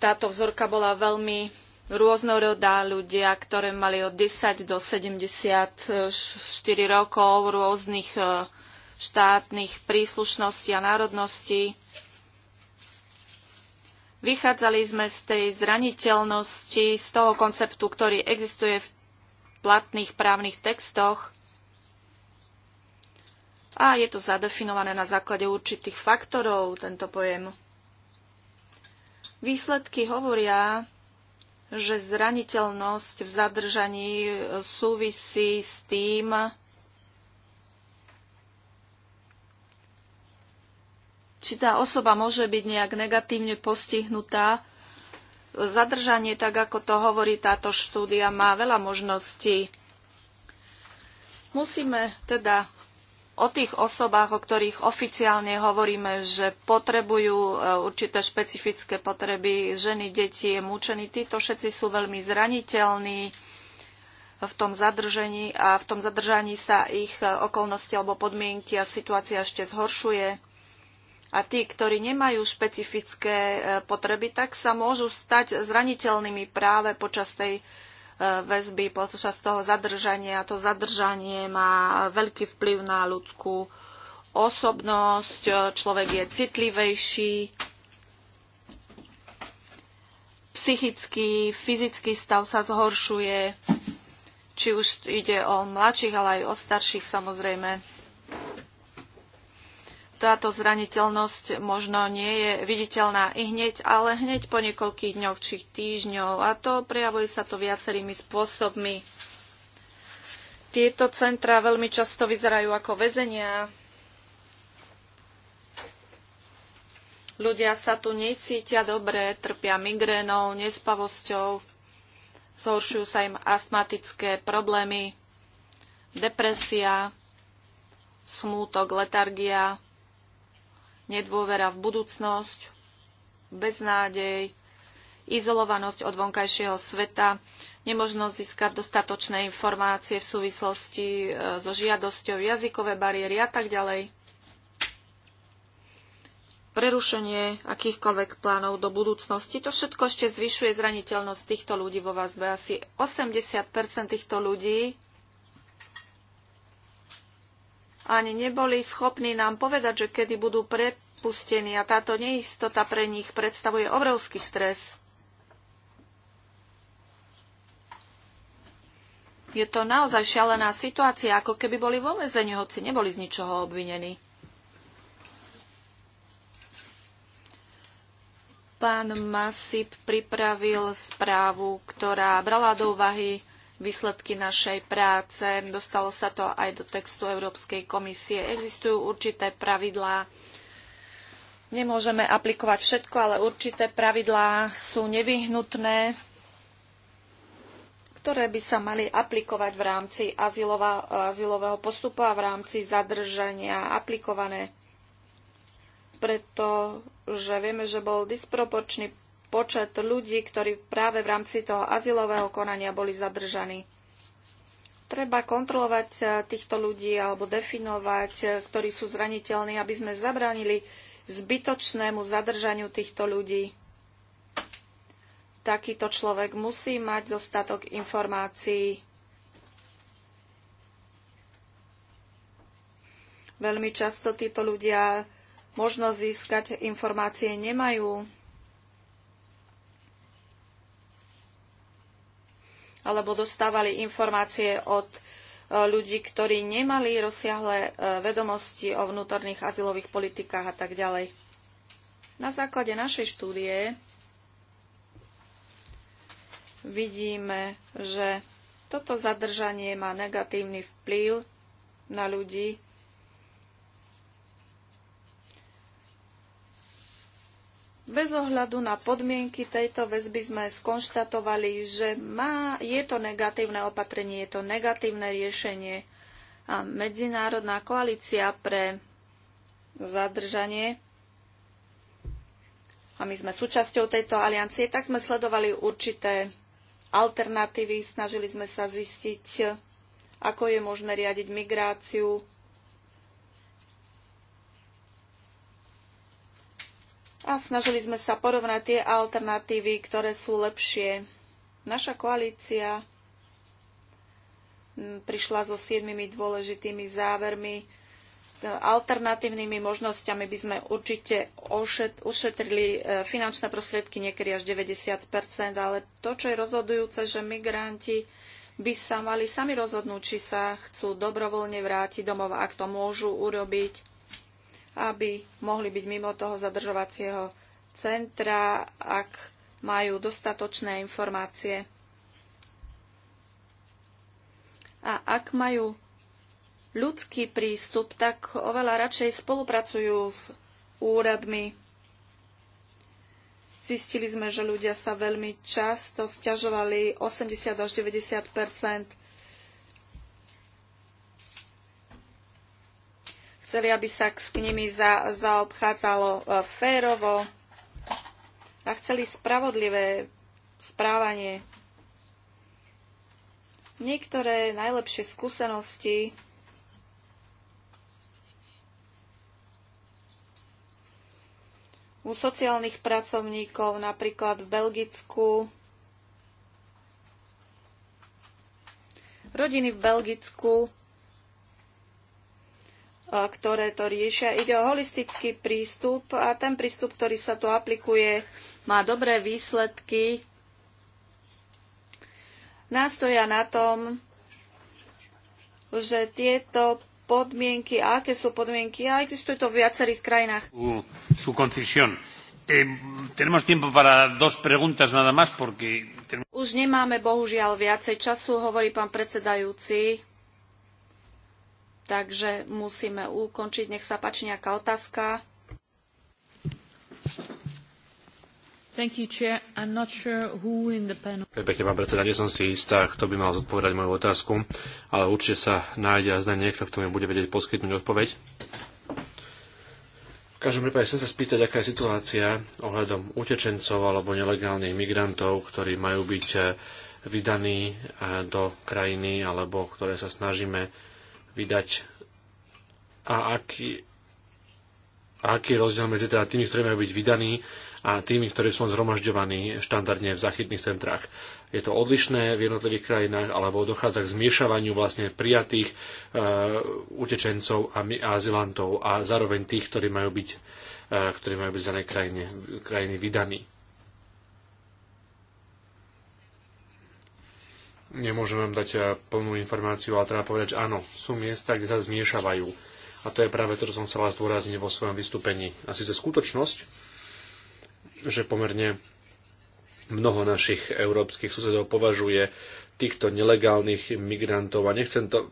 Táto vzorka bola veľmi rôznorodá. Ľudia, ktoré mali od 10 do 74 rokov rôznych e, štátnych príslušností a národností. Vychádzali sme z tej zraniteľnosti, z toho konceptu, ktorý existuje v platných právnych textoch a je to zadefinované na základe určitých faktorov, tento pojem. Výsledky hovoria, že zraniteľnosť v zadržaní súvisí s tým, či tá osoba môže byť nejak negatívne postihnutá. Zadržanie, tak ako to hovorí táto štúdia, má veľa možností. Musíme teda o tých osobách, o ktorých oficiálne hovoríme, že potrebujú e, určité špecifické potreby ženy, deti, mučený títo všetci sú veľmi zraniteľní v tom zadržení a v tom zadržaní sa ich e, okolnosti alebo podmienky a situácia ešte zhoršuje. A tí, ktorí nemajú špecifické e, potreby, tak sa môžu stať zraniteľnými práve počas tej väzby počas toho zadržania. To zadržanie má veľký vplyv na ľudskú osobnosť, človek je citlivejší, psychický, fyzický stav sa zhoršuje, či už ide o mladších, ale aj o starších samozrejme táto zraniteľnosť možno nie je viditeľná i hneď, ale hneď po niekoľkých dňoch či týždňov. A to prejavuje sa to viacerými spôsobmi. Tieto centra veľmi často vyzerajú ako väzenia. Ľudia sa tu necítia dobre, trpia migrénou, nespavosťou, zhoršujú sa im astmatické problémy, depresia, smútok, letargia, nedôvera v budúcnosť, beznádej, izolovanosť od vonkajšieho sveta, nemožnosť získať dostatočné informácie v súvislosti e, so žiadosťou, jazykové bariéry a tak ďalej. Prerušenie akýchkoľvek plánov do budúcnosti, to všetko ešte zvyšuje zraniteľnosť týchto ľudí vo vás. Asi 80 týchto ľudí ani neboli schopní nám povedať, že kedy budú prepustení a táto neistota pre nich predstavuje obrovský stres. Je to naozaj šialená situácia, ako keby boli vo vezení, hoci neboli z ničoho obvinení. Pán Masip pripravil správu, ktorá brala do úvahy výsledky našej práce. Dostalo sa to aj do textu Európskej komisie. Existujú určité pravidlá. Nemôžeme aplikovať všetko, ale určité pravidlá sú nevyhnutné, ktoré by sa mali aplikovať v rámci azylového postupu a v rámci zadržania aplikované pretože vieme, že bol disproporčný počet ľudí, ktorí práve v rámci toho azylového konania boli zadržaní. Treba kontrolovať e, týchto ľudí alebo definovať, e, ktorí sú zraniteľní, aby sme zabránili zbytočnému zadržaniu týchto ľudí. Takýto človek musí mať dostatok informácií. Veľmi často títo ľudia možno získať informácie nemajú. alebo dostávali informácie od e, ľudí, ktorí nemali rozsiahle e, vedomosti o vnútorných azylových politikách a tak ďalej. Na základe našej štúdie vidíme, že toto zadržanie má negatívny vplyv na ľudí, Bez ohľadu na podmienky tejto väzby sme skonštatovali, že má, je to negatívne opatrenie, je to negatívne riešenie a medzinárodná koalícia pre zadržanie a my sme súčasťou tejto aliancie, tak sme sledovali určité alternatívy, snažili sme sa zistiť, ako je možné riadiť migráciu, a snažili sme sa porovnať tie alternatívy, ktoré sú lepšie. Naša koalícia prišla so siedmimi dôležitými závermi. Alternatívnymi možnosťami by sme určite ušetrili e, finančné prostriedky niekedy až 90 ale to, čo je rozhodujúce, že migranti by sa mali sami rozhodnúť, či sa chcú dobrovoľne vrátiť domov, ak to môžu urobiť aby mohli byť mimo toho zadržovacieho centra, ak majú dostatočné informácie. A ak majú ľudský prístup, tak oveľa radšej spolupracujú s úradmi. Zistili sme, že ľudia sa veľmi často stiažovali 80 až 90 Chceli, aby sa s nimi za, zaobchádzalo e, férovo a chceli spravodlivé správanie. Niektoré najlepšie skúsenosti u sociálnych pracovníkov, napríklad v Belgicku, rodiny v Belgicku E, ktoré to riešia. Ide o holistický prístup a ten prístup, ktorý sa tu aplikuje, má dobré výsledky. Nástoja na tom, že tieto podmienky, a aké sú podmienky, a existuje to v viacerých krajinách. Sú koncesión. Eh, tenemos tiempo para dos preguntas nada más, porque... Už nemáme bohužiaľ viacej času, hovorí pán predsedajúci. Takže musíme ukončiť. Nech sa páči nejaká otázka. Thank you, Chair. I'm not sure who in the panel... pán predseda, nie som si istá, kto by mal zodpovedať moju otázku, ale určite sa nájde a zda niekto, kto mi bude vedieť poskytnúť odpoveď. V každom prípade chcem sa spýtať, aká je situácia ohľadom utečencov alebo nelegálnych migrantov, ktorí majú byť eh, vydaní eh, do krajiny alebo ktoré sa snažíme vydať a aký, a aký je rozdiel medzi teda tými, ktorí majú byť vydaní a tými, ktorí sú zhromažďovaní štandardne v zachytných centrách. Je to odlišné v jednotlivých krajinách, alebo dochádza k zmiešavaniu vlastne prijatých e, utečencov a, azylantov a zároveň tých, ktorí majú byť, e, ktorí majú byť v danej krajine, krajiny vydaní. Nemôžem vám dať eh, plnú informáciu, ale treba povedať, že áno, sú miesta, kde sa zmiešavajú. A to je práve to, čo som chcela zdôrazniť vo svojom vystúpení. A síce skutočnosť, že pomerne mnoho našich európskych susedov považuje týchto nelegálnych migrantov, a nechcem to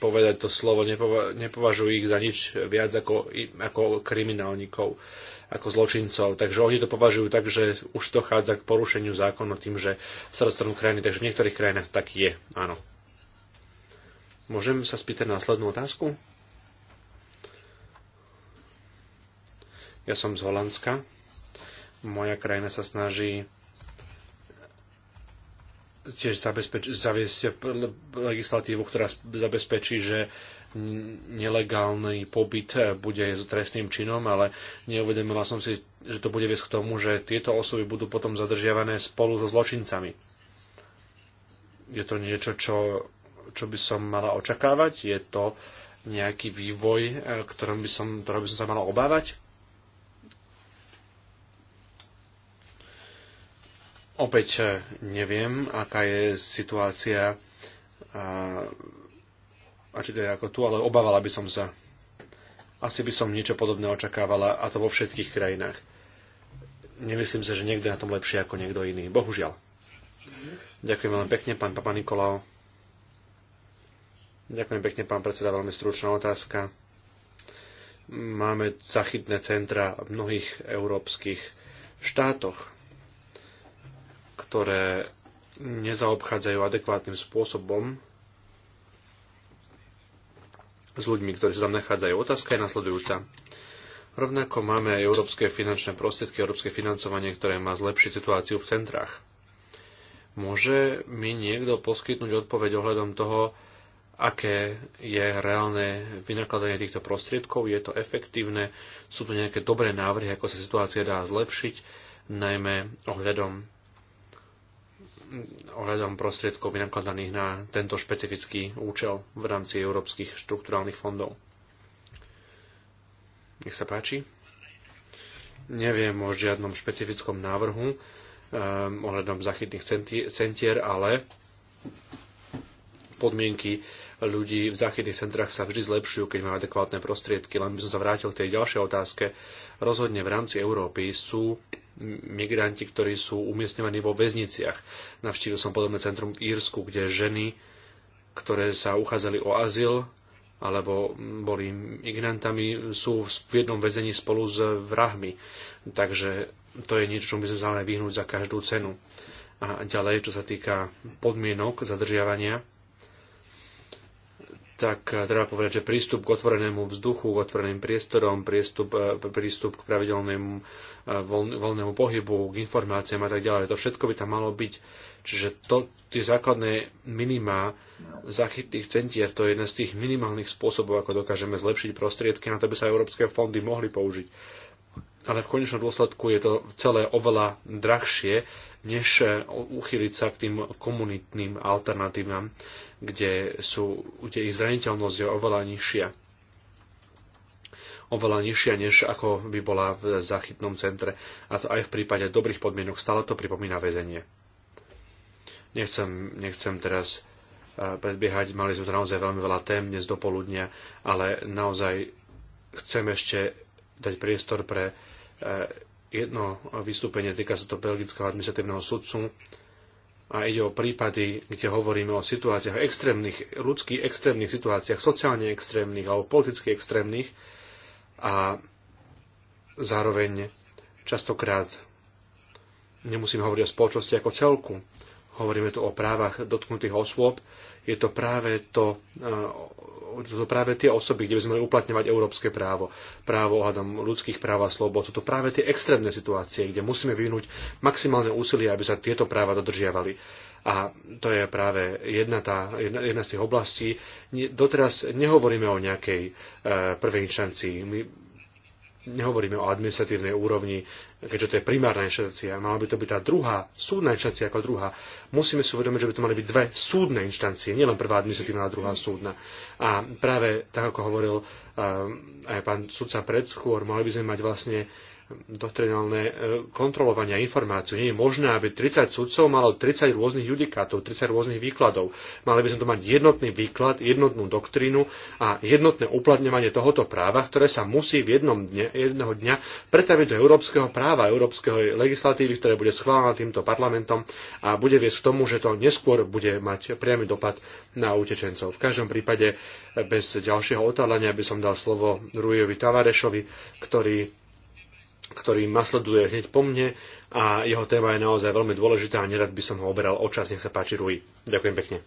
povedať to slovo, nepova- nepovažujú ich za nič viac ako, ako kriminálnikov ako zločincov. Takže oni to považujú tak, že už dochádza k porušeniu zákona tým, že sa dostanú krajiny. Takže v niektorých krajinách tak je, áno. Môžem sa spýtať následnú otázku? Ja som z Holandska. Moja krajina sa snaží tiež zaviesť legislatívu, ktorá zabezpečí, že nelegálny pobyt bude trestným činom, ale neuvedomila som si, že to bude viesť k tomu, že tieto osoby budú potom zadržiavané spolu so zločincami. Je to niečo, čo, čo by som mala očakávať? Je to nejaký vývoj, e, ktorom by som, ktorého by som sa mala obávať? Opäť e, neviem, aká je situácia e, a či to je ako tu, ale obávala by som sa. Asi by som niečo podobné očakávala, a to vo všetkých krajinách. Nemyslím sa, že niekto je na tom lepšie ako niekto iný. Bohužiaľ. Ďakujem veľmi pekne, pán Papa Nikolao. Ďakujem pekne, pán predseda, veľmi stručná otázka. Máme zachytné centra v mnohých európskych štátoch, ktoré nezaobchádzajú adekvátnym spôsobom s ľuďmi, ktorí sa tam nachádzajú. Otázka je nasledujúca. Rovnako máme aj európske finančné prostriedky, európske financovanie, ktoré má zlepšiť situáciu v centrách. Môže mi niekto poskytnúť odpoveď ohľadom toho, aké je reálne vynakladanie týchto prostriedkov, je to efektívne, sú tu nejaké dobré návrhy, ako sa situácia dá zlepšiť, najmä ohľadom ohľadom prostriedkov vynakladaných na tento špecifický účel v rámci európskych štrukturálnych fondov. Nech sa páči. Neviem o žiadnom špecifickom návrhu um, ohľadom zachytných centier, ale podmienky ľudí v záchytných centrách sa vždy zlepšujú, keď majú adekvátne prostriedky. Len by som sa vrátil k tej ďalšej otázke. Rozhodne v rámci Európy sú migranti, ktorí sú umiestňovaní vo väzniciach. Navštívil som podobné centrum v Írsku, kde ženy, ktoré sa uchádzali o azyl, alebo boli migrantami, sú v jednom väzení spolu s vrahmi. Takže to je niečo, čo by sme mali vyhnúť za každú cenu. A ďalej, čo sa týka podmienok zadržiavania, tak eh, treba povedať, že prístup k otvorenému vzduchu, k otvoreným priestorom, prístup, eh, prístup k pravidelnému eh, voľnému pohybu, k informáciám a tak ďalej, to všetko by tam malo byť. Čiže to, tie základné minima zachytných centier, to je jeden z tých minimálnych spôsobov, ako dokážeme zlepšiť prostriedky, na to by sa európske fondy mohli použiť. Ale v konečnom dôsledku je to celé oveľa drahšie, než uchyliť sa k tým komunitným alternatívam, kde, sú, kde ich zraniteľnosť je oveľa nižšia oveľa nižšia, než ako by bola v záchytnom centre. A to aj v prípade dobrých podmienok stále to pripomína väzenie. Nechcem, nechcem teraz e, predbiehať, mali sme tu naozaj veľmi veľa tém dnes do poludnia, ale naozaj chcem ešte dať priestor pre e, jedno vystúpenie, týka sa to belgického administratívneho sudcu, a ide o prípady, kde hovoríme o situáciách extrémnych, ľudských extrémnych situáciách, sociálne extrémnych alebo politicky extrémnych a zároveň častokrát nemusíme hovoriť o spoločnosti ako celku hovoríme tu o právach dotknutých osôb, je to práve to, e, sú to práve tie osoby, kde by sme mali uplatňovať európske právo, právo ohľadom ľudských práv a slobod. Sú to práve tie extrémne situácie, kde musíme vyvinúť maximálne úsilie, aby sa tieto práva dodržiavali. A to je práve jedna, tá, jedna, jedna z tých oblastí. Doteraz nehovoríme o nejakej e, prvej inštancii. My nehovoríme o administratívnej úrovni, keďže to je primárna inštancia, mala by to byť tá druhá, súdna inštancia ako druhá. Musíme si uvedomiť, že by to mali byť dve súdne inštancie, nielen prvá administratívna a druhá súdna. A práve tak, ako hovoril eh, aj pán sudca predskôr, mali by sme mať vlastne doktrinálne e, kontrolovanie informácií. Nie je možné, aby 30 sudcov malo 30 rôznych judikátov, 30 rôznych výkladov. Mali by sme to mať jednotný výklad, jednotnú doktrínu a jednotné uplatňovanie tohoto práva, ktoré sa musí v jednom dne, jedného dňa pretaviť do európskeho práva, európskeho legislatívy, ktoré bude schválená týmto parlamentom a bude viesť k tomu, že to neskôr bude mať priamy dopad na utečencov. V každom prípade bez ďalšieho otáľania by som dal slovo Rujovi Tavarešovi, ktorý ktorý nasleduje hneď po mne a jeho téma je naozaj veľmi dôležitá a nerad by som ho oberal o čas. Nech sa páči, Rui. Ďakujem pekne.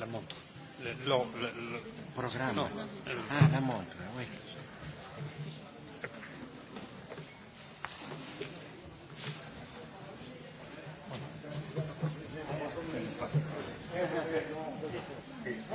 La Le, le, le... Programma. No. Ah, la montre.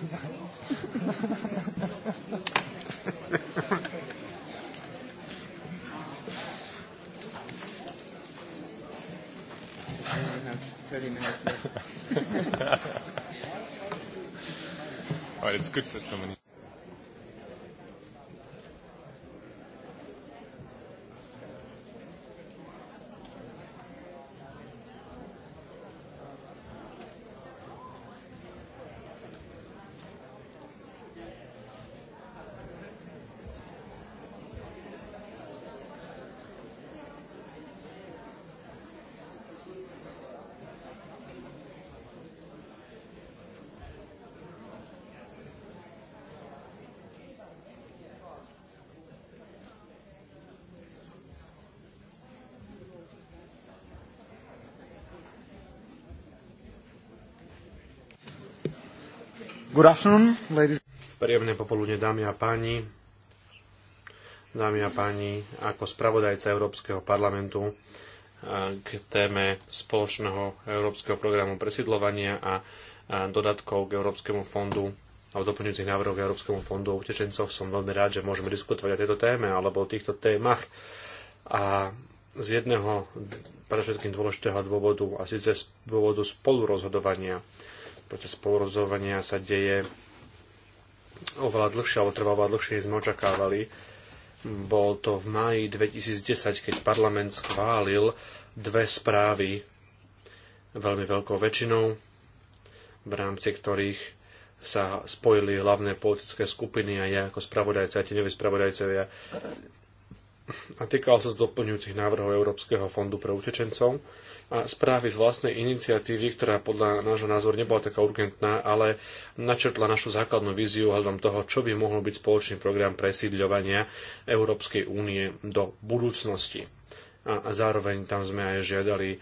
All right, it's good that many. Good afternoon, ladies. Príjemné popoludne, dámy a páni. Dámy a páni, ako spravodajca Európskeho parlamentu eh, k téme spoločného Európskeho programu presidlovania a eh, dodatkov k Európskemu fondu a doplňujúcich návrhov k Európskemu fondu utečencov som veľmi rád, že môžeme diskutovať o tejto téme alebo o týchto témach. A z jedného všetkým dôležitého dôvodu, a síce z dôvodu spolurozhodovania proces spolurozovania sa deje oveľa dlhšie, alebo trvá oveľa dlhšie, sme očakávali. Bol to v máji 2010, keď parlament schválil dve správy veľmi veľkou väčšinou, v rámci ktorých sa spojili hlavné politické skupiny a ja ako spravodajca a tieňoví spravodajcovia. A týkalo sa doplňujúcich návrhov Európskeho fondu pre utečencov, správy z vlastnej iniciatívy, ktorá podľa nášho názoru nebola taká urgentná, ale načrtla našu základnú víziu hľadom toho, čo by mohol byť spoločný program presídľovania Európskej únie do budúcnosti. A zároveň tam sme aj žiadali e,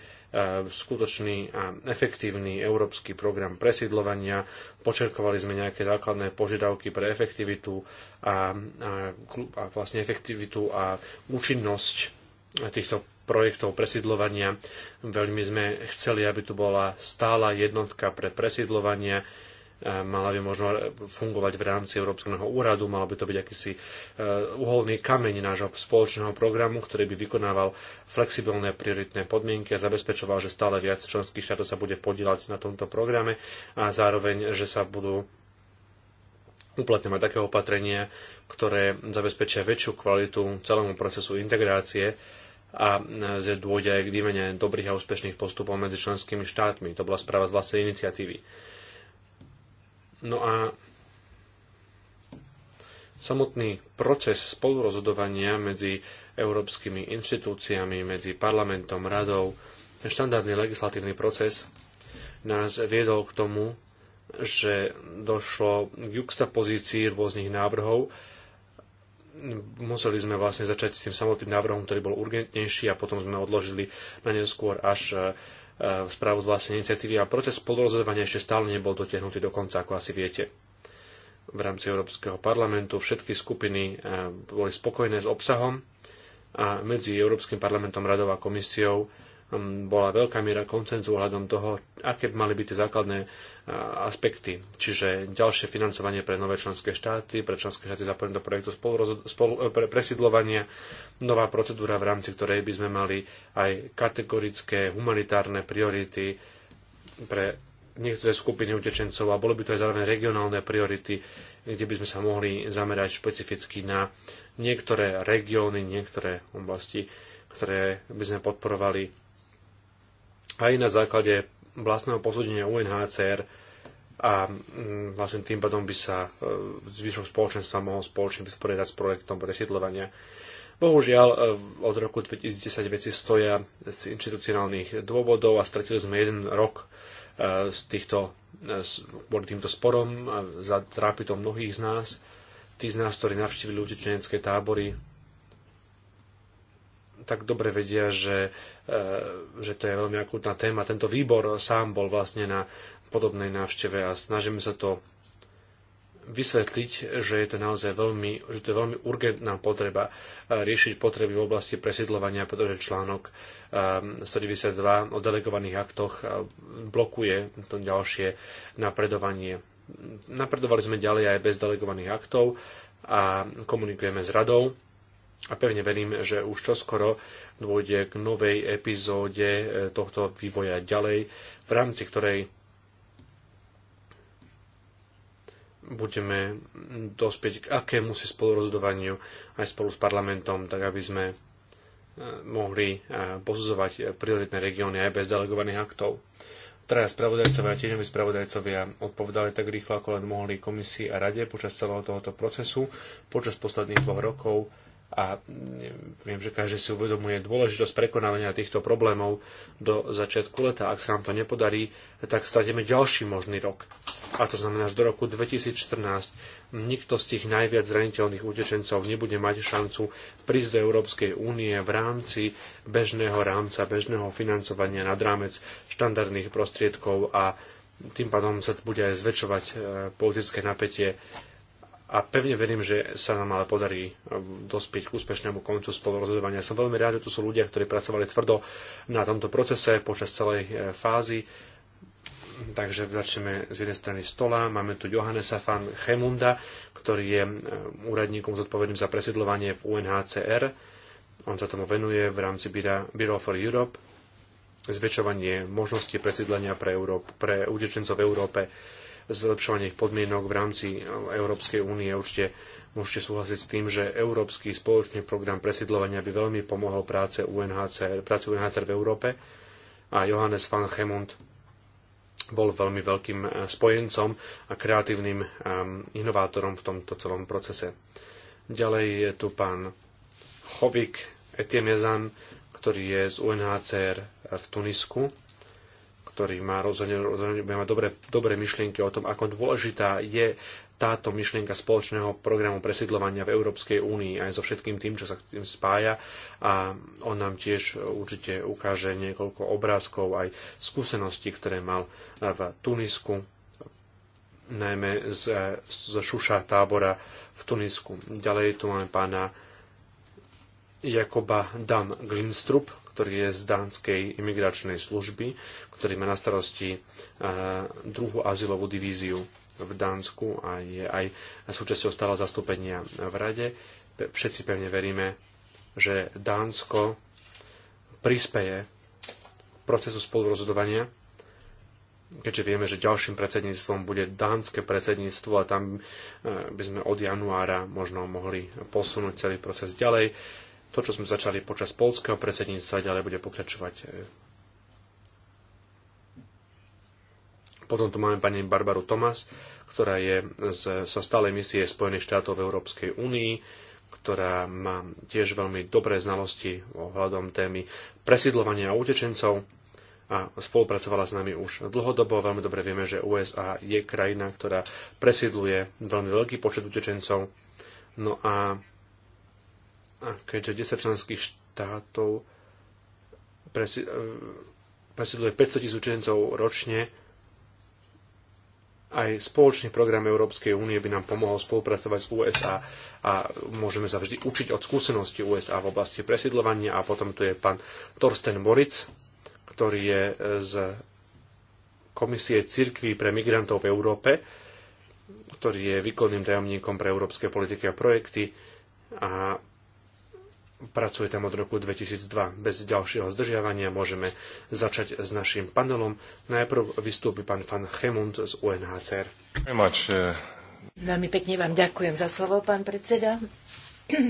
skutočný a efektívny európsky program presídlovania. Počerkovali sme nejaké základné požiadavky pre efektivitu a, a, a vlastne efektivitu a účinnosť týchto projektov presídlovania. Veľmi sme chceli, aby tu bola stála jednotka pre presídlovanie, e, mala by možno fungovať v rámci Európskeho úradu, malo by to byť akýsi e, uholný kameň nášho spoločného programu, ktorý by vykonával flexibilné prioritné podmienky a zabezpečoval, že stále viac členských štátov sa bude podielať na tomto programe a zároveň, že sa budú uplatňovať také opatrenia, ktoré zabezpečia väčšiu kvalitu celému procesu integrácie a e, že dôjde aj k výmene dobrých a úspešných postupov medzi členskými štátmi. To bola správa z vlastnej iniciatívy. No a samotný proces spolurozhodovania medzi európskymi inštitúciami, medzi parlamentom, radou, štandardný legislatívny proces nás viedol k tomu, že došlo k juxtapozícii rôznych návrhov, museli sme vlastne začať s tým samotným návrhom, ktorý bol urgentnejší a potom sme odložili na neskôr až e, e, správu z vlastnej iniciatívy a proces spolurozhodovania ešte stále nebol dotiahnutý do konca, ako asi viete. V rámci Európskeho parlamentu všetky skupiny e, boli spokojné s obsahom a medzi Európskym parlamentom, radou a komisiou Hm, bola veľká miera koncenzu ohľadom toho, aké mali byť tie základné aspekty. Čiže ďalšie financovanie pre nové členské štáty, pre členské štáty zapojené do projektu e, presidlovania, nová procedúra, v rámci ktorej by sme mali aj kategorické humanitárne priority pre niektoré skupiny utečencov a boli by to aj zároveň regionálne priority, kde by sme sa mohli zamerať špecificky na niektoré regióny, niektoré oblasti, ktoré by sme podporovali aj na základe vlastného posúdenia UNHCR a mm, vlastne tým pádom by sa zvyšok e, spoločenstva mohol spoločne vysporiadať s projektom presiedľovania. Bohužiaľ, e, od roku 2010 veci stoja z inštitucionálnych dôvodov a stratili sme jeden rok e, z týchto, kvôli týmto sporom a trápi to mnohých z nás. Tí z nás, ktorí navštívili utečenecké tábory, tak dobre vedia, že, e, že to je veľmi akútna téma. Tento výbor sám bol vlastne na podobnej návšteve a snažíme sa to vysvetliť, že je to naozaj veľmi, že to je veľmi urgentná potreba e, riešiť potreby v oblasti presiedlovania, pretože článok 192 e, o delegovaných aktoch blokuje to ďalšie napredovanie. Napredovali sme ďalej aj bez delegovaných aktov a komunikujeme s radou a pevne verím, že už čoskoro dôjde k novej epizóde eh, tohto vývoja ďalej, v rámci ktorej budeme dospieť k akému si spolurozhodovaniu aj spolu s parlamentom, tak aby sme eh, mohli eh, posudzovať prioritné regióny aj bez delegovaných aktov. Traja spravodajcovia a tieňoví spravodajcovia odpovedali tak rýchlo, ako len mohli komisii a rade počas celého tohoto procesu. Počas posledných dvoch rokov a viem, že každý si uvedomuje dôležitosť prekonávania týchto problémov do začiatku leta. Ak sa nám to nepodarí, tak staneme ďalší možný rok. A to znamená, že do roku 2014 nikto z tých najviac zraniteľných utečencov nebude mať šancu prísť do Európskej únie v rámci bežného rámca, bežného financovania nad rámec štandardných prostriedkov a tým pádom sa bude aj zväčšovať eh, politické napätie a pevne verím, že sa nám ale podarí e, dospieť k úspešnému koncu rozhodovania. Som veľmi rád, že tu sú ľudia, ktorí pracovali tvrdo na tomto procese počas celej e, fázy. Takže začneme z jednej strany stola. Máme tu Johannesa van Chemunda, ktorý je e, úradníkom zodpovedným za presiedľovanie v UNHCR. On sa tomu venuje v rámci Bureau for Europe, zväčšovanie možnosti presiedlenia pre, Európ- pre utečencov v Európe zlepšovanie ich podmienok v rámci Európskej únie. Určite môžete súhlasiť s tým, že Európsky spoločný program presiedlovania by veľmi pomohol práce UNHCR, práce UNHCR v Európe a Johannes van Chemund bol veľmi veľkým eh, spojencom a kreatívnym ehm, inovátorom v tomto celom procese. Ďalej je tu pán Hovik Etiemezan, ktorý je z UNHCR v Tunisku ktorý má rozhodne, rozhodne bude mať dobré, dobré myšlienky o tom, ako dôležitá je táto myšlienka spoločného programu presidlovania v Európskej únii aj so všetkým tým, čo sa k tým spája a on nám tiež určite ukáže niekoľko obrázkov aj skúseností, ktoré mal v Tunisku najmä z, z Šuša tábora v Tunisku. Ďalej tu máme pána Jakoba Dan Glinstrup, ktorý je z Dánskej imigračnej služby, ktorý má na starosti e, druhú azylovú divíziu v Dánsku a je aj súčasťou stále zastúpenia v Rade. Všetci pevne veríme, že Dánsko prispeje procesu spolurozhodovania, keďže vieme, že ďalším predsedníctvom bude dánske predsedníctvo a tam e, by sme od januára možno mohli posunúť celý proces ďalej. To, čo sme začali počas polského predsedníctva, ďalej bude pokračovať. Potom tu máme pani Barbaru Tomas, ktorá je z, sa stálej misie Spojených štátov v Európskej únii, ktorá má tiež veľmi dobré znalosti ohľadom témy presidlovania utečencov a spolupracovala s nami už dlhodobo. Veľmi dobre vieme, že USA je krajina, ktorá presidluje veľmi veľký počet utečencov. No a a keďže 10 členských štátov presiduje e, 500 tisíc učencov ročne, aj spoločný program Európskej únie by nám pomohol spolupracovať s USA a môžeme sa vždy učiť od skúsenosti USA v oblasti presidlovania a potom tu je pán Torsten Moritz, ktorý je e, z Komisie cirkví pre migrantov v Európe, ktorý je výkonným tajomníkom pre európske politiky a projekty a pracuje tam od roku 2002. Bez ďalšieho zdržiavania môžeme začať s našim panelom. Najprv vystúpi pán Van Chemund z UNHCR. Eh. Veľmi pekne vám ďakujem za slovo, pán predseda.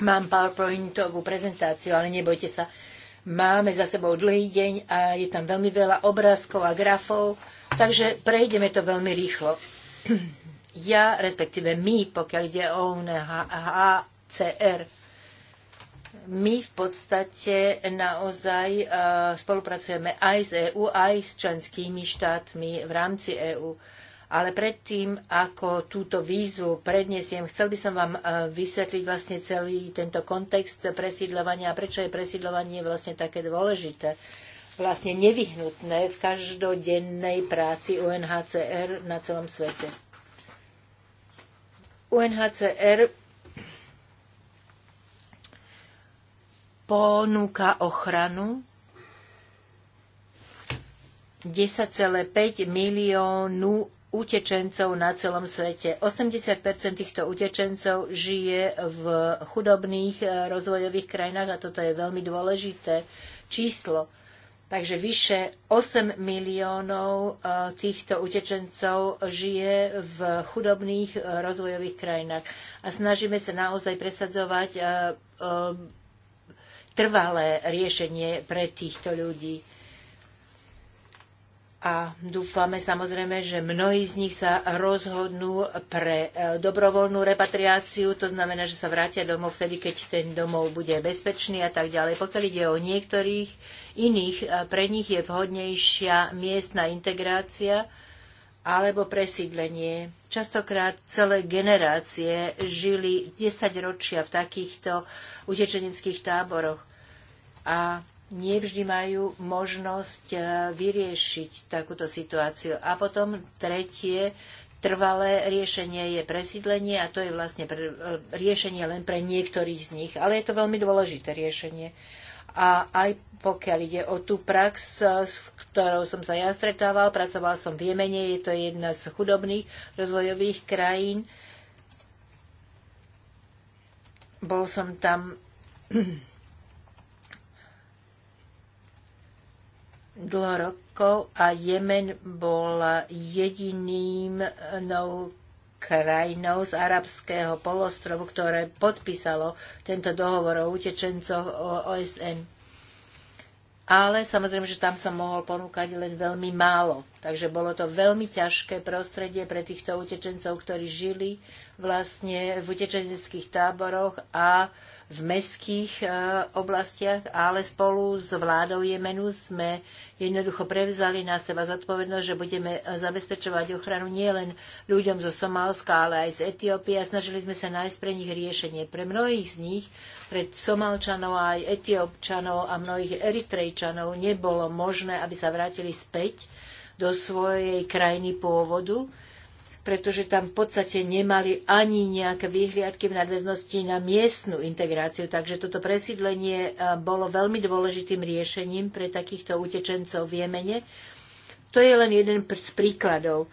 Mám PowerPointovú prezentáciu, ale nebojte sa. Máme za sebou dlhý deň a je tam veľmi veľa obrázkov a grafov, takže prejdeme to veľmi rýchlo. Ja, respektíve my, pokiaľ ide o UNHCR, my v podstate naozaj e, spolupracujeme aj s EÚ, aj s členskými štátmi v rámci EÚ. Ale predtým, ako túto vízu predniesiem, chcel by som vám e, vysvetliť vlastne celý tento kontext presídľovania a prečo je presídľovanie vlastne také dôležité vlastne nevyhnutné v každodennej práci UNHCR na celom svete. UNHCR ponúka ochranu 10,5 miliónu utečencov na celom svete. 80 týchto utečencov žije v chudobných eh, rozvojových krajinách a toto je veľmi dôležité číslo. Takže vyše 8 miliónov eh, týchto utečencov žije v chudobných eh, rozvojových krajinách. A snažíme sa naozaj presadzovať trvalé riešenie pre týchto ľudí. A dúfame samozrejme, že mnohí z nich sa rozhodnú pre e, dobrovoľnú repatriáciu, to znamená, že sa vrátia domov vtedy, keď ten domov bude bezpečný a tak ďalej. Pokiaľ ide o niektorých iných, e, pre nich je vhodnejšia miestna integrácia, alebo presídlenie. Častokrát celé generácie žili 10 ročia v takýchto utečeneckých táboroch a nevždy majú možnosť e, vyriešiť takúto situáciu. A potom tretie, trvalé riešenie je presídlenie a to je vlastne pre, e, riešenie len pre niektorých z nich, ale je to veľmi dôležité riešenie. A aj pokiaľ ide o tú prax, e, v ktorou som sa ja stretával. Pracoval som v Jemene, je to jedna z chudobných rozvojových krajín. Bol som tam dlho rokov a Jemen bol jediným krajinou z arabského polostrovu, ktoré podpísalo tento dohovor o utečencoch o OSN ale samozrejme, že tam som mohol ponúkať len veľmi málo. Takže bolo to veľmi ťažké prostredie pre týchto utečencov, ktorí žili vlastne v utečeneckých táboroch a v mestských e, oblastiach, ale spolu s vládou Jemenu sme jednoducho prevzali na seba zodpovednosť, že budeme e, zabezpečovať ochranu nielen ľuďom zo Somálska, ale aj z Etiópie a snažili sme sa nájsť pre nich riešenie. Pre mnohých z nich, pre Somálčanov a aj Etiópčanov a mnohých Eritrejčanov nebolo možné, aby sa vrátili späť do svojej krajiny pôvodu, pretože tam v podstate nemali ani nejaké výhliadky v nadväznosti na miestnu integráciu. Takže toto presídlenie e, bolo veľmi dôležitým riešením pre takýchto utečencov v Jemene. To je len jeden z príkladov.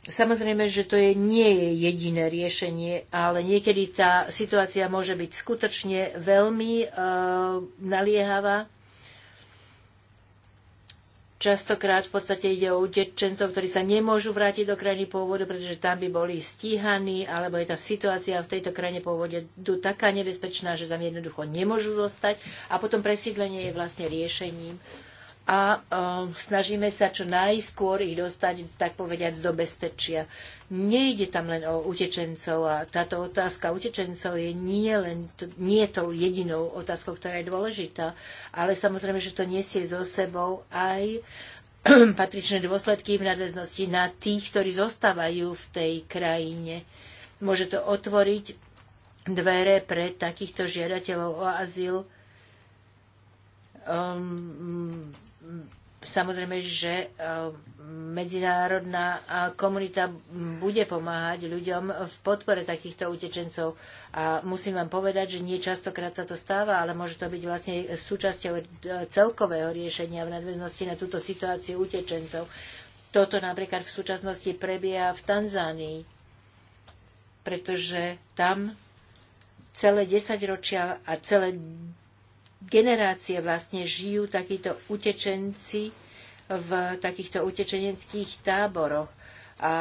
Samozrejme, že to je, nie je jediné riešenie, ale niekedy tá situácia môže byť skutočne veľmi e, naliehavá Častokrát v podstate ide o utečencov, ktorí sa nemôžu vrátiť do krajiny pôvodu, pretože tam by boli stíhaní, alebo je tá situácia v tejto krajine pôvodu taká nebezpečná, že tam jednoducho nemôžu zostať. A potom presídlenie je vlastne riešením a e, snažíme sa čo najskôr ich dostať, tak povediať, do bezpečia. Nejde tam len o utečencov a táto otázka utečencov je nie, len, nie tou jedinou otázkou, ktorá je dôležitá, ale samozrejme, že to nesie so sebou aj patričné dôsledky v nadväznosti na tých, ktorí zostávajú v tej krajine. Môže to otvoriť dvere pre takýchto žiadateľov o azyl, um, samozrejme, že e, medzinárodná e, komunita bude pomáhať ľuďom v podpore takýchto utečencov. A musím vám povedať, že nie častokrát sa to stáva, ale môže to byť vlastne súčasťou e, celkového riešenia v nadväznosti na túto situáciu utečencov. Toto napríklad v súčasnosti prebieha v Tanzánii, pretože tam celé desaťročia a celé generácie vlastne žijú takíto utečenci v takýchto utečeneckých táboroch. A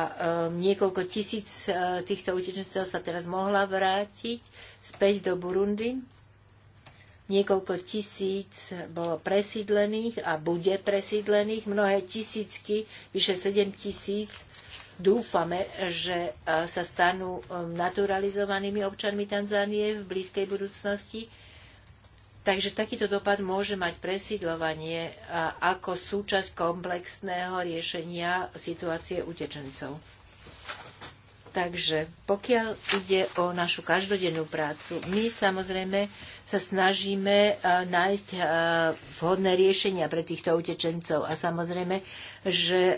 um, niekoľko tisíc uh, týchto utečencov sa teraz mohla vrátiť späť do Burundi. Niekoľko tisíc bolo presídlených a bude presídlených. Mnohé tisícky, vyše 7 tisíc, dúfame, že uh, sa stanú um, naturalizovanými občanmi Tanzánie v blízkej budúcnosti Takže takýto dopad môže mať presídľovanie ako súčasť komplexného riešenia situácie utečencov. Takže pokiaľ ide o našu každodennú prácu, my samozrejme sa snažíme e, nájsť e, vhodné riešenia pre týchto utečencov a samozrejme, že e,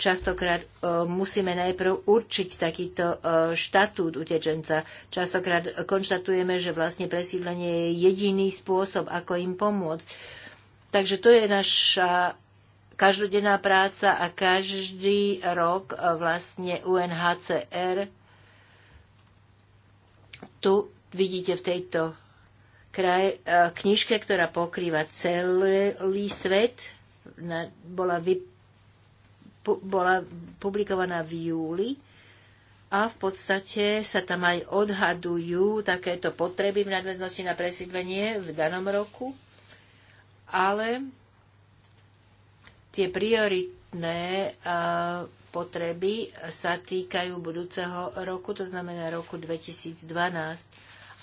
častokrát musíme najprv určiť takýto štatút utečenca. Častokrát konštatujeme, že vlastne presídlenie je jediný spôsob, ako im pomôcť. Takže to je naša každodenná práca a každý rok e, vlastne UNHCR tu vidíte v tejto kraj, e, knižke, ktorá pokrýva celý svet, bola, vy, bola publikovaná v júli a v podstate sa tam aj odhadujú takéto potreby v nadväznosti na presídlenie v danom roku, ale Tie prioritné potreby sa týkajú budúceho roku, to znamená roku 2012.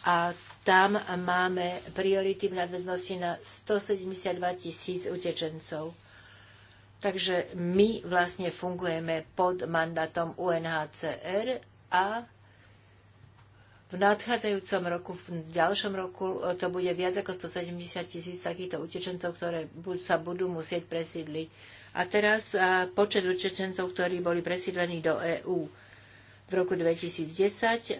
A tam máme priority v nadväznosti na 172 tisíc utečencov. Takže my vlastne fungujeme pod mandátom UNHCR a v nadchádzajúcom roku, v ďalšom roku e, to bude viac ako 170 tisíc takýchto utečencov, ktoré sa budú musieť presídliť. A teraz e, počet utečencov, ktorí boli presídlení do EÚ v roku 2010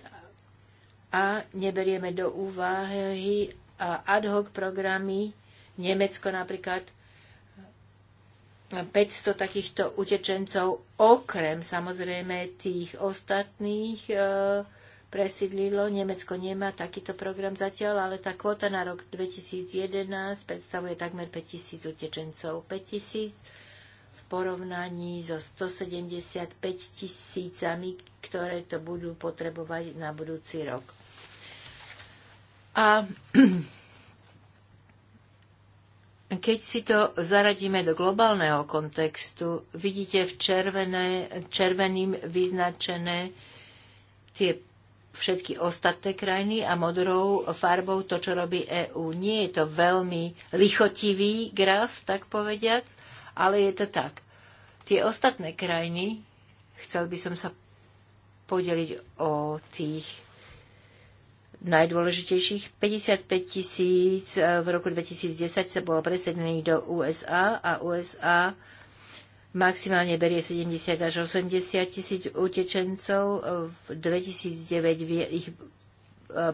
a neberieme do úvahy e, ad hoc programy Nemecko napríklad 500 takýchto utečencov, okrem samozrejme tých ostatných e, presídlilo. Nemecko nemá takýto program zatiaľ, ale tá kvota na rok 2011 predstavuje takmer 5000 utečencov. 5000 v porovnaní so 175 tisícami, ktoré to budú potrebovať na budúci rok. A keď si to zaradíme do globálneho kontextu, vidíte v červené, červeným vyznačené tie všetky ostatné krajiny a modrou farbou to, čo robí EÚ. Nie je to veľmi lichotivý graf, tak povediac, ale je to tak. Tie ostatné krajiny, chcel by som sa podeliť o tých najdôležitejších. 55 tisíc eh, v roku 2010 sa bolo presedených do USA a USA maximálne berie 70 až 80 tisíc utečencov. V 2009 ich e,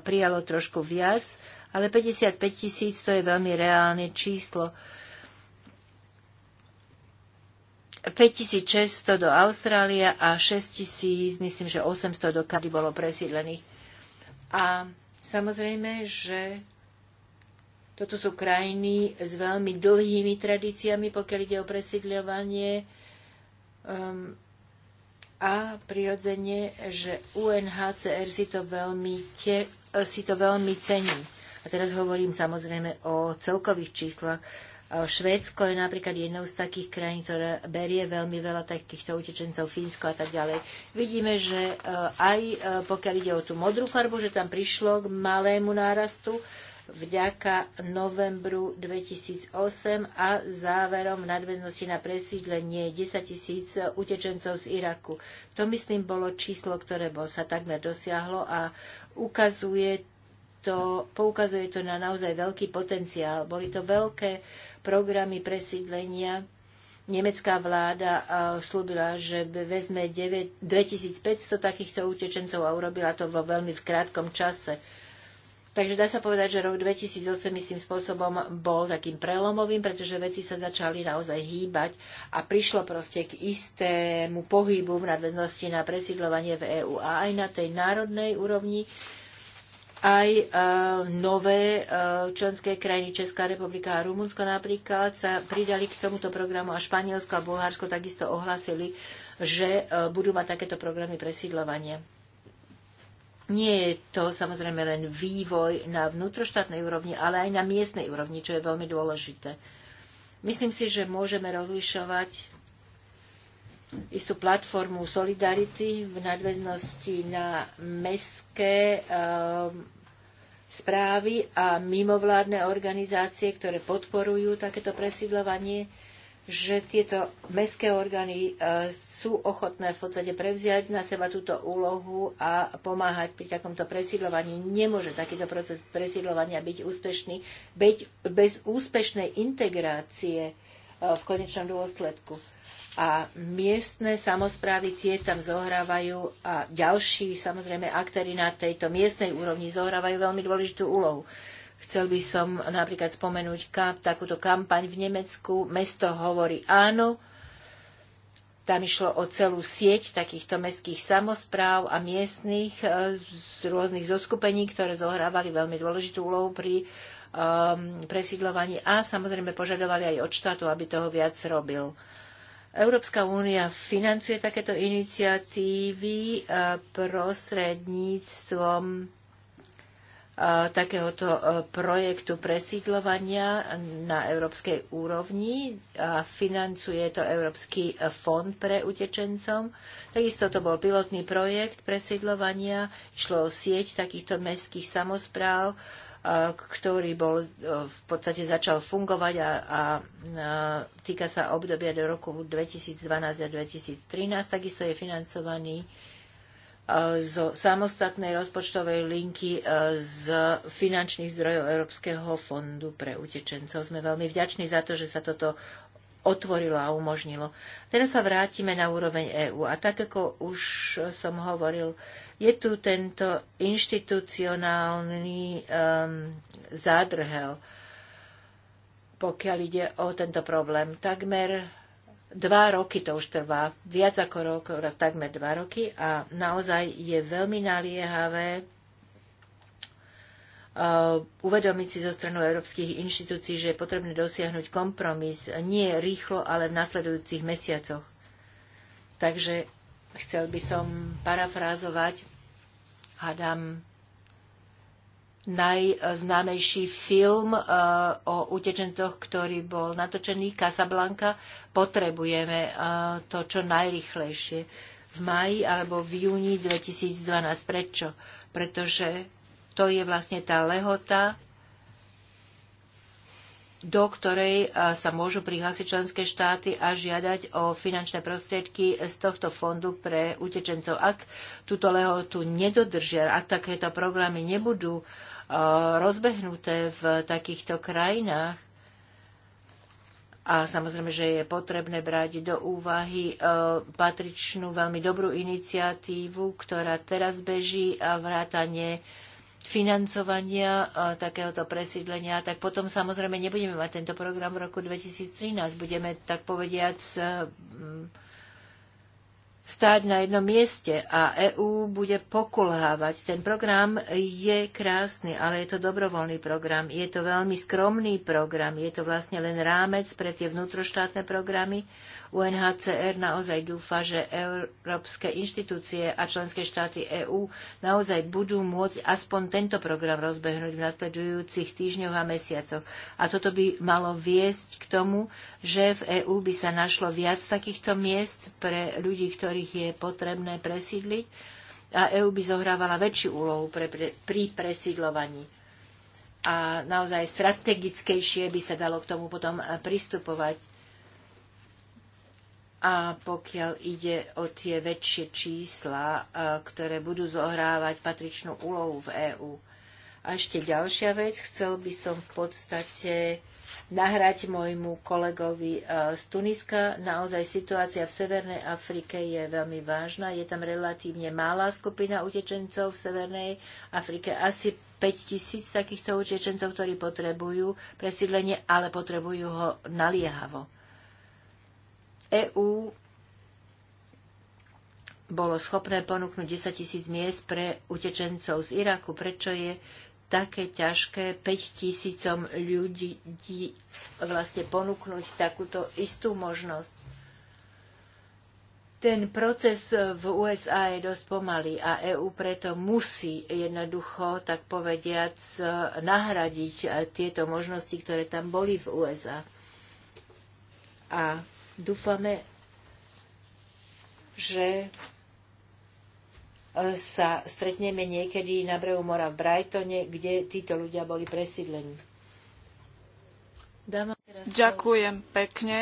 prijalo trošku viac, ale 55 tisíc to je veľmi reálne číslo. 5600 do Austrálie a 6000, myslím, že 800 do Kady bolo presídlených. A samozrejme, že toto sú krajiny s veľmi dlhými tradíciami, pokiaľ ide o presídľovanie. Um, a prirodzene, že UNHCR si to veľmi, te, si to veľmi cení. A teraz hovorím samozrejme o celkových číslach. Švédsko je napríklad jednou z takých krajín, ktorá berie veľmi veľa takýchto utečencov, Fínsko a tak ďalej. Vidíme, že e, aj e, pokiaľ ide o tú modrú farbu, že tam prišlo k malému nárastu, vďaka novembru 2008 a záverom nadväznosti na presídlenie 10 tisíc utečencov z Iraku. To myslím bolo číslo, ktoré bol, sa takmer dosiahlo a ukazuje to, poukazuje to na naozaj veľký potenciál. Boli to veľké programy presídlenia. Nemecká vláda slúbila, že vezme 9, 2500 takýchto utečencov a urobila to vo veľmi v krátkom čase. Takže dá sa povedať, že rok 2008 istým spôsobom bol takým prelomovým, pretože veci sa začali naozaj hýbať a prišlo proste k istému pohybu v nadväznosti na presídľovanie v EÚ a aj na tej národnej úrovni aj uh, nové uh, členské krajiny, Česká republika a Rumunsko napríklad, sa pridali k tomuto programu a Španielsko a Bulharsko takisto ohlasili, že uh, budú mať takéto programy presídľovania nie je to samozrejme len vývoj na vnútroštátnej úrovni, ale aj na miestnej úrovni, čo je veľmi dôležité. Myslím si, že môžeme rozlišovať istú platformu Solidarity v nadväznosti na mestské um, správy a mimovládne organizácie, ktoré podporujú takéto presídľovanie že tieto mestské orgány e, sú ochotné v podstate prevziať na seba túto úlohu a pomáhať pri takomto presídlovaní. Nemôže takýto proces presídlovania byť úspešný bez úspešnej integrácie e, v konečnom dôsledku. A miestne samozprávy tie tam zohrávajú a ďalší samozrejme aktéry na tejto miestnej úrovni zohrávajú veľmi dôležitú úlohu. Chcel by som napríklad spomenúť kamp, takúto kampaň v Nemecku. Mesto hovorí áno. Tam išlo o celú sieť takýchto mestských samozpráv a miestných e, z rôznych zoskupení, ktoré zohrávali veľmi dôležitú úlohu pri um, presídlovaní a samozrejme požadovali aj od štátu, aby toho viac robil. Európska únia financuje takéto iniciatívy e, prostredníctvom takéhoto projektu presídlovania na európskej úrovni. A financuje to Európsky fond pre utečencom. Takisto to bol pilotný projekt presídlovania. Šlo o sieť takýchto mestských samozpráv, ktorý bol, v podstate začal fungovať a, a, a týka sa obdobia do roku 2012 a 2013. Takisto je financovaný E, zo samostatnej rozpočtovej linky e, z finančných zdrojov Európskeho fondu pre utečencov. Sme veľmi vďační za to, že sa toto otvorilo a umožnilo. Teraz sa vrátime na úroveň EÚ. A tak ako už som hovoril, je tu tento inštitucionálny um, zádrhel, pokiaľ ide o tento problém. Takmer Dva roky to už trvá, viac ako rok, takmer dva roky a naozaj je veľmi naliehavé uh, uvedomiť si zo stranu európskych inštitúcií, že je potrebné dosiahnuť kompromis nie rýchlo, ale v nasledujúcich mesiacoch. Takže chcel by som parafrázovať, hádam, najznámejší film e, o utečencoch, ktorý bol natočený, Casablanca, potrebujeme e, to čo najrychlejšie v maji alebo v júni 2012. Prečo? Pretože to je vlastne tá lehota, do ktorej e, sa môžu prihlásiť členské štáty a žiadať o finančné prostriedky z tohto fondu pre utečencov. Ak túto lehotu nedodržia, ak takéto programy nebudú uh, rozbehnuté v takýchto krajinách. A samozrejme, že je potrebné brať do úvahy e, patričnú, veľmi dobrú iniciatívu, ktorá teraz beží a vrátanie financovania e, takéhoto presídlenia, tak potom samozrejme nebudeme mať tento program v roku 2013. Budeme tak povediať e, stáť na jednom mieste a EÚ bude pokulhávať. Ten program je krásny, ale je to dobrovoľný program. Je to veľmi skromný program. Je to vlastne len rámec pre tie vnútroštátne programy, UNHCR naozaj dúfa, že európske inštitúcie a členské štáty EÚ naozaj budú môcť aspoň tento program rozbehnúť v nasledujúcich týždňoch a mesiacoch. A toto by malo viesť k tomu, že v EÚ by sa našlo viac takýchto miest pre ľudí, ktorých je potrebné presídliť a EÚ by zohrávala väčšiu úlohu pre, pre, pri presídlovaní a naozaj strategickejšie by sa dalo k tomu potom pristupovať. A pokiaľ ide o tie väčšie čísla, e, ktoré budú zohrávať patričnú úlohu v EÚ. A ešte ďalšia vec, chcel by som v podstate nahrať môjmu kolegovi e, z Tuniska. Naozaj situácia v Severnej Afrike je veľmi vážna. Je tam relatívne malá skupina utečencov v Severnej Afrike. Asi 5 tisíc takýchto utečencov, ktorí potrebujú presídlenie, ale potrebujú ho naliehavo. EÚ bolo schopné ponúknuť 10 tisíc miest pre utečencov z Iraku. Prečo je také ťažké 5 tisícom ľudí vlastne ponúknuť takúto istú možnosť? Ten proces v USA je dosť pomalý a EÚ preto musí jednoducho, tak povediac, nahradiť tieto možnosti, ktoré tam boli v USA. A Dúfame, že e, sa stretneme niekedy na brehu mora v Brightone, kde títo ľudia boli presídlení. teraz Ďakujem to... pekne.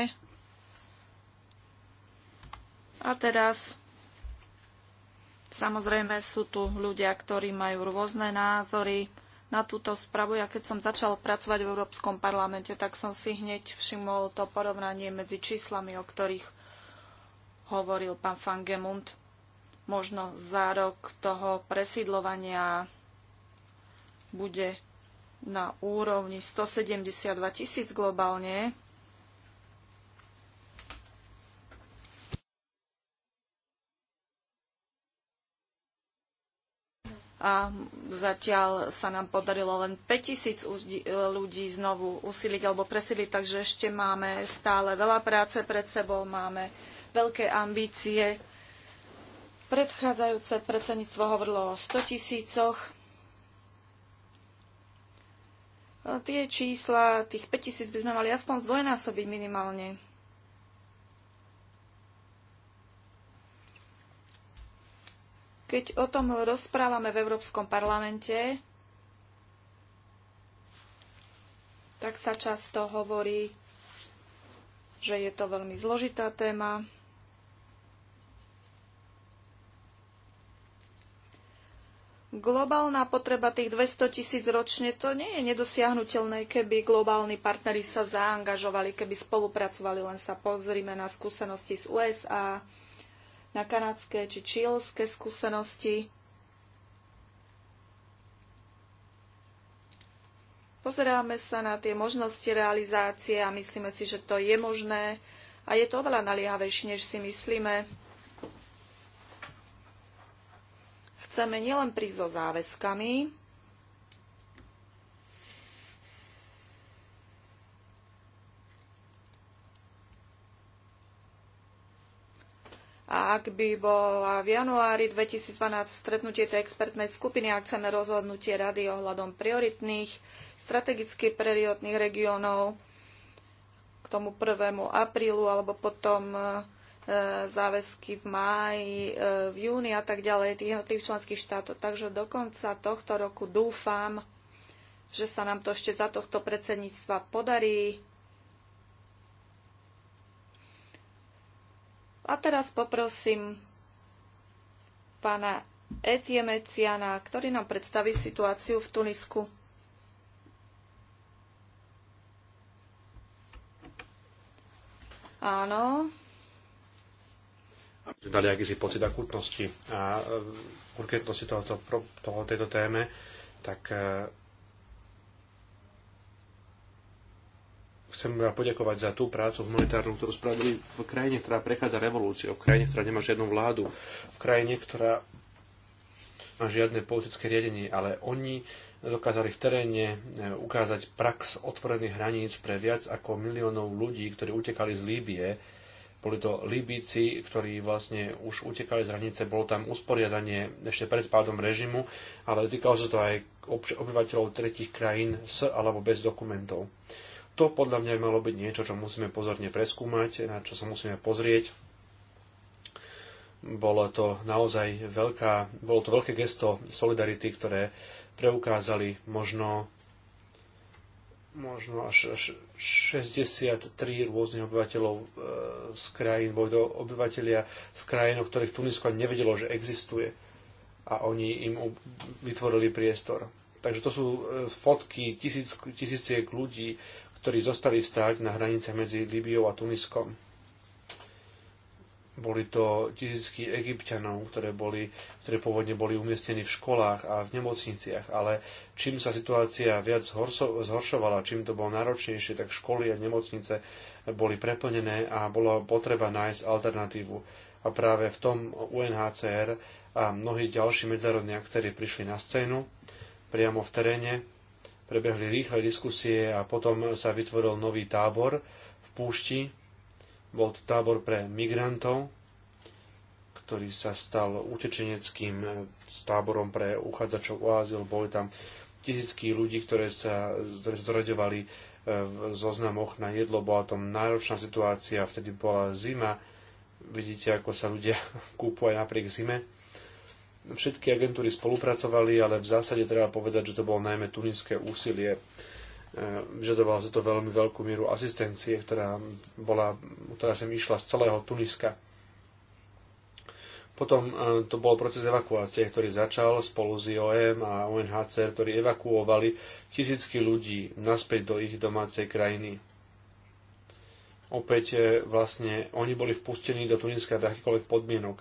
A teraz samozrejme sú tu ľudia, ktorí majú rôzne názory na túto správu Ja keď som začal pracovať v Európskom parlamente, tak som si hneď všimol to porovnanie medzi číslami, o ktorých hovoril pán Fangemund. Možno za rok toho presídlovania bude na úrovni 172 tisíc globálne, a zatiaľ sa nám podarilo len 5000 e, ľudí znovu usiliť alebo presiliť, takže ešte máme stále veľa práce pred sebou, máme veľké ambície. Predchádzajúce predsedníctvo hovorilo o 100 tisícoch. Tie čísla, tých 5000 by sme mali aspoň zdvojnásobiť minimálne. Keď o tom rozprávame v Európskom parlamente, tak sa často hovorí, že je to veľmi zložitá téma. Globálna potreba tých 200 tisíc ročne to nie je nedosiahnutelné, keby globálni partnery sa zaangažovali, keby spolupracovali. Len sa pozrime na skúsenosti z USA, na kanadské či čílske skúsenosti. Pozeráme sa na tie možnosti realizácie a myslíme si, že to je možné a je to oveľa naliehavejšie, než si myslíme. Chceme nielen prísť so záväzkami, A ak by bola v januári 2012 stretnutie tej expertnej skupiny a chceme rozhodnutie rady ohľadom prioritných, strategicky prioritných regiónov k tomu 1. aprílu alebo potom e, záväzky v máji, e, v júni a tak ďalej tých jednotlivých členských štátov. Takže do konca tohto roku dúfam, že sa nám to ešte za tohto predsedníctva podarí A teraz poprosím pána Etiemeciana, ktorý nám predstaví situáciu v Tunisku. Áno. Aby dali akýsi pocit akútnosti a e, urgentnosti tohoto, tohoto, tejto téme, tak e, chcem vám poďakovať za tú prácu humanitárnu, ktorú spravili v krajine, ktorá prechádza revolúciou, v krajine, ktorá nemá žiadnu vládu, v krajine, ktorá má žiadne politické riadenie, ale oni dokázali v teréne e, ukázať prax otvorených hraníc pre viac ako miliónov ľudí, ktorí utekali z Líbie. Boli to Líbíci, ktorí vlastne už utekali z hranice, bolo tam usporiadanie ešte pred pádom režimu, ale týkalo sa to aj obyvateľov tretich krajín s alebo bez dokumentov to podľa mňa malo byť niečo, čo musíme pozorne preskúmať, na čo sa musíme pozrieť. Bolo to naozaj veľká, bolo to veľké gesto solidarity, ktoré preukázali možno, možno až, až 63 rôznych obyvateľov e, z krajín, boli to obyvateľia z krajín, o ktorých Tunisko nevedelo, že existuje a oni im vytvorili priestor. Takže to sú e, fotky tisíc, tisíciek ľudí, ktorí zostali stáť na hranice medzi Líbiou a Tuniskom. Boli to tisícky egyptianov, ktoré, boli, ktoré pôvodne boli umiestnení v školách a v nemocniciach, ale čím sa situácia viac zhoršovala, čím to bolo náročnejšie, tak školy a nemocnice boli preplnené a bolo potreba nájsť alternatívu. A práve v tom UNHCR a mnohí ďalší medzárodní aktéry prišli na scénu priamo v teréne prebehli rýchle diskusie a potom sa vytvoril nový tábor v púšti. Bol to tábor pre migrantov, ktorý sa stal utečeneckým e, táborom pre uchádzačov o azyl. Boli tam tisícky ľudí, ktoré sa ktoré e, v zoznamoch na jedlo. Bola tam náročná situácia, vtedy bola zima. Vidíte, ako sa ľudia kúpujú aj napriek zime všetky agentúry spolupracovali, ale v zásade treba povedať, že to bolo najmä tuniské úsilie. E, vyžadovalo sa to veľmi veľkú mieru asistencie, ktorá, bola, ktorá sem išla z celého Tuniska. Potom e, to bol proces evakuácie, ktorý začal spolu s IOM a UNHCR, ktorí evakuovali tisícky ľudí naspäť do ich domácej krajiny. Opäť e, vlastne oni boli vpustení do Tuniska za akýchkoľvek podmienok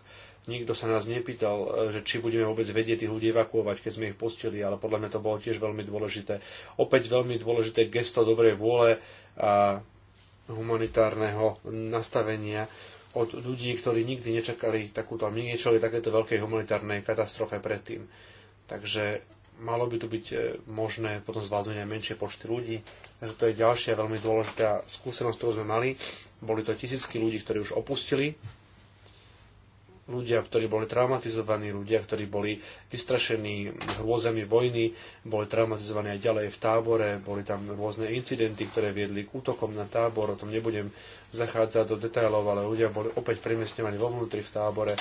Nikto sa nás nepýtal, e, že či budeme vôbec vedieť tých ľudí evakuovať, keď sme ich pustili, ale podľa mňa to bolo tiež veľmi dôležité. Opäť veľmi dôležité gesto dobrej vôle a humanitárneho nastavenia od ľudí, ktorí nikdy nečakali takúto, nikdy nečakali takéto veľkej humanitárnej katastrofe predtým. Takže malo by tu byť e, možné potom zvládnuť aj menšie počty ľudí. Takže to je ďalšia veľmi dôležitá skúsenosť, ktorú sme mali. Boli to tisícky ľudí, ktorí už opustili ľudia, ktorí boli traumatizovaní, ľudia, ktorí boli vystrašení hrôzami vojny, boli traumatizovaní aj ďalej v tábore, boli tam rôzne incidenty, ktoré viedli k útokom na tábor, o tom nebudem zachádzať do detajlov, ale ľudia boli opäť premiestňovaní vo vnútri v tábore,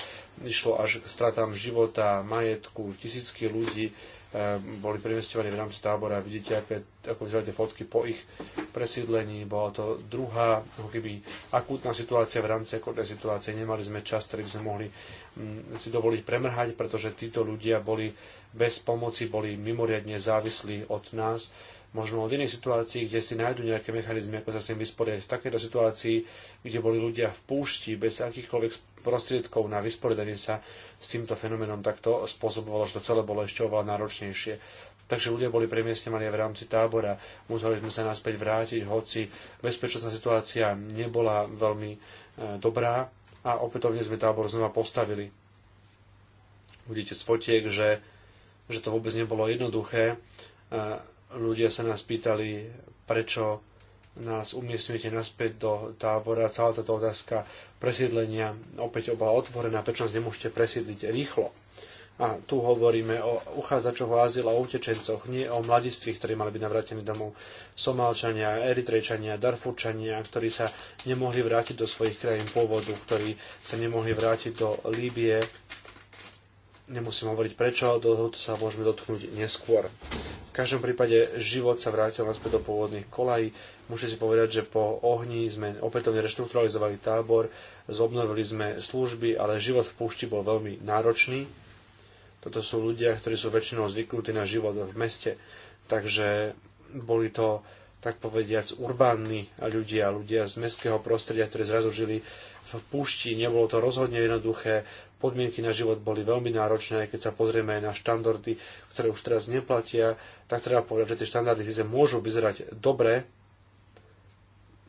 išlo až k stratám života, majetku, tisícky ľudí Ehm, boli privestovaní v rámci tábora a vidíte, aké, ako vyzerali tie fotky po ich presídlení. Bola to druhá ako keby, akútna situácia v rámci akútnej situácie. Nemali sme čas, ktorý by sme mohli mm, si dovoliť premrhať, pretože títo ľudia boli bez pomoci, boli mimoriadne závislí od nás možno od iných situácií, kde si nájdu nejaké mechanizmy, ako sa s tým vysporiadať. V takejto situácii, kde boli ľudia v púšti bez akýchkoľvek prostriedkov na vysporiadanie sa s týmto fenoménom, tak to spôsobovalo, že to celé bolo ešte oveľa náročnejšie. Takže ľudia boli premiestňovaní v rámci tábora, museli sme sa naspäť vrátiť, hoci bezpečnostná situácia nebola veľmi e, dobrá a opätovne sme tábor znova postavili. Uvidíte z fotiek, že, že to vôbec nebolo jednoduché e, Ľudia sa nás pýtali, prečo nás umiestňujete naspäť do tábora. Celá táto otázka presiedlenia opäť oba otvorená, prečo nás nemôžete presiedliť rýchlo. A tu hovoríme o uchádzačoch o azyl a o utečencoch, nie o mladistvých, ktorí mali byť navrátení domov. Somálčania, Eritrejčania, Darfurčania, ktorí sa nemohli vrátiť do svojich krajín pôvodu, ktorí sa nemohli vrátiť do Líbie, Nemusím hovoriť prečo, toho sa môžeme dotknúť neskôr. V každom prípade život sa vrátil naspäť do pôvodných kolají. Môžete si povedať, že po ohni sme opätovne reštrukturalizovali tábor, zobnovili sme služby, ale život v púšti bol veľmi náročný. Toto sú ľudia, ktorí sú väčšinou zvyknutí na život v meste. Takže boli to tak povediac urbánni ľudia, ľudia z mestského prostredia, ktorí zrazu žili v púšti, nebolo to rozhodne jednoduché, podmienky na život boli veľmi náročné, aj keď sa pozrieme aj na štandardy, ktoré už teraz neplatia, tak treba povedať, že tie štandardy síce môžu vyzerať dobre,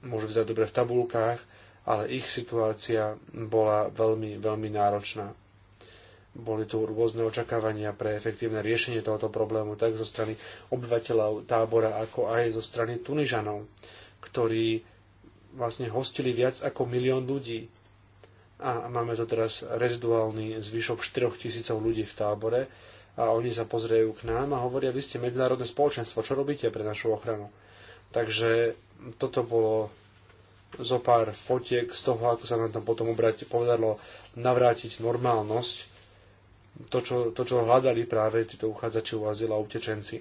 môžu vyzerať dobre v tabulkách, ale ich situácia bola veľmi, veľmi náročná. Boli tu rôzne očakávania pre efektívne riešenie tohoto problému, tak zo strany obyvateľov tábora, ako aj zo strany Tunižanov, ktorí vlastne hostili viac ako milión ľudí a máme tu teraz reziduálny zvyšok 4 tisícov ľudí v tábore a oni sa pozrejú k nám a hovoria, vy ste medzinárodné spoločenstvo, čo robíte pre našu ochranu? Takže toto bolo zo pár fotiek z toho, ako sa nám tam potom obrať, podarilo navrátiť normálnosť, to čo, to, čo hľadali práve títo uchádzači u azyl a utečenci.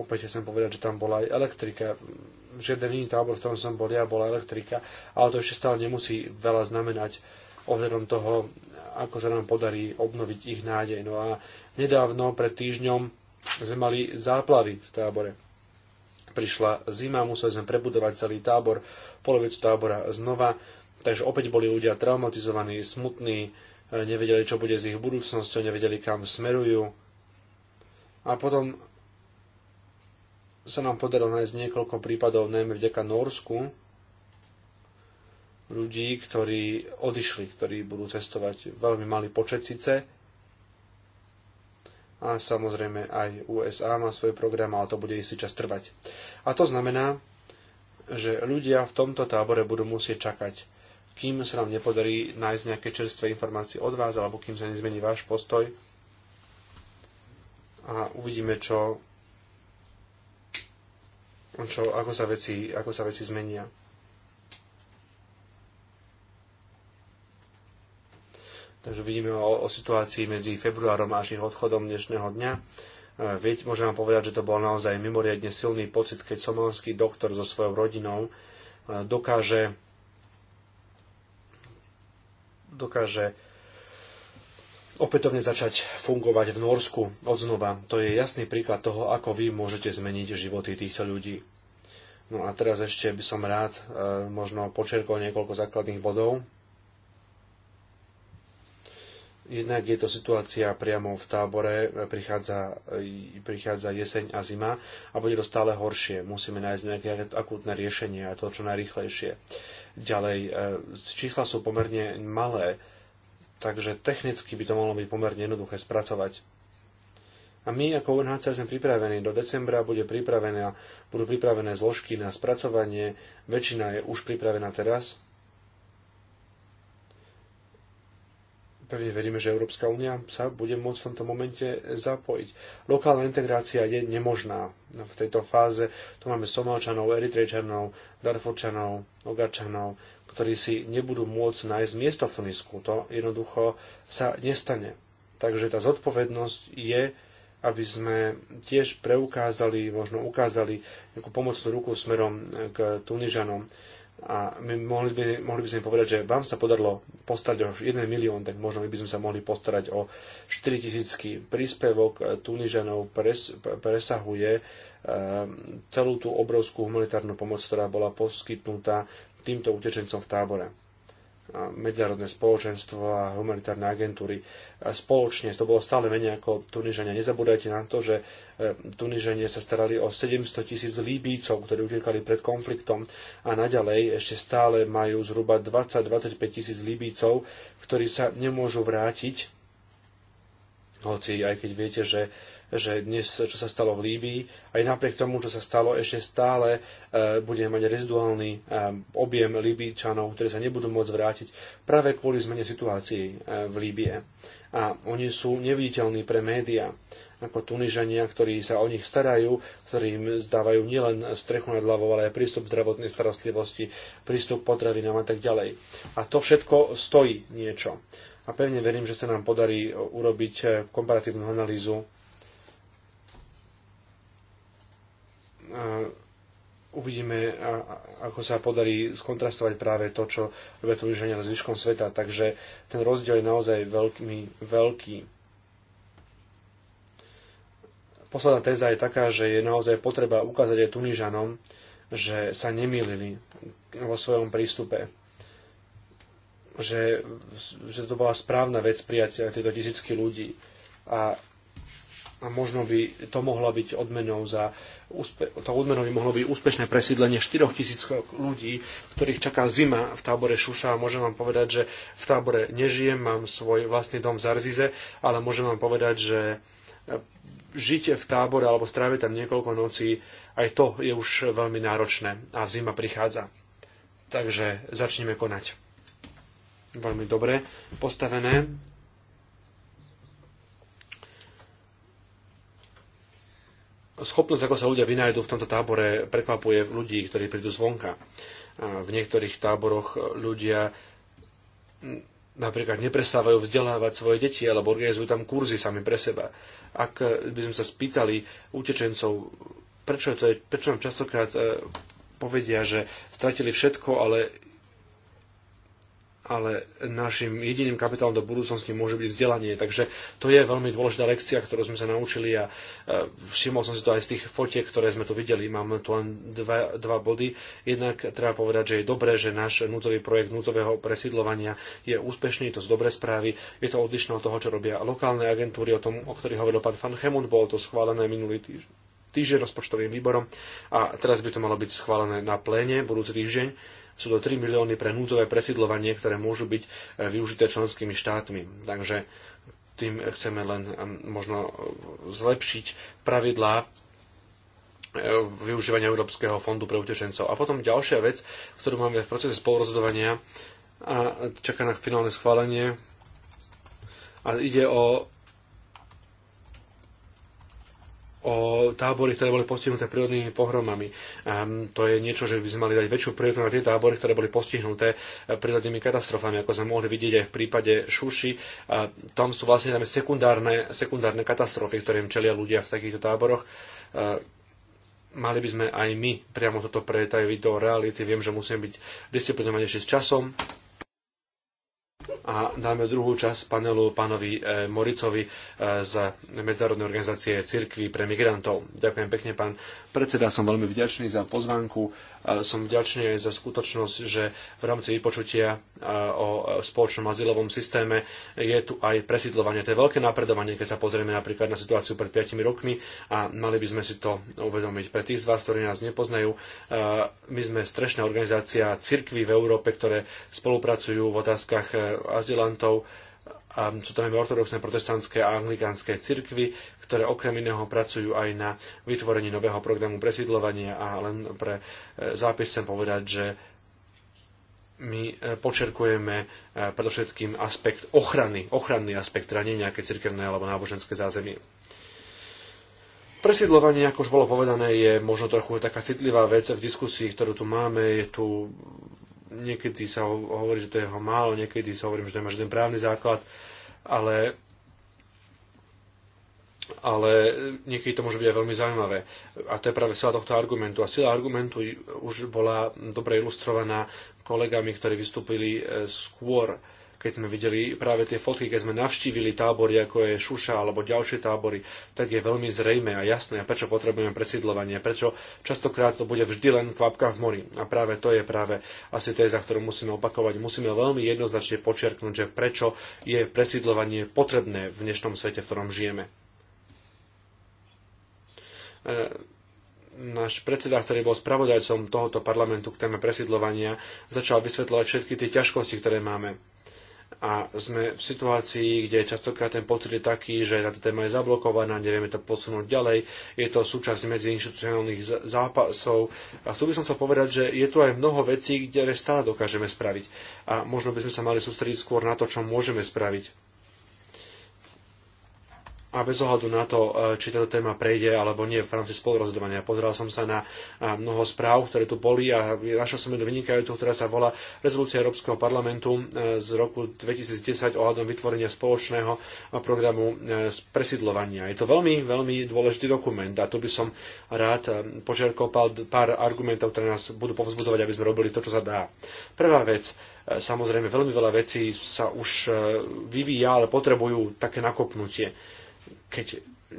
Opäť chcem povedať, že tam bola aj elektrika. Žiaden iný tábor, v ktorom som bol ja, bola elektrika, ale to ešte stále nemusí veľa znamenať ohľadom toho, ako sa nám podarí obnoviť ich nádej. No a nedávno, pred týždňom, sme mali záplavy v tábore. Prišla zima, museli sme prebudovať celý tábor, polovicu tábora znova, takže opäť boli ľudia traumatizovaní, smutní, nevedeli, čo bude s ich budúcnosťou, nevedeli, kam smerujú. A potom sa nám podarilo nájsť niekoľko prípadov, najmä vďaka Norsku, ľudí, ktorí odišli, ktorí budú cestovať veľmi malý počet síce. A samozrejme aj USA má svoj program, ale to bude istý čas trvať. A to znamená, že ľudia v tomto tábore budú musieť čakať, kým sa nám nepodarí nájsť nejaké čerstvé informácie od vás, alebo kým sa nezmení váš postoj. A uvidíme, čo, čo, ako, sa veci, ako sa veci zmenia Takže vidíme o, o situácii medzi februárom až ich odchodom dnešného dňa. E, Vieť, môžem vám povedať, že to bol naozaj mimoriadne silný pocit, keď somalský doktor so svojou rodinou e, dokáže dokáže opätovne začať fungovať v Norsku od znova. To je jasný príklad toho, ako vy môžete zmeniť životy týchto ľudí. No a teraz ešte by som rád e, možno počerkol niekoľko základných bodov, Jednak je to situácia priamo v tábore, prichádza, prichádza jeseň a zima a bude to stále horšie. Musíme nájsť nejaké akútne riešenie a to čo najrychlejšie. Ďalej, e, čísla sú pomerne malé, takže technicky by to mohlo byť pomerne jednoduché spracovať. A my ako UNHCR sme pripravení. Do decembra bude pripravená, budú pripravené zložky na spracovanie. Väčšina je už pripravená teraz. pevne veríme, že Európska únia sa bude môcť v tomto momente zapojiť. Lokálna integrácia je nemožná v tejto fáze. Tu máme Somalčanov, Eritrejčanov, Darfurčanov, Ogačanov, ktorí si nebudú môcť nájsť miesto v Tunisku. To jednoducho sa nestane. Takže tá zodpovednosť je, aby sme tiež preukázali, možno ukázali nejakú pomocnú ruku smerom k Tunižanom a my mohli, by, mohli by sme povedať, že vám sa podarilo postať o 1 milión, tak možno my by sme sa mohli postarať o 4 tisícky. Príspevok Tunižanov pres, presahuje eh, celú tú obrovskú humanitárnu pomoc, ktorá bola poskytnutá týmto utečencom v tábore medzinárodné spoločenstvo a humanitárne agentúry spoločne. To bolo stále menej ako Tunižania. Nezabúdajte na to, že e, Tunižania sa starali o 700 tisíc Líbícov, ktorí utekali pred konfliktom a naďalej ešte stále majú zhruba 20-25 tisíc Líbícov, ktorí sa nemôžu vrátiť, hoci aj keď viete, že že dnes, čo sa stalo v Líbii, aj napriek tomu, čo sa stalo, ešte stále e, budeme mať reziduálny e, objem Líbíčanov, ktorí sa nebudú môcť vrátiť práve kvôli zmene situácií e, v Líbie. A oni sú neviditeľní pre médiá ako Tunižania, ktorí sa o nich starajú, ktorí im dávajú nielen strechu nad hlavou, ale aj prístup zdravotnej starostlivosti, prístup potravinám a tak ďalej. A to všetko stojí niečo. A pevne verím, že sa nám podarí urobiť komparatívnu analýzu uvidíme, ako sa podarí skontrastovať práve to, čo robia to Južania so zvyškom sveta. Takže ten rozdiel je naozaj veľmi veľký. Posledná téza je taká, že je naozaj potreba ukázať aj Tunižanom, že sa nemýlili vo svojom prístupe. Že, že to bola správna vec prijať tieto tisícky ľudí. A, a možno by to mohla byť odmenou za to odmenou by mohlo byť úspešné presídlenie 4 tisíc ľudí, ktorých čaká zima v tábore Šuša a môžem vám povedať, že v tábore nežijem, mám svoj vlastný dom v Zarzize, ale môžem vám povedať, že e, žiť v tábore alebo stráviť tam niekoľko nocí, aj to je už veľmi náročné a zima prichádza. Takže začneme konať. Veľmi dobre postavené schopnosť, ako sa ľudia vynajdu v tomto tábore, prekvapuje ľudí, ktorí prídu zvonka. V niektorých táboroch ľudia napríklad neprestávajú vzdelávať svoje deti alebo organizujú tam kurzy sami pre seba. Ak by sme sa spýtali utečencov, prečo, to je, prečo nám častokrát e, povedia, že stratili všetko, ale ale našim jediným kapitálom do budúcnosti môže byť vzdelanie. Takže to je veľmi dôležitá lekcia, ktorú sme sa naučili a e, všimol som si to aj z tých fotiek, ktoré sme tu videli. Mám tu len dva, dva body. Jednak treba povedať, že je dobré, že náš núdzový projekt núdzového presídlovania je úspešný, to z dobre správy. Je to odlišné od toho, čo robia lokálne agentúry, o tom, o ktorých hovoril pán Van Hemund, bolo to schválené minulý týždeň týždeň rozpočtovým výborom a teraz by to malo byť schválené na pléne budúci týždeň sú to 3 milióny pre núdzové presidlovanie, ktoré môžu byť e, využité členskými štátmi. Takže tým chceme len e, možno zlepšiť pravidlá e, využívania Európskeho fondu pre utečencov. A potom ďalšia vec, ktorú máme v procese spolurozhodovania a čaká na finálne schválenie, a ide o o tábory, ktoré boli postihnuté prírodnými pohromami. Um, to je niečo, že by sme mali dať väčšiu prioritu na tie tábory, ktoré boli postihnuté eh, prírodnými katastrofami, ako sme mohli vidieť aj v prípade Šuši. A eh, tam sú vlastne tam sekundárne, sekundárne katastrofy, ktorým čelia ľudia v takýchto táboroch. Uh, mali by sme aj my priamo toto pretaviť do reality. Viem, že musíme byť disciplinovanejší s časom, a dáme druhú časť panelu pánovi e, Moricovi e, z Medzárodnej organizácie Cirkvy pre migrantov. Ďakujem pekne, pán predseda, som veľmi vďačný za pozvánku som vďačný aj za skutočnosť, že v rámci vypočutia o spoločnom azylovom systéme je tu aj presídlovanie. To je veľké napredovanie, keď sa pozrieme napríklad na situáciu pred 5 rokmi a mali by sme si to uvedomiť. Pre tých z vás, ktorí nás nepoznajú, my sme strešná organizácia cirkví v Európe, ktoré spolupracujú v otázkach e, azylantov sú to najmä ortodoxné protestantské a anglikánske cirkvy, ktoré okrem iného pracujú aj na vytvorení nového programu presídlovania a len pre e, zápis chcem povedať, že my e, počerkujeme e, predovšetkým aspekt ochrany, ochranný aspekt, teda nie nejaké cirkevné alebo náboženské zázemie. Presídlovanie, ako už bolo povedané, je možno trochu taká citlivá vec v diskusii, ktorú tu máme. Je tu niekedy sa hovorí, že to je ho málo, niekedy sa hovorí, že nemá žiaden právny základ, ale ale niekedy to môže byť aj veľmi zaujímavé. A to je práve sila tohto argumentu. A sila argumentu už bola dobre ilustrovaná kolegami, ktorí vystúpili eh, skôr. Uh, keď sme videli práve tie fotky, keď sme navštívili tábory, ako je Šuša alebo ďalšie tábory, tak je veľmi zrejme a jasné, prečo potrebujeme presídlovanie, prečo častokrát to bude vždy len kvapka v mori. A práve to je práve asi téza, ktorú musíme opakovať. Musíme veľmi jednoznačne počerknúť, že prečo je presídlovanie potrebné v dnešnom svete, v ktorom žijeme e, náš predseda, ktorý bol spravodajcom tohoto parlamentu k téme presidlovania, začal vysvetľovať všetky tie ťažkosti, ktoré máme a sme v situácii, kde častokrát ten pocit je taký, že táto téma je zablokovaná, nevieme to posunúť ďalej, je to súčasť inštitucionálnych zápasov. A chcel by som sa povedať, že je tu aj mnoho vecí, ktoré stále dokážeme spraviť. A možno by sme sa mali sústrediť skôr na to, čo môžeme spraviť a bez ohľadu na to, e, či táto téma prejde alebo nie v rámci spolurozhodovania. Pozeral som sa na e, mnoho správ, ktoré tu boli a našiel som jednu vynikajúcu, ktorá sa volá Rezolúcia Európskeho parlamentu e, z roku 2010 ohľadom vytvorenia spoločného programu presidlovania. Je to veľmi, veľmi dôležitý dokument a tu by som rád počiarkol pár argumentov, ktoré nás budú povzbudzovať, aby sme robili to, čo sa dá. Prvá vec, samozrejme veľmi veľa vecí sa už vyvíja, ale potrebujú také nakopnutie keď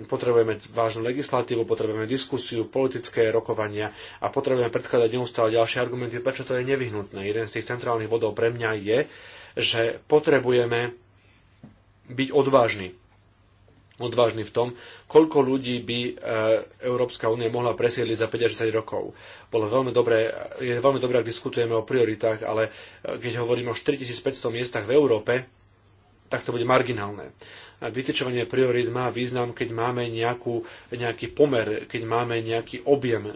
potrebujeme vážnu legislatívu, potrebujeme diskusiu, politické rokovania a potrebujeme predkladať neustále ďalšie argumenty, prečo to je nevyhnutné. Jeden z tých centrálnych bodov pre mňa je, že potrebujeme byť odvážni. Odvážni v tom, koľko ľudí by e, Európska únia mohla presiedliť za 50 rokov. Bolo veľmi dobré, je veľmi dobré, ak diskutujeme o prioritách, ale e, keď hovoríme o 4500 miestach v Európe, tak to bude marginálne vytečovanie priorít má význam, keď máme nejakú, nejaký pomer, keď máme nejaký objem, e,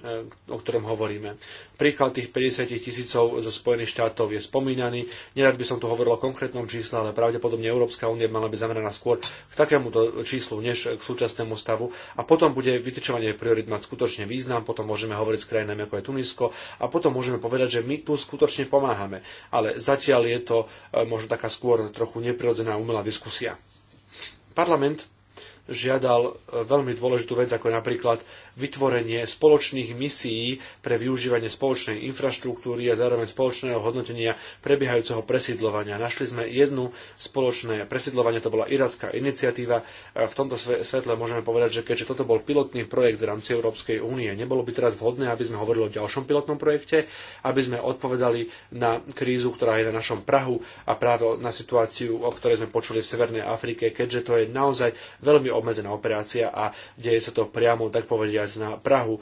o ktorom hovoríme. Príklad tých 50 tisícov zo Spojených štátov je spomínaný. Nerad by som tu hovoril o konkrétnom čísle, ale pravdepodobne Európska únia mala byť zameraná skôr k takémuto číslu, než k súčasnému stavu. A potom bude vytečovanie priorit mať skutočne význam, potom môžeme hovoriť s krajinami ako je Tunisko a potom môžeme povedať, že my tu skutočne pomáhame. Ale zatiaľ je to e, možno taká skôr trochu neprirodzená umelá diskusia. Parlament žiadal e, veľmi dôležitú vec, ako napríklad vytvorenie spoločných misií pre využívanie spoločnej infraštruktúry a zároveň spoločného hodnotenia prebiehajúceho presídlovania. Našli sme jednu spoločné presídlovanie, to bola iracká iniciatíva. V tomto svetle môžeme povedať, že keďže toto bol pilotný projekt v rámci Európskej únie, nebolo by teraz vhodné, aby sme hovorili o ďalšom pilotnom projekte, aby sme odpovedali na krízu, ktorá je na našom Prahu a práve na situáciu, o ktorej sme počuli v Severnej Afrike, keďže to je naozaj veľmi obmedzená operácia a deje sa to priamo, tak povediať, dnes na Prahu e,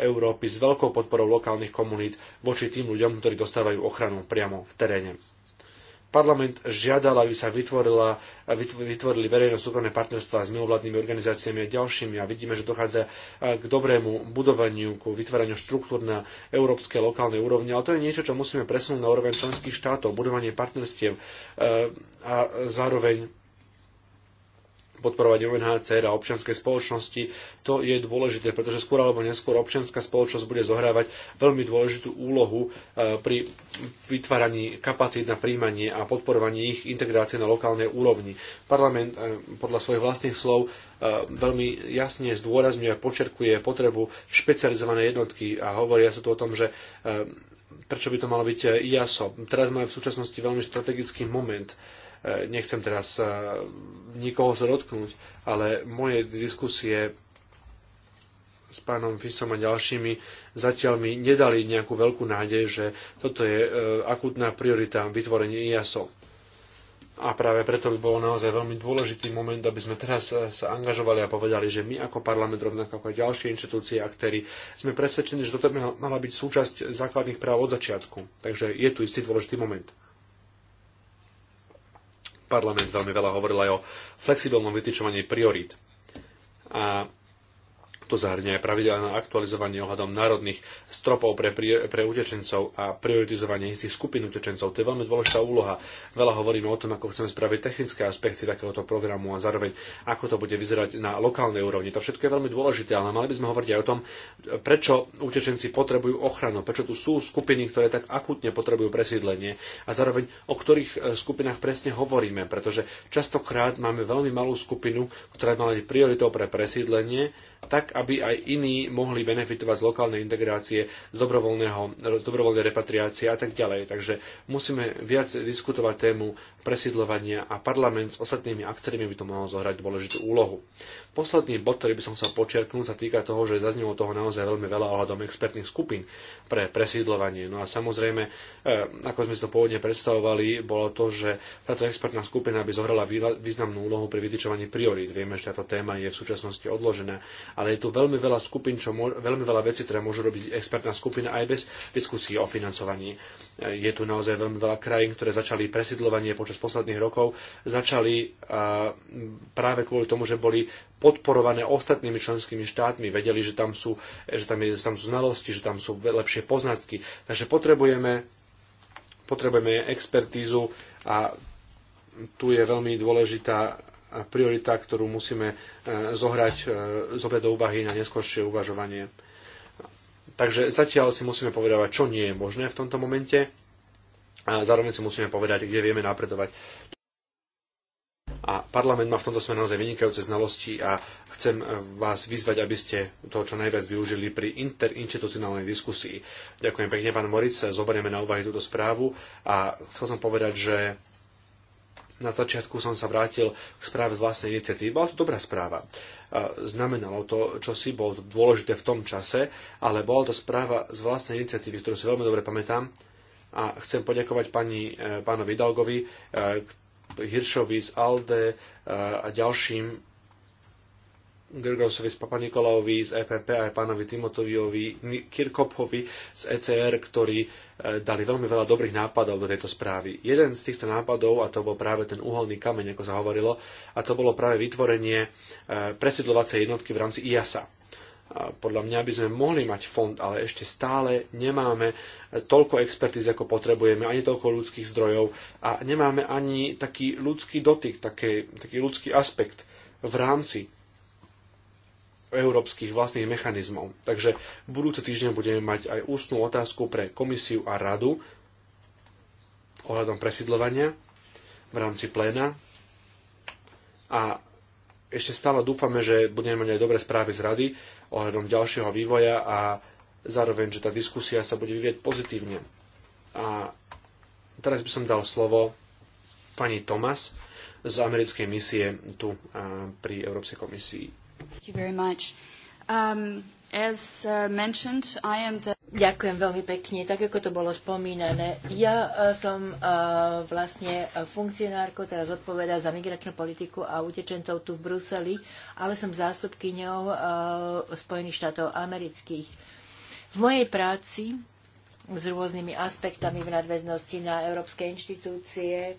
Európy s veľkou podporou lokálnych komunít voči tým ľuďom, ktorí dostávajú ochranu priamo v teréne. Parlament žiadal, aby sa vytvorila, vytvorili verejno-súkromné partnerstva s mimovládnymi organizáciami a ďalšími a vidíme, že dochádza e, k dobrému budovaniu, ku vytváraniu štruktúr na európskej lokálnej úrovni, ale to je niečo, čo musíme presunúť na úroveň členských štátov, budovanie partnerstiev e, a zároveň podporovať UNHCR a občianskej spoločnosti, to je dôležité, pretože skôr alebo neskôr občianská spoločnosť bude zohrávať veľmi dôležitú úlohu e, pri vytváraní kapacít na príjmanie a podporovaní ich integrácie na lokálnej úrovni. Parlament e, podľa svojich vlastných slov e, veľmi jasne zdôrazňuje a počerkuje potrebu špecializovanej jednotky a hovoria sa tu o tom, že prečo by to malo byť IASO. Teraz máme v súčasnosti veľmi strategický moment Nechcem teraz e, nikoho zrotknúť, ale moje diskusie s pánom Fisom a ďalšími zatiaľ mi nedali nejakú veľkú nádej, že toto je e, akutná priorita vytvorenie IASO. A práve preto by bolo naozaj veľmi dôležitý moment, aby sme teraz e, sa angažovali a povedali, že my ako parlament, rovnako ako aj ďalšie inštitúcie, aktéry, sme presvedčení, že toto by mala byť súčasť základných práv od začiatku. Takže je tu istý dôležitý moment parlament veľmi veľa hovoril aj o flexibilnom vytýčovaní priorít. A to zahrňa aj pravidelné aktualizovanie ohľadom národných stropov pre, pre utečencov a prioritizovanie istých skupín utečencov. To je veľmi dôležitá úloha. Veľa hovoríme o tom, ako chceme spraviť technické aspekty takéhoto programu a zároveň ako to bude vyzerať na lokálnej úrovni. To všetko je veľmi dôležité, ale mali by sme hovoriť aj o tom, prečo utečenci potrebujú ochranu, prečo tu sú skupiny, ktoré tak akútne potrebujú presídlenie a zároveň o ktorých e, skupinách presne hovoríme, pretože častokrát máme veľmi malú skupinu, ktorá má prioritou pre presídlenie tak, aby aj iní mohli benefitovať z lokálnej integrácie, z, dobrovoľného, z dobrovoľnej repatriácie a tak ďalej. Takže musíme viac diskutovať tému presídlovania a parlament s ostatnými aktérmi by to mohol zohrať dôležitú úlohu. Posledný bod, ktorý by som sa počiarknúť, sa týka toho, že zaznelo toho naozaj veľmi veľa ohľadom expertných skupín pre presídlovanie. No a samozrejme, e, ako sme si to pôvodne predstavovali, bolo to, že táto expertná skupina by zohrala významnú úlohu pri vytýčovaní priorít. Vieme, že táto téma je v súčasnosti odložená ale je tu veľmi veľa skupín, čo môž, veľmi veľa vecí, ktoré môžu robiť expertná skupina aj bez diskusie o financovaní. Je tu naozaj veľmi veľa krajín, ktoré začali presidlovanie počas posledných rokov, začali práve kvôli tomu, že boli podporované ostatnými členskými štátmi, vedeli, že tam sú, že tam, je, že tam sú znalosti, že tam sú lepšie poznatky. Takže potrebujeme, potrebujeme expertízu a tu je veľmi dôležitá priorita, ktorú musíme e, zohrať, e, zobrať do úvahy na neskôršie uvažovanie. Takže zatiaľ si musíme povedať, čo nie je možné v tomto momente a zároveň si musíme povedať, kde vieme napredovať. A parlament má v tomto smere naozaj vynikajúce znalosti a chcem e, vás vyzvať, aby ste to čo najviac využili pri interinstitucionálnej diskusii. Ďakujem pekne, pán Moric, zoberieme na úvahy túto správu a chcel som povedať, že na začiatku som sa vrátil k správe z vlastnej iniciatívy. Bola to dobrá správa. Znamenalo to, čo si bolo dôležité v tom čase, ale bola to správa z vlastnej iniciatívy, ktorú si veľmi dobre pamätám. A chcem poďakovať pani, e, pánovi Dalgovi, e, Hiršovi z ALDE e, a ďalším Gergausovi z Nikolaovi, z EPP aj pánovi Timotoviovi Kirkopovi z ECR, ktorí e, dali veľmi veľa dobrých nápadov do tejto správy. Jeden z týchto nápadov, a to bol práve ten uholný kameň, ako sa hovorilo, a to bolo práve vytvorenie e, presidlovacej jednotky v rámci IASA. podľa mňa by sme mohli mať fond, ale ešte stále nemáme e, toľko expertíz, ako potrebujeme, ani toľko ľudských zdrojov a nemáme ani taký ľudský dotyk, taký, taký ľudský aspekt v rámci európskych vlastných mechanizmov. Takže budúci týždeň budeme mať aj ústnú otázku pre komisiu a radu ohľadom presidlovania v rámci pléna a ešte stále dúfame, že budeme mať aj dobré správy z rady ohľadom ďalšieho vývoja a zároveň, že tá diskusia sa bude vyvieť pozitívne. A teraz by som dal slovo pani Tomas z americkej misie tu pri Európskej komisii. Um, uh, Ďakujem veľmi pekne. Tak ako to bolo spomínané, ja uh, som uh, vlastne funkcionárkou, teraz odpovedá za migračnú politiku a utečencov tu v Bruseli, ale som zástupkyňou Spojených štátov amerických. V mojej práci s rôznymi aspektami v nadväznosti na európske inštitúcie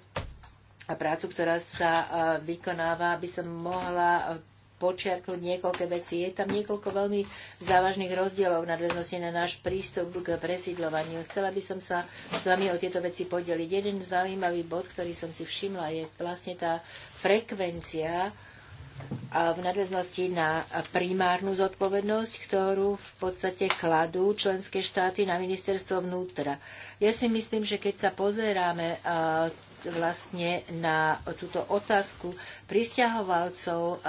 a prácu, ktorá sa vykonáva, aby som mohla počiarknúť niekoľko veci. Je tam niekoľko veľmi závažných rozdielov v nadväznosti na náš prístup k presídľovaniu. Chcela by som sa s vami o tieto veci podeliť. Jeden zaujímavý bod, ktorý som si všimla, je vlastne tá frekvencia a v nadväznosti na primárnu zodpovednosť, ktorú v podstate kladú členské štáty na ministerstvo vnútra. Ja si myslím, že keď sa pozeráme vlastne na túto otázku pristahovalcov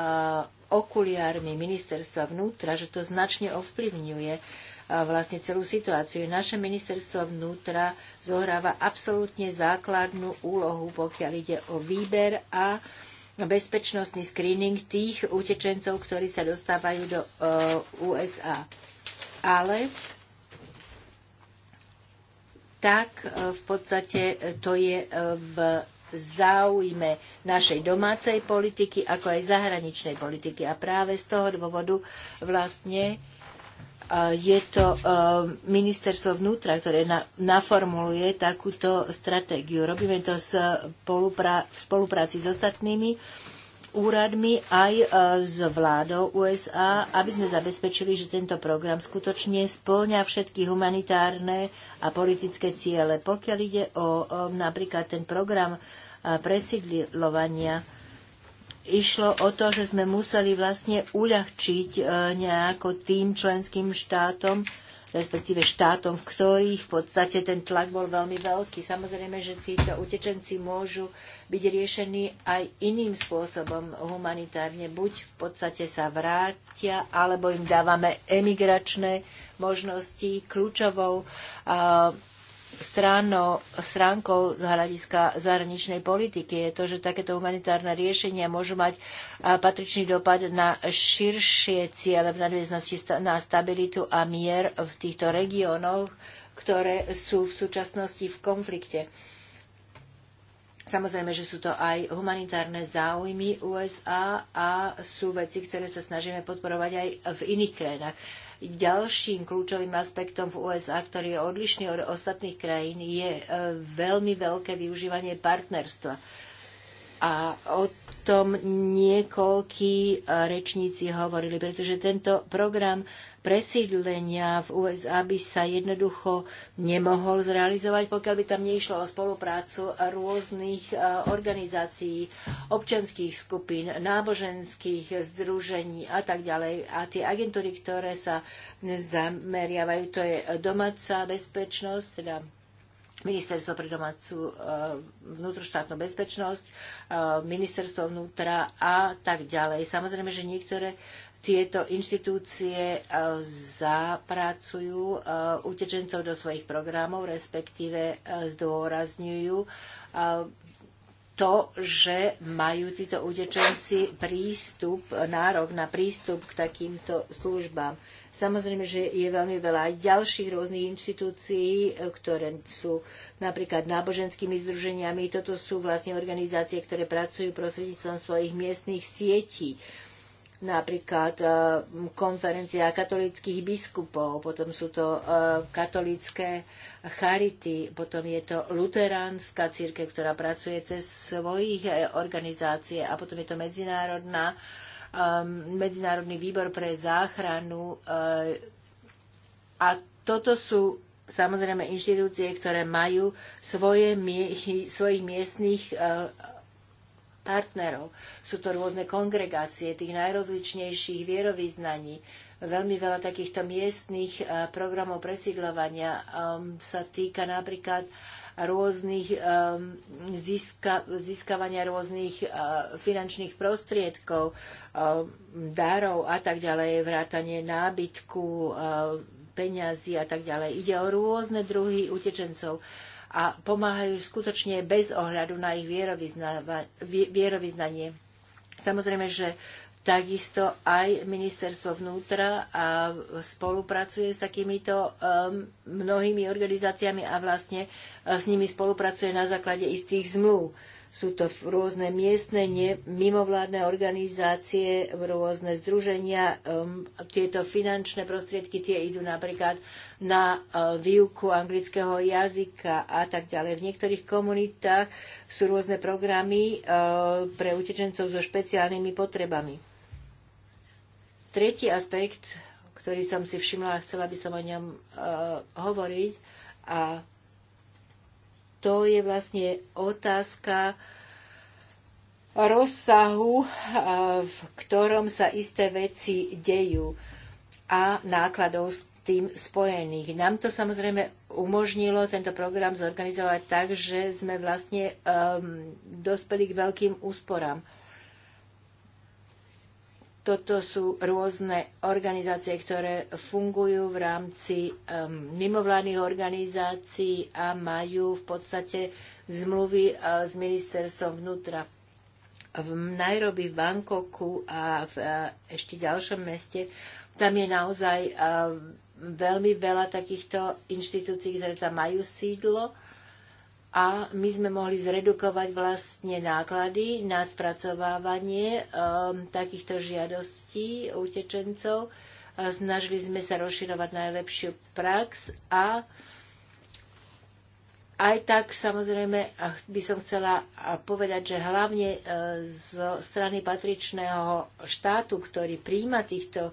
okuliármi ministerstva vnútra, že to značne ovplyvňuje vlastne celú situáciu. Naše ministerstvo vnútra zohráva absolútne základnú úlohu, pokiaľ ide o výber a bezpečnostný screening tých utečencov, ktorí sa dostávajú do e, USA. Ale tak e, v podstate e, to je v záujme našej domácej politiky, ako aj zahraničnej politiky. A práve z toho dôvodu vlastne e, je to e, ministerstvo vnútra, ktoré naformuluje takúto stratégiu. Robíme to v spolupráci s ostatnými úradmi aj e, s vládou USA, aby sme zabezpečili, že tento program skutočne splňa všetky humanitárne a politické ciele. Pokiaľ ide o napríklad ten program presídľovania. Išlo o to, že sme museli vlastne uľahčiť e, nejako tým členským štátom, respektíve štátom, v ktorých v podstate ten tlak bol veľmi veľký. Samozrejme, že títo utečenci môžu byť riešení aj iným spôsobom humanitárne. Buď v podstate sa vrátia, alebo im dávame emigračné možnosti. Kľúčovou uh, stránou stránkou z hľadiska zahraničnej politiky je to, že takéto humanitárne riešenia môžu mať patričný dopad na širšie ciele v nadväznosti na stabilitu a mier v týchto regiónoch, ktoré sú v súčasnosti v konflikte. Samozrejme, že sú to aj humanitárne záujmy USA a sú veci, ktoré sa snažíme podporovať aj v iných krajinách. Ďalším kľúčovým aspektom v USA, ktorý je odlišný od ostatných krajín, je e, veľmi veľké využívanie partnerstva. A o tom niekoľkí e, rečníci hovorili, pretože tento program presídlenia v USA by sa jednoducho nemohol zrealizovať, pokiaľ by tam neišlo o spoluprácu rôznych e, organizácií, občanských skupín, náboženských združení a tak ďalej. A tie agentúry, ktoré sa zameriavajú, to je domáca bezpečnosť, teda ministerstvo pre domácu e, vnútroštátnu bezpečnosť, e, ministerstvo vnútra a tak ďalej. Samozrejme, že niektoré tieto inštitúcie e, zapracujú utečencov do svojich programov, respektíve zdôrazňujú to, že majú títo utečenci prístup, nárok na prístup k takýmto službám. Samozrejme, že je veľmi veľa aj ďalších rôznych inštitúcií, ktoré sú napríklad náboženskými združeniami. Toto sú vlastne organizácie, ktoré pracujú prostredníctvom svojich miestnych sietí. Uh, napríklad e, konferencia katolických biskupov, potom sú to e, katolické charity, potom je to luteránska církev, ktorá pracuje cez svojich e, organizácie a potom je to medzinárodná, medzinárodný výbor pre záchranu a toto sú samozrejme inštitúcie, ktoré majú svoje, svojich miestných partnerov. Sú to rôzne kongregácie tých najrozličnejších vierovýznaní. Veľmi veľa takýchto miestných e, programov presídľovania um, sa týka napríklad rôznych um, získa, získavania rôznych e, finančných prostriedkov, e, darov a tak ďalej, vrátanie nábytku, peňazí a tak ďalej. Ide o rôzne druhy utečencov a pomáhajú skutočne bez ohľadu na ich vierovýznanie. Samozrejme, že takisto aj ministerstvo vnútra a spolupracuje s takýmito um, mnohými organizáciami a vlastne uh, s nimi spolupracuje na základe istých zmluv. Sú to rôzne miestne, mimovládne organizácie, rôzne združenia. Um, tieto finančné prostriedky tie idú napríklad na uh, výuku anglického jazyka a tak ďalej. V niektorých komunitách sú rôzne programy uh, pre utečencov so špeciálnymi potrebami. Tretí aspekt, ktorý som si všimla a chcela by som o ňom uh, hovoriť a to je vlastne otázka rozsahu, v ktorom sa isté veci dejú a nákladov s tým spojených. Nám to samozrejme umožnilo tento program zorganizovať tak, že sme vlastne um, dospeli k veľkým úsporám. Toto sú rôzne organizácie, ktoré fungujú v rámci um, mimovládnych organizácií a majú v podstate zmluvy uh, s ministerstvom vnútra v Nairobi, v Bangkoku a v uh, ešte ďalšom meste. Tam je naozaj uh, veľmi veľa takýchto inštitúcií, ktoré tam majú sídlo a my sme mohli zredukovať vlastne náklady na spracovávanie um, takýchto žiadostí utečencov. Snažili sme sa rozširovať najlepšiu prax a aj tak samozrejme by som chcela povedať, že hlavne e, zo strany patričného štátu, ktorý príjma týchto e,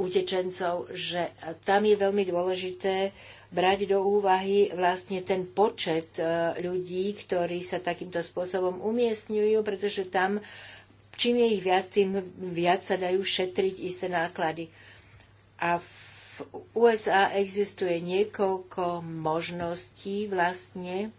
utečencov, že tam je veľmi dôležité uh, brať do úvahy vlastne ten počet e, ľudí, ktorí sa takýmto spôsobom umiestňujú, pretože tam čím je ich viac, tým viac sa dajú šetriť isté náklady. A v USA existuje niekoľko možností vlastne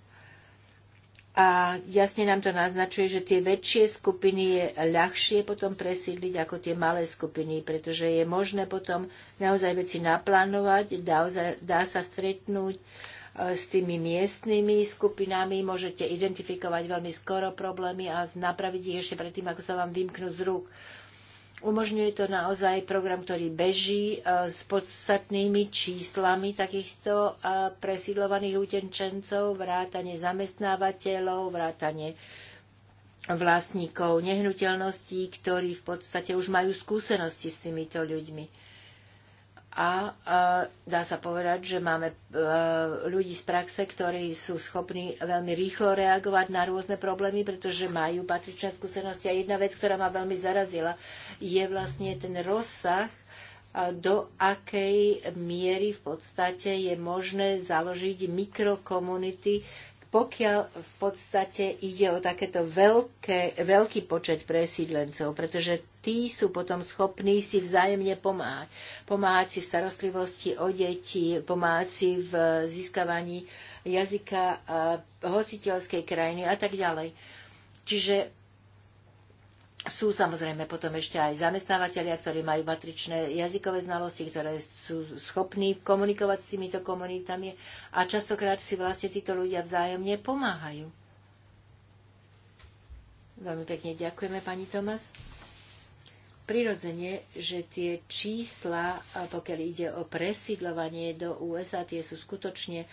a jasne nám to naznačuje, že tie väčšie skupiny je ľahšie potom presídliť ako tie malé skupiny, pretože je možné potom naozaj veci naplánovať, dá, dá sa stretnúť e, s tými miestnymi skupinami, môžete identifikovať veľmi skoro problémy a napraviť ich ešte predtým, ako sa vám vymknú z rúk. Umožňuje to naozaj program, ktorý beží e, s podstatnými číslami takýchto e, presídlovaných utenčencov, vrátanie zamestnávateľov, vrátanie vlastníkov nehnuteľností, ktorí v podstate už majú skúsenosti s týmito ľuďmi a, dá sa povedať, že máme e, ľudí z praxe, ktorí sú schopní veľmi rýchlo reagovať na rôzne problémy, pretože majú patričné skúsenosti. A jedna vec, ktorá ma veľmi zarazila, je vlastne ten rozsah, e, do akej miery v podstate je možné založiť mikrokomunity pokiaľ v podstate ide o takéto veľké, veľký počet presídlencov, pretože tí sú potom schopní si vzájemne pomáhať. Pomáhať si v starostlivosti o deti, pomáhať si v získavaní jazyka hostiteľskej krajiny a tak ďalej. Čiže sú samozrejme potom ešte aj zamestnávateľia, ktorí majú matričné jazykové znalosti, ktoré sú schopní komunikovať s týmito komunitami a častokrát si vlastne títo ľudia vzájomne pomáhajú. Veľmi pekne ďakujeme, pani Tomas prirodzene, že tie čísla, pokiaľ ide o presídľovanie do USA, tie sú skutočne e,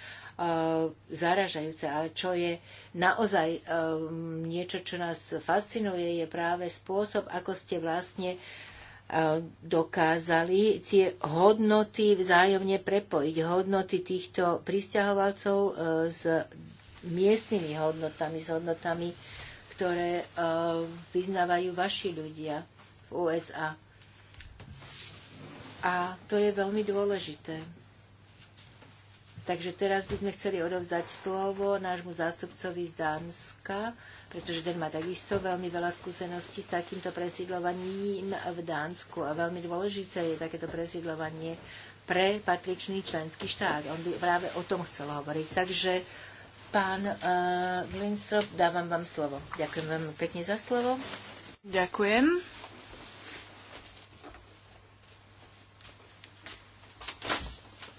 zaražajúce. Ale čo je naozaj e, niečo, čo nás fascinuje, je práve spôsob, ako ste vlastne e, dokázali tie hodnoty vzájomne prepojiť. Hodnoty týchto pristahovalcov s miestnymi hodnotami, s hodnotami ktoré vyznávajú vaši ľudia v USA. A to je veľmi dôležité. Takže teraz by sme chceli odovzdať slovo nášmu zástupcovi z Dánska, pretože ten má takisto veľmi veľa skúseností s takýmto presídlovaním v Dánsku a veľmi dôležité je takéto presídlovanie pre patričný členský štát. On by práve o tom chcel hovoriť. Takže pán uh, eh, Glinstrop, dávam vám slovo. Ďakujem veľmi pekne za slovo. Ďakujem.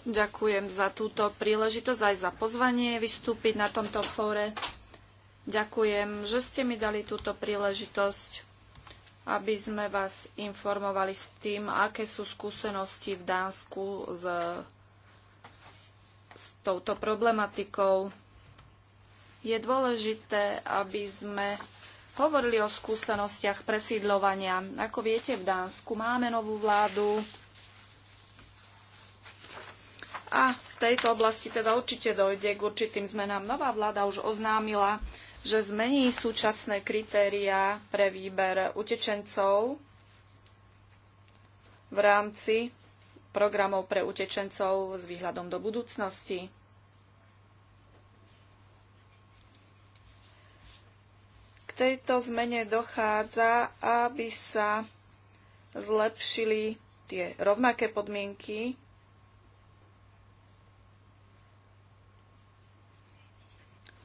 Ďakujem za túto príležitosť aj za pozvanie vystúpiť na tomto fóre. Ďakujem, že ste mi dali túto príležitosť, aby sme vás informovali s tým, aké sú skúsenosti v Dánsku s, s touto problematikou. Je dôležité, aby sme hovorili o skúsenostiach presídľovania. Ako viete, v Dánsku máme novú vládu, a v tejto oblasti teda určite dojde k určitým zmenám. Nová vláda už oznámila, že zmení súčasné kritéria pre výber utečencov v rámci programov pre utečencov s výhľadom do budúcnosti. K tejto zmene dochádza, aby sa zlepšili tie rovnaké podmienky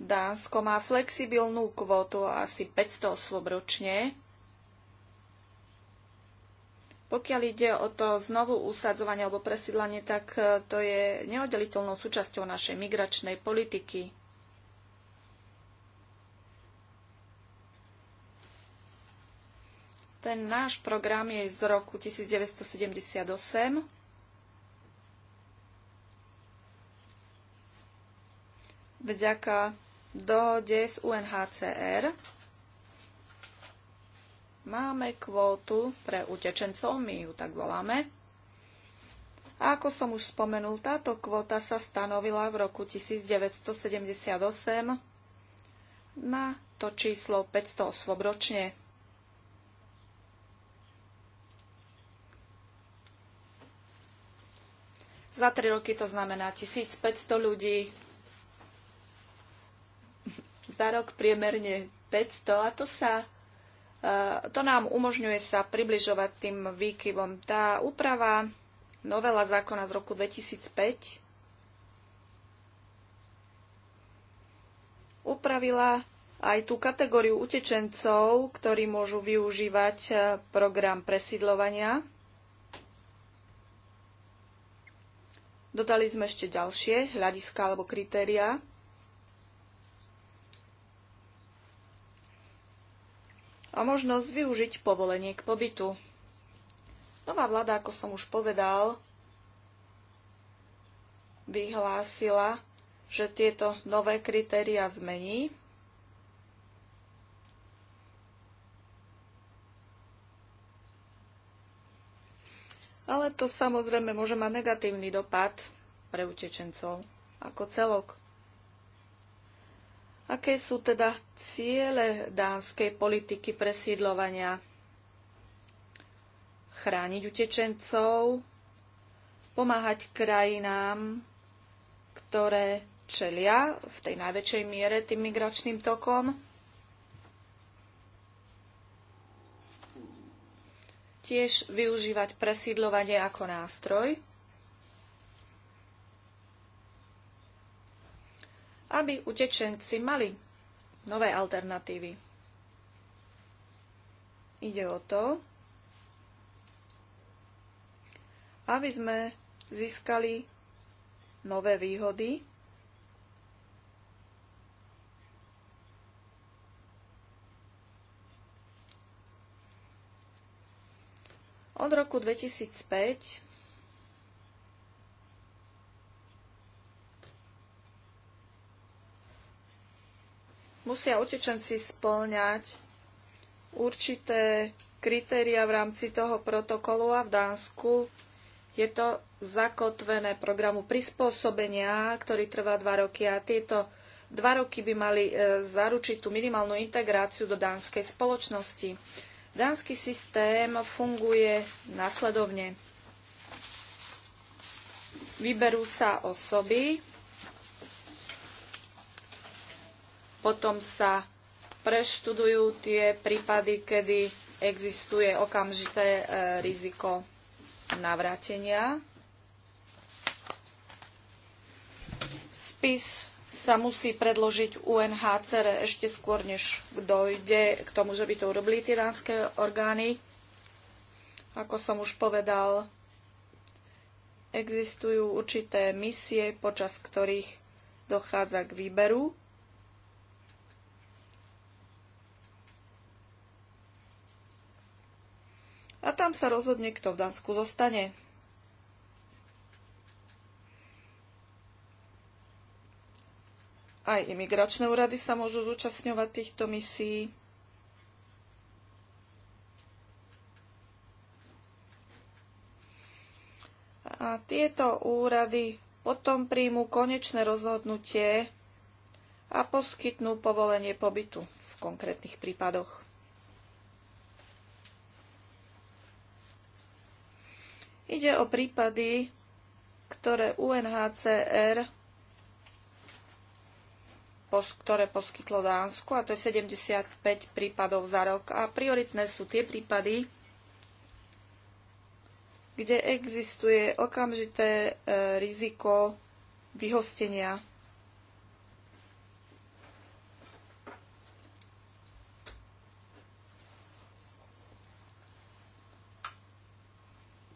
Dánsko má flexibilnú kvotu asi 500 osôb ročne. Pokiaľ ide o to znovu usadzovanie alebo presídlanie, tak e, to je neoddeliteľnou súčasťou našej migračnej politiky. Ten náš program je z roku 1978. Vďaka dohode s UNHCR máme kvótu pre utečencov, my ju tak voláme. A ako som už spomenul, táto kvóta sa stanovila v roku 1978 na to číslo 500 osôb ročne. Za 3 roky to znamená 1500 ľudí za rok priemerne 500 a to sa e, to nám umožňuje sa približovať tým výkyvom. Tá úprava novela zákona z roku 2005 upravila aj tú kategóriu utečencov, ktorí môžu využívať e, program presídlovania. Dodali sme ešte ďalšie hľadiska alebo kritéria. a možnosť využiť povolenie k pobytu. Nová vláda, ako som už povedal, vyhlásila, že tieto nové kritéria zmení. Ale to samozrejme môže mať negatívny dopad pre utečencov ako celok. Aké sú teda ciele dánskej politiky presídlovania? Chrániť utečencov, pomáhať krajinám, ktoré čelia v tej najväčšej miere tým migračným tokom. Tiež využívať presídlovanie ako nástroj aby utečenci mali nové alternatívy. Ide o to, aby sme získali nové výhody Od roku 2005 musia utečenci spĺňať určité kritéria v rámci toho protokolu a v Dánsku je to zakotvené programu prispôsobenia, ktorý trvá dva roky a tieto dva roky by mali e, zaručiť tú minimálnu integráciu do dánskej spoločnosti. Dánsky systém funguje nasledovne. Vyberú sa osoby, Potom sa preštudujú tie prípady, kedy existuje okamžité e, riziko navrátenia. Spis sa musí predložiť UNHCR e ešte skôr, než dojde k tomu, že by to urobili tie dánske orgány. Ako som už povedal, existujú určité misie, počas ktorých dochádza k výberu a tam sa rozhodne, kto v Dánsku zostane. Aj imigračné úrady sa môžu zúčastňovať týchto misií. A tieto úrady potom príjmú konečné rozhodnutie a poskytnú povolenie pobytu v konkrétnych prípadoch. Ide o prípady, ktoré UNHCR ktoré poskytlo Dánsko, a to je 75 prípadov za rok. A prioritné sú tie prípady, kde existuje okamžité e, riziko vyhostenia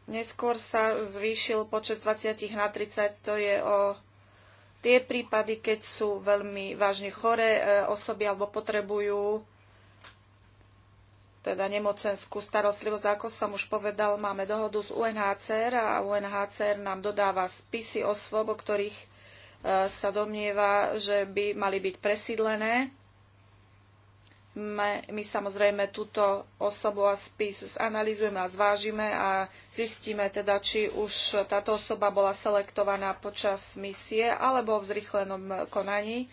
Neskôr sa zvýšil počet 20 na 30, to je o tie prípady, keď sú veľmi vážne choré e, osoby alebo potrebujú teda nemocenskú starostlivosť. Ako som už povedal, máme dohodu s UNHCR a UNHCR nám dodáva spisy osôb, o ktorých e, sa domnieva, že by mali byť presídlené. My, my samozrejme túto osobu a spis zanalizujeme a zvážime a zistíme teda, či už táto osoba bola selektovaná počas misie alebo v zrychlenom konaní.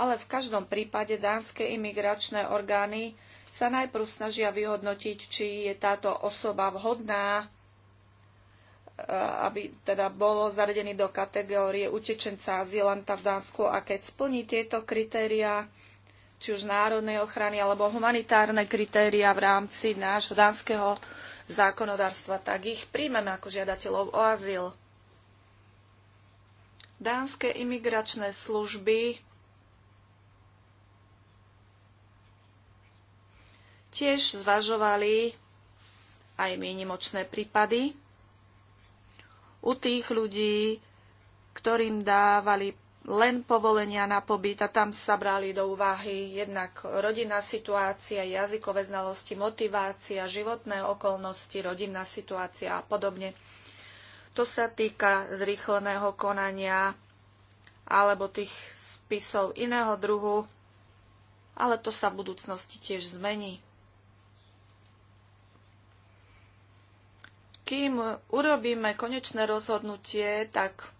Ale v každom prípade dánske imigračné orgány sa najprv snažia vyhodnotiť, či je táto osoba vhodná, e, aby teda bolo zaradený do kategórie utečenca azylanta v Dánsku a keď splní tieto kritériá, či už národnej ochrany alebo humanitárne kritéria v rámci nášho dánskeho zákonodárstva, tak ich príjmeme ako žiadateľov o azyl. Dánske imigračné služby tiež zvažovali aj výnimočné prípady u tých ľudí, ktorým dávali len povolenia na pobyt a tam sa brali do úvahy jednak rodinná situácia, jazykové znalosti, motivácia, životné okolnosti, rodinná situácia a podobne. To sa týka zrýchleného konania alebo tých spisov iného druhu, ale to sa v budúcnosti tiež zmení. Kým urobíme konečné rozhodnutie, tak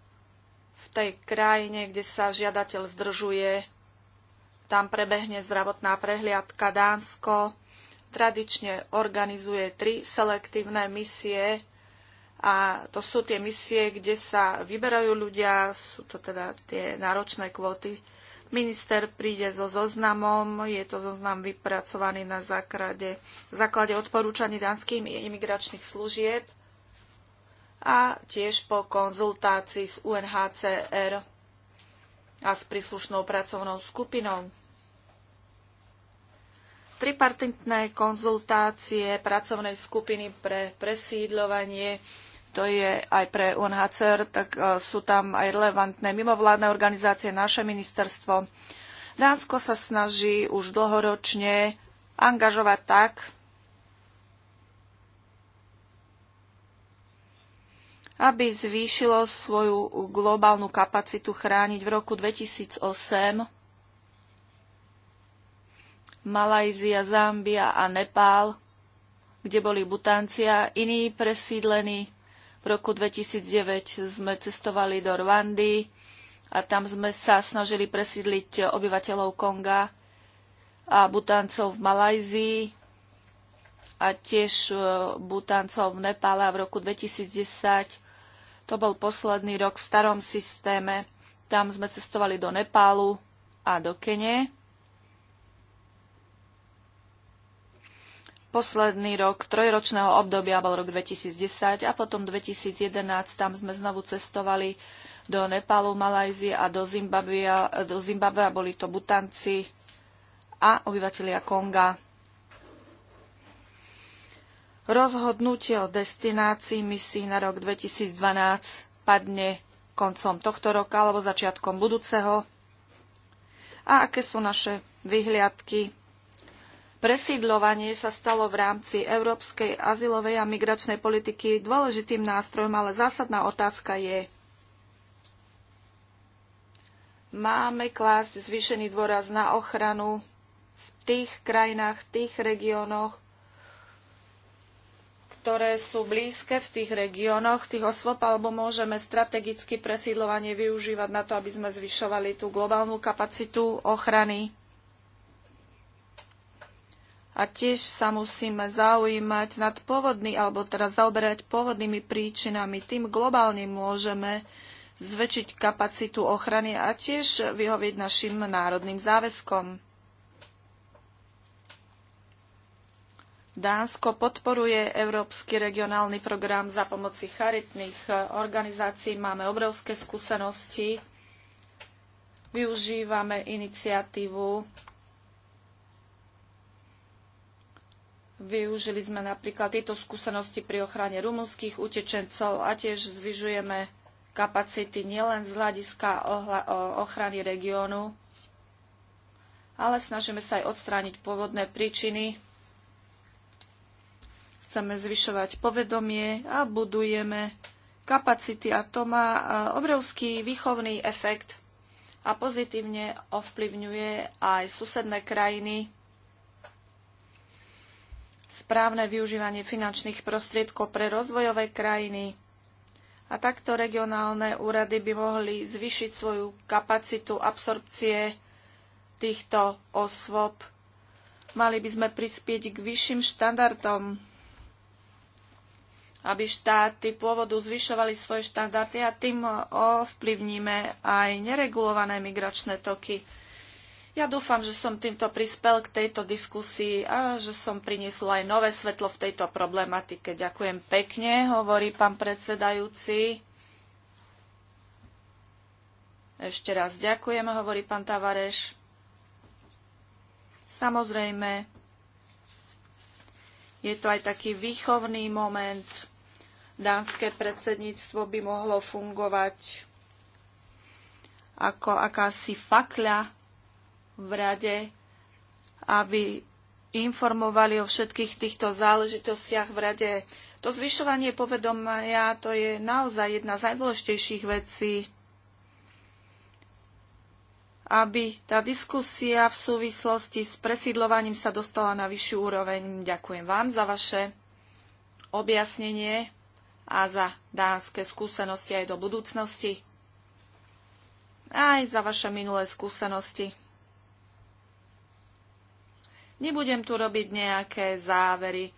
tej krajine, kde sa žiadateľ zdržuje, tam prebehne zdravotná prehliadka Dánsko, tradične organizuje tri selektívne misie a to sú tie misie, kde sa vyberajú ľudia, sú to teda tie náročné kvóty. Minister príde so zoznamom, je to zoznam vypracovaný na základe, základe odporúčaní danských imigračných služieb a tiež po konzultácii s UNHCR a s príslušnou pracovnou skupinou. Tripartitné konzultácie pracovnej skupiny pre presídľovanie, to je aj pre UNHCR, tak e, sú tam aj relevantné mimovládne organizácie, naše ministerstvo. Dánsko sa snaží už dlhoročne angažovať tak, aby zvýšilo svoju globálnu kapacitu chrániť. V roku 2008 Malajzia, Zambia a Nepál, kde boli a iní presídlení. V roku 2009 sme cestovali do Rwandy a tam sme sa snažili presídliť obyvateľov Konga a Butancov v Malajzii a tiež e, Butancov v Nepále a v roku 2010 to bol posledný rok v starom systéme. Tam sme cestovali do Nepálu a do Kene. Posledný rok trojročného obdobia bol rok 2010 a potom 2011 tam sme znovu cestovali do Nepálu, Malajzie a do Zimbabwe, do Zimbabwe boli to Butanci a obyvatelia Konga. Rozhodnutie o destinácii misií na rok 2012 padne koncom tohto roka alebo začiatkom budúceho. A aké sú naše vyhliadky? Presídľovanie sa stalo v rámci európskej azylovej a migračnej politiky dôležitým nástrojom, ale zásadná otázka je, máme klásť zvýšený dôraz na ochranu v tých krajinách, v tých regiónoch, ktoré sú blízke v tých regiónoch, tých osôb, alebo môžeme strategicky presídlovanie využívať na to, aby sme zvyšovali tú globálnu kapacitu ochrany. A tiež sa musíme zaujímať nad pôvodný, alebo teraz zaoberať pôvodnými príčinami. Tým globálne môžeme zväčšiť kapacitu ochrany a tiež vyhovieť našim národným záväzkom. Dánsko podporuje Európsky regionálny program za pomoci charitných e, organizácií. Máme obrovské skúsenosti. Využívame iniciatívu. Využili sme napríklad tieto skúsenosti pri ochrane rumunských utečencov a tiež zvyžujeme kapacity nielen z hľadiska ochrany regiónu, ale snažíme sa aj odstrániť pôvodné príčiny Chceme zvyšovať povedomie a budujeme kapacity a to má e, obrovský výchovný efekt a pozitívne ovplyvňuje aj susedné krajiny. Správne využívanie finančných prostriedkov pre rozvojové krajiny. A takto regionálne úrady by mohli zvyšiť svoju kapacitu absorpcie týchto osôb. Mali by sme prispieť k vyšším štandardom aby štáty pôvodu zvyšovali svoje štandardy a tým ovplyvníme aj neregulované migračné toky. Ja dúfam, že som týmto prispel k tejto diskusii a že som priniesol aj nové svetlo v tejto problematike. Ďakujem pekne, hovorí pán predsedajúci. Ešte raz ďakujem, hovorí pán Tavareš. Samozrejme, je to aj taký výchovný moment dánske predsedníctvo by mohlo fungovať ako akási fakľa v rade, aby informovali o všetkých týchto záležitostiach v rade. To zvyšovanie povedomia to je naozaj jedna z najdôležitejších vecí, aby tá diskusia v súvislosti s presídlovaním sa dostala na vyššiu úroveň. Ďakujem vám za vaše objasnenie a za dánske skúsenosti aj do budúcnosti. Aj za vaše minulé skúsenosti. Nebudem tu robiť nejaké závery,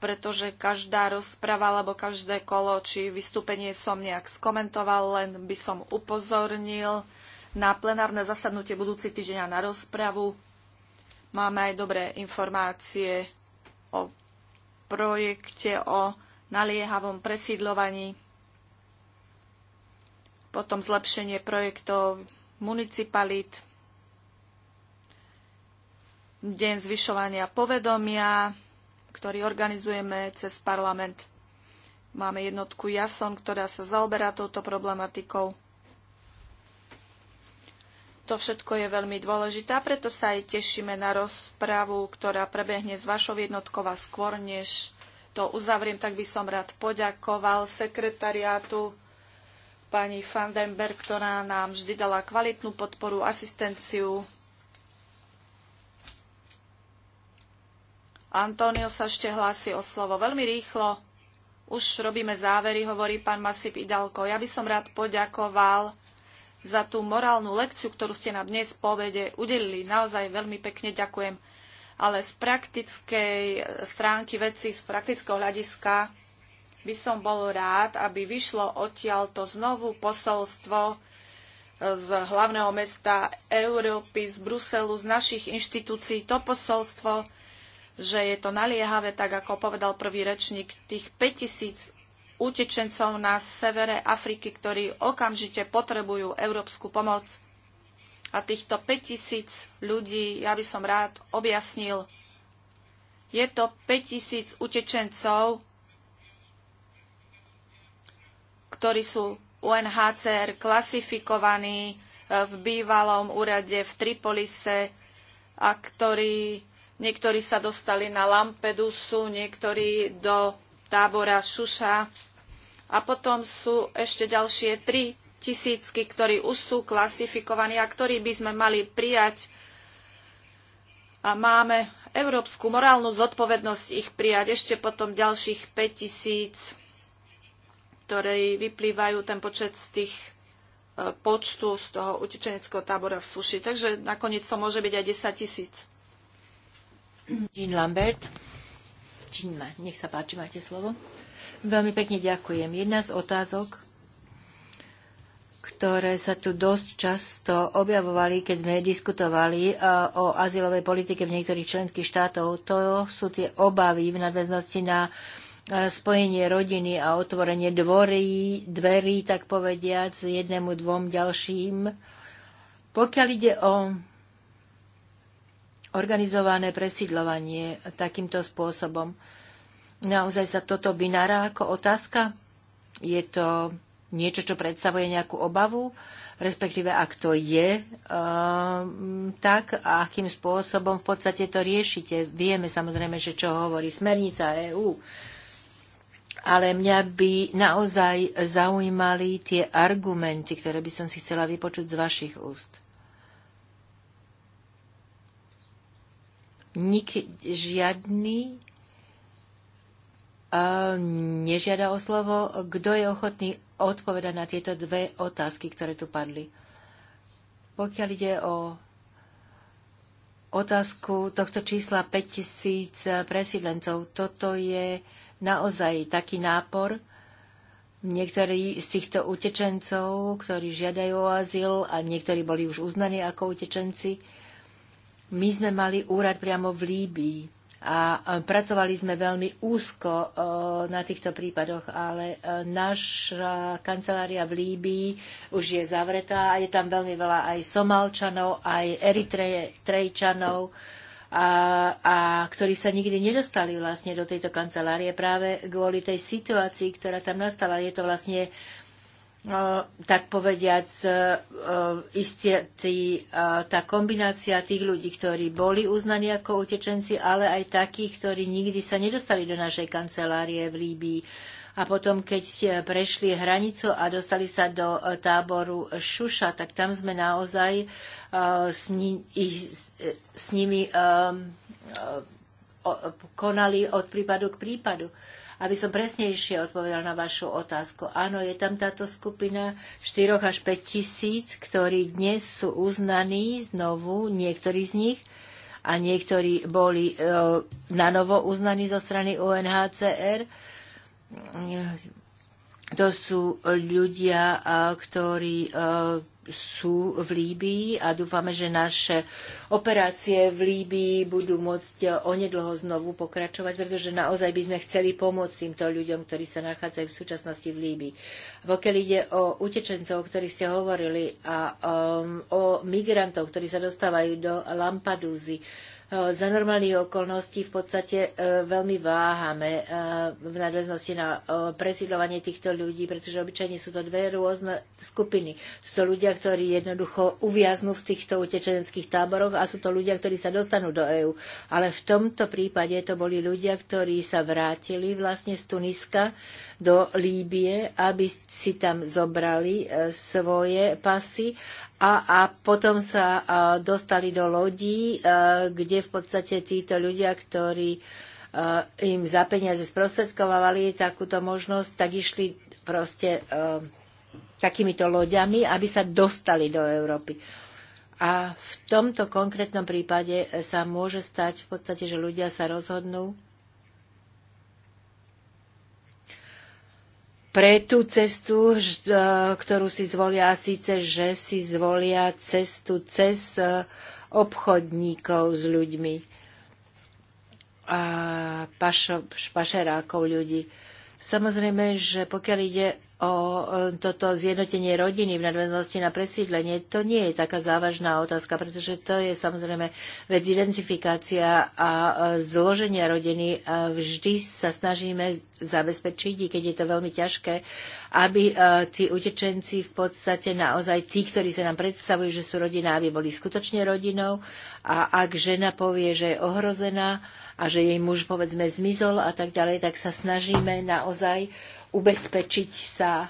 pretože každá rozprava alebo každé kolo či vystúpenie som nejak skomentoval, len by som upozornil na plenárne zasadnutie budúci týždeň a na rozpravu. Máme aj dobré informácie o projekte, o naliehavom presídlovaní, potom zlepšenie projektov municipalít, deň zvyšovania povedomia, ktorý organizujeme cez parlament. Máme jednotku JASON, ktorá sa zaoberá touto problematikou. To všetko je veľmi dôležité preto sa aj tešíme na rozprávu, ktorá prebehne s vašou jednotkou a skôr, než to uzavriem, tak by som rád poďakoval sekretariátu pani Fandenberg, ktorá nám vždy dala kvalitnú podporu, asistenciu. Antonio sa ešte hlási o slovo veľmi rýchlo. Už robíme závery, hovorí pán Masip Idalko. Ja by som rád poďakoval za tú morálnu lekciu, ktorú ste nám dnes povede udelili. Naozaj veľmi pekne ďakujem ale z praktickej stránky veci, z praktického hľadiska by som bol rád, aby vyšlo odtiaľ to znovu posolstvo z hlavného mesta Európy, z Bruselu, z našich inštitúcií. To posolstvo, že je to naliehavé, tak ako povedal prvý rečník, tých 5000 utečencov na severe Afriky, ktorí okamžite potrebujú európsku pomoc a týchto 5000 ľudí, ja by som rád objasnil, je to 5000 utečencov, ktorí sú UNHCR klasifikovaní e, v bývalom úrade v Tripolise a ktorí, niektorí sa dostali na Lampedusu, niektorí do tábora Šuša. A potom sú ešte ďalšie tri tisícky, ktorí už sú klasifikovaní a ktorí by sme mali prijať. A máme európsku morálnu zodpovednosť ich prijať ešte potom ďalších 5 tisíc, ktoré vyplývajú ten počet z tých e, počtu z toho utečeneckého tábora v Suši. Takže nakoniec to môže byť aj 10 tisíc. Jean Lambert. Jean, nech sa páči, máte slovo. Veľmi pekne ďakujem. Jedna z otázok, ktoré sa tu dosť často objavovali, keď sme diskutovali e, o azylovej politike v niektorých členských štátov. To sú tie obavy v nadväznosti na e, spojenie rodiny a otvorenie dvorí, dverí, tak povediac, jednému, dvom ďalším. Pokiaľ ide o organizované presídľovanie takýmto spôsobom, naozaj sa toto vynará ako otázka? Je to niečo, čo predstavuje nejakú obavu, respektíve ak to je um, tak a akým spôsobom v podstate to riešite. Vieme samozrejme, že čo hovorí smernica EÚ, ale mňa by naozaj zaujímali tie argumenty, ktoré by som si chcela vypočuť z vašich úst. Nik, žiadny eh, nežiada o slovo. Kto je ochotný odpovedať na tieto dve otázky, ktoré tu padli. Pokiaľ ide o otázku tohto čísla 5000 presídlencov, toto je naozaj taký nápor. Niektorí z týchto utečencov, ktorí žiadajú o azyl a niektorí boli už uznaní ako utečenci, my sme mali úrad priamo v Líbii a pracovali sme veľmi úzko e, na týchto prípadoch, ale e, naša kancelária v Líbii už je zavretá a je tam veľmi veľa aj Somalčanov, aj Eritrejčanov, a, a ktorí sa nikdy nedostali vlastne do tejto kancelárie práve kvôli tej situácii, ktorá tam nastala. Je to vlastne tak povediať, e, e, isté tý, tá kombinácia tých ľudí, ktorí boli uznaní ako utečenci, ale aj takých, ktorí nikdy sa nedostali do našej kancelárie v Líbii. A potom, keď prešli hranicu a dostali sa do e, táboru Šuša, tak tam sme naozaj s, ni, ich, s nimi konali od prípadu k prípadu. Aby som presnejšie odpovedala na vašu otázku. Áno, je tam táto skupina 4 až 5 tisíc, ktorí dnes sú uznaní znovu, niektorí z nich, a niektorí boli e, na novo uznaní zo strany UNHCR. To sú ľudia, ktorí e, sú v Líbii a dúfame, že naše operácie v Líbii budú môcť onedlho znovu pokračovať, pretože naozaj by sme chceli pomôcť týmto ľuďom, ktorí sa nachádzajú v súčasnosti v Líbii. Pokiaľ ide o utečencov, o ktorých ste hovorili, a um, o migrantov, ktorí sa dostávajú do Lampadúzy, Eh, za normálnych okolností v podstate eh, veľmi váhame eh, v nadväznosti na presídľovanie týchto ľudí, pretože obyčajne sú to dve rôzne skupiny. Sú to ľudia, ktorí jednoducho uviaznú v týchto utečeneckých táboroch a sú to ľudia, ktorí sa dostanú do EÚ. Ale v tomto prípade to boli ľudia, ktorí sa vrátili vlastne z Tuniska do Líbie, aby si tam zobrali svoje pasy a, a potom sa dostali do lodí, kde v podstate títo ľudia, ktorí im za peniaze sprostredkovali takúto možnosť, tak išli proste takýmito loďami, aby sa dostali do Európy. A v tomto konkrétnom prípade sa môže stať v podstate, že ľudia sa rozhodnú, pre tú cestu, e, ktorú si zvolia, a síce, že si zvolia cestu cez e, obchodníkov s ľuďmi a pašo, pašerákov ľudí. Samozrejme, že pokiaľ ide o toto zjednotenie rodiny v nadväznosti na presídlenie, to nie je taká závažná otázka, pretože to je samozrejme vec identifikácia a zloženia rodiny. A vždy sa snažíme zabezpečiť, i keď je to veľmi ťažké, aby e, tí utečenci v podstate naozaj tí, ktorí sa nám predstavujú, že sú rodina, aby boli skutočne rodinou a ak žena povie, že je ohrozená a že jej muž povedzme zmizol a tak ďalej, tak sa snažíme naozaj uh, ubezpečiť sa a,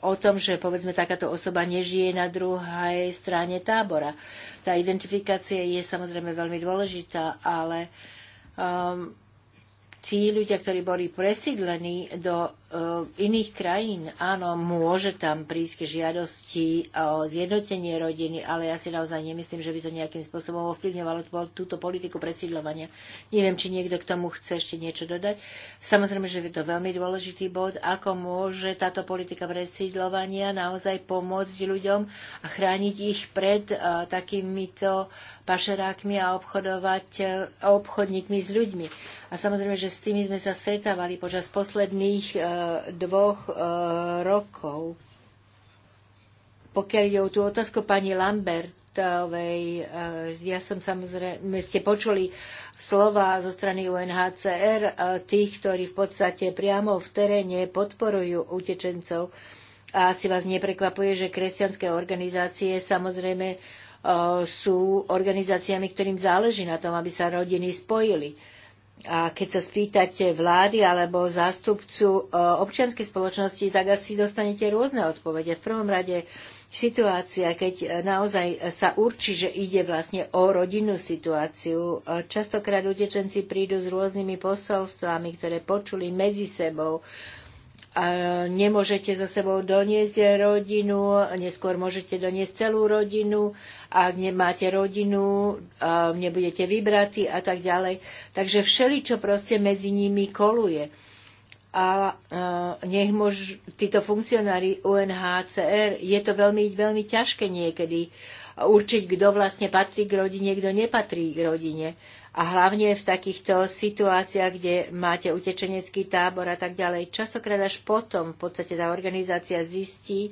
o tom, že povedzme takáto osoba nežije na druhej strane tábora. Tá identifikácia je samozrejme veľmi dôležitá, ale um, tí ľudia, ktorí boli presídlení do e, iných krajín, áno, môže tam prísť k žiadosti o zjednotenie rodiny, ale ja si naozaj nemyslím, že by to nejakým spôsobom ovplyvňovalo túto politiku presídľovania. Neviem, či niekto k tomu chce ešte niečo dodať. Samozrejme, že je to veľmi dôležitý bod, ako môže táto politika presídľovania naozaj pomôcť ľuďom a chrániť ich pred uh, takýmito pašerákmi a obchodovať, uh, obchodníkmi s ľuďmi. A samozrejme, že s tými sme sa stretávali počas posledných e, dvoch e, rokov. Pokiaľ je o tú otázku pani Lambert, e, Ja som samozrejme, ste počuli slova zo strany UNHCR, tých, ktorí v podstate priamo v teréne podporujú utečencov. A asi vás neprekvapuje, že kresťanské organizácie samozrejme sú organizáciami, ktorým záleží na tom, aby sa rodiny spojili. A keď sa spýtate vlády alebo zástupcu e, občianskej spoločnosti, tak asi dostanete rôzne odpovede. V prvom rade situácia, keď e, naozaj sa určí, že ide vlastne o rodinnú situáciu. E, častokrát utečenci prídu s rôznymi posolstvami, ktoré počuli medzi sebou nemôžete so sebou doniesť rodinu, neskôr môžete doniesť celú rodinu, ak nemáte rodinu, nebudete vybratí a tak ďalej. Takže čo proste medzi nimi koluje. A nech môž, títo funkcionári UNHCR, je to veľmi, veľmi ťažké niekedy určiť, kto vlastne patrí k rodine, kto nepatrí k rodine a hlavne v takýchto situáciách, kde máte utečenecký tábor a tak ďalej. Častokrát až potom v podstate tá organizácia zistí,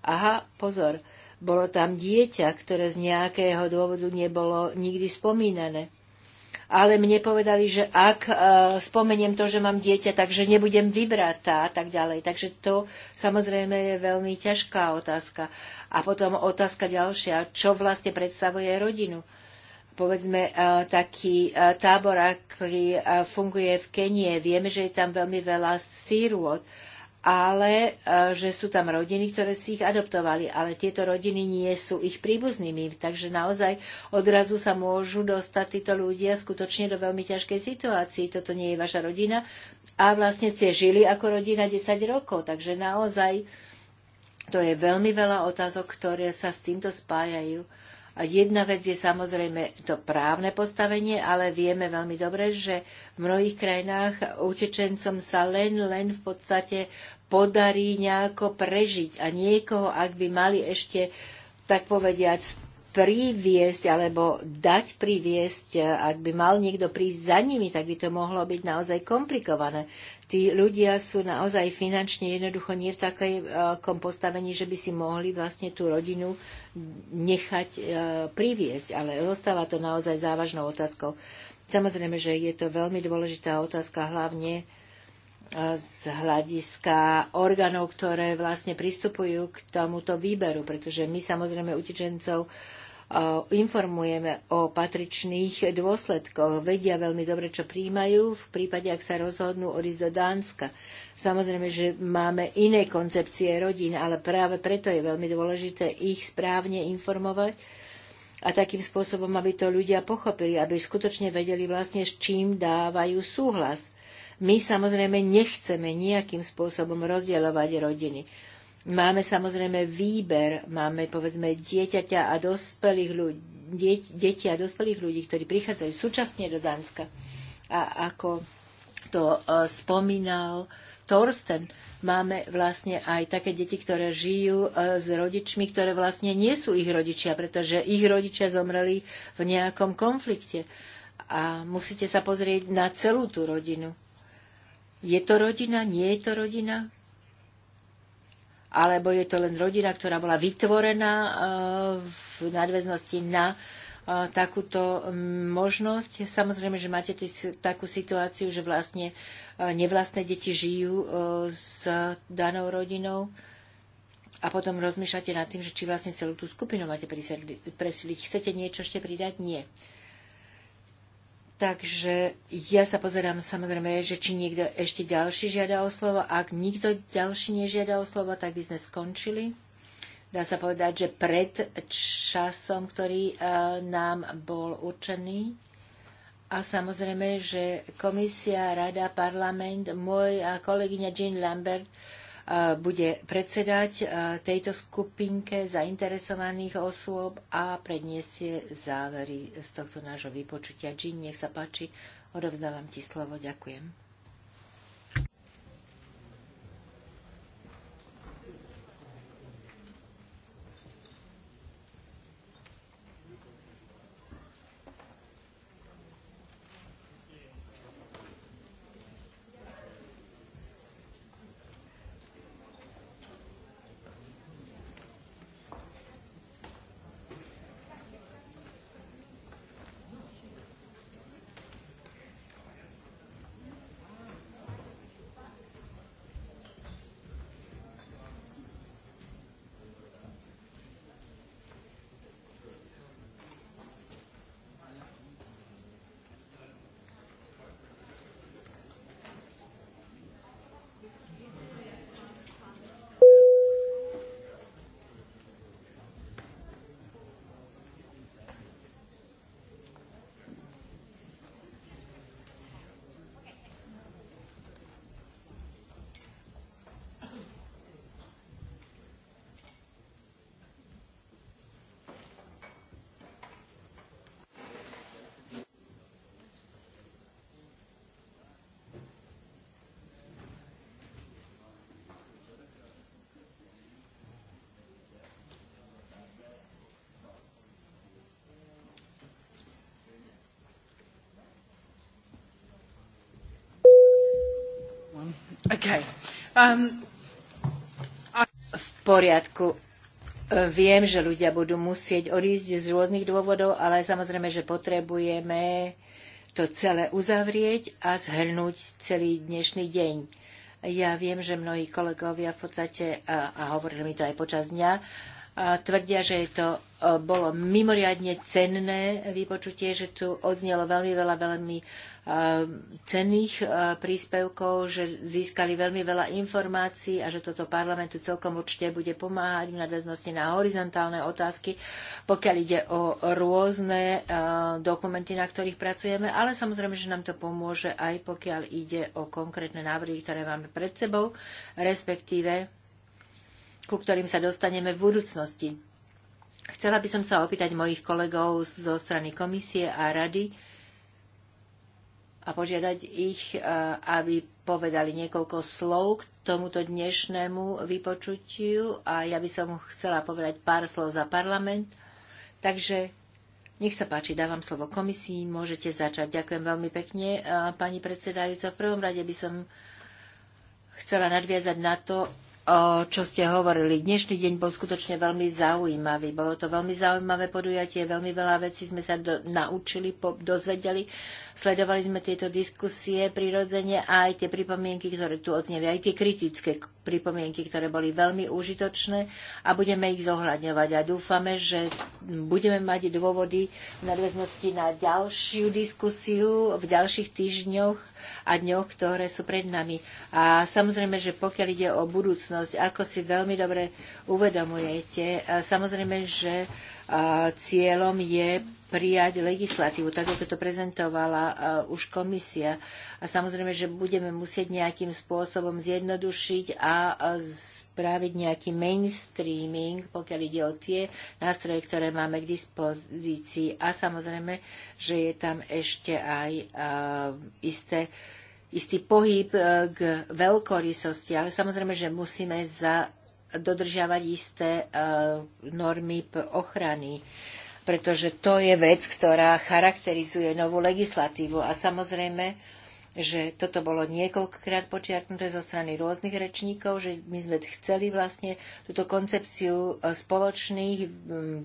aha, pozor, bolo tam dieťa, ktoré z nejakého dôvodu nebolo nikdy spomínané. Ale mne povedali, že ak e, spomeniem to, že mám dieťa, takže nebudem vybratá a tak ďalej. Takže to samozrejme je veľmi ťažká otázka. A potom otázka ďalšia, čo vlastne predstavuje rodinu povedzme, e, taký e, tábor, aký e, funguje v Kenie. Vieme, že je tam veľmi veľa sírôd, ale že sú tam rodiny, ktoré si ich adoptovali, ale tieto rodiny nie sú ich príbuznými. Takže naozaj odrazu sa môžu dostať títo ľudia skutočne do veľmi ťažkej situácii. Toto nie je vaša rodina a vlastne ste žili ako rodina 10 rokov. Takže naozaj to je veľmi veľa otázok, ktoré sa s týmto spájajú. Jedna vec je samozrejme to právne postavenie, ale vieme veľmi dobre, že v mnohých krajinách utečencom sa len, len v podstate podarí nejako prežiť a niekoho, ak by mali ešte tak povediať priviesť alebo dať priviesť, e, ak by mal niekto prísť za nimi, tak by to mohlo byť naozaj komplikované. Tí ľudia sú naozaj finančne jednoducho nie v takom e, postavení, že by si mohli vlastne tú rodinu nechať e, priviesť, ale zostáva to naozaj závažnou otázkou. Samozrejme, že je to veľmi dôležitá otázka, hlavne z hľadiska orgánov, ktoré vlastne pristupujú k tomuto výberu, pretože my samozrejme utečencov uh, informujeme o patričných dôsledkoch. Vedia veľmi dobre, čo príjmajú v prípade, ak sa rozhodnú odísť do Dánska. Samozrejme, že máme iné koncepcie rodín, ale práve preto je veľmi dôležité ich správne informovať a takým spôsobom, aby to ľudia pochopili, aby skutočne vedeli vlastne, s čím dávajú súhlas. My samozrejme nechceme nejakým spôsobom rozdielovať rodiny. Máme samozrejme výber, máme povedzme dieťaťa a dospelých ľudí, dieť, deti a dospelých ľudí, ktorí prichádzajú súčasne do Dánska. A ako to uh, spomínal Torsten, máme vlastne aj také deti, ktoré žijú uh, s rodičmi, ktoré vlastne nie sú ich rodičia, pretože ich rodičia zomreli v nejakom konflikte. A musíte sa pozrieť na celú tú rodinu. Je to rodina? Nie je to rodina? alebo je to len rodina, ktorá bola vytvorená e, v nadväznosti na e, takúto možnosť. Samozrejme, že máte takú situáciu, že vlastne e, nevlastné deti žijú s danou rodinou a potom rozmýšľate nad tým, že či vlastne celú tú skupinu máte presiliť. Chcete niečo ešte pridať? Nie. Takže ja sa pozerám samozrejme, že či niekto ešte ďalší žiada o slovo. Ak nikto ďalší nežiada o slovo, tak by sme skončili. Dá sa povedať, že pred časom, ktorý e, nám bol určený. A samozrejme, že komisia, rada, parlament, môj a kolegyňa Jean Lambert bude predsedať tejto skupinke zainteresovaných osôb a predniesie závery z tohto nášho vypočutia. Jean, nech sa páči, odovzdávam ti slovo. Ďakujem. Okay. Um, V poriadku. E, viem, že ľudia budú musieť odísť z rôznych dôvodov, ale samozrejme, že potrebujeme to celé uzavrieť a zhrnúť celý dnešný deň. Ja viem, že mnohí kolegovia v podstate, a, a hovorili mi to aj počas dňa, tvrdia, že je to e, bolo mimoriadne cenné vypočutie, že tu odznelo veľmi veľa veľmi e, cenných e, príspevkov, že získali veľmi veľa informácií a že toto parlamentu celkom určite bude pomáhať v nadväznosti na horizontálne otázky, pokiaľ ide o rôzne dokumenty, na ktorých pracujeme, ale samozrejme, že nám to pomôže aj pokiaľ ide o konkrétne návrhy, ktoré máme pred sebou, respektíve ku ktorým sa dostaneme v budúcnosti. Chcela by som sa opýtať mojich kolegov zo strany komisie a rady a požiadať ich, e, aby povedali niekoľko slov k tomuto dnešnému vypočutiu a ja by som chcela povedať pár slov za parlament. Takže nech sa páči, dávam slovo komisii, môžete začať. Ďakujem veľmi pekne, e, pani predsedajúca. V prvom rade by som chcela nadviazať na to, o čo ste hovorili. Dnešný deň bol skutočne veľmi zaujímavý. Bolo to veľmi zaujímavé podujatie, veľmi veľa vecí sme sa do, naučili, po, dozvedeli Sledovali sme tieto diskusie prirodzene aj tie pripomienky, ktoré tu odzneli, aj tie kritické pripomienky, ktoré boli veľmi užitočné a budeme ich zohľadňovať. A dúfame, že budeme mať dôvody v nadväznosti na ďalšiu diskusiu v ďalších týždňoch a dňoch, ktoré sú pred nami. A samozrejme, že pokiaľ ide o budúcnosť, ako si veľmi dobre uvedomujete, samozrejme, že Cieľom je prijať legislatívu, tak ako to prezentovala e, už komisia. A samozrejme, že budeme musieť nejakým spôsobom zjednodušiť a e, spraviť nejaký mainstreaming, pokiaľ ide o tie nástroje, ktoré máme k dispozícii. A samozrejme, že je tam ešte aj e, isté istý pohyb k veľkorysosti, ale samozrejme, že musíme za dodržiavať isté e, normy ochrany pretože to je vec, ktorá charakterizuje novú legislatívu. A samozrejme, že toto bolo niekoľkokrát počiarknuté zo strany rôznych rečníkov, že my sme chceli vlastne túto koncepciu e, spoločných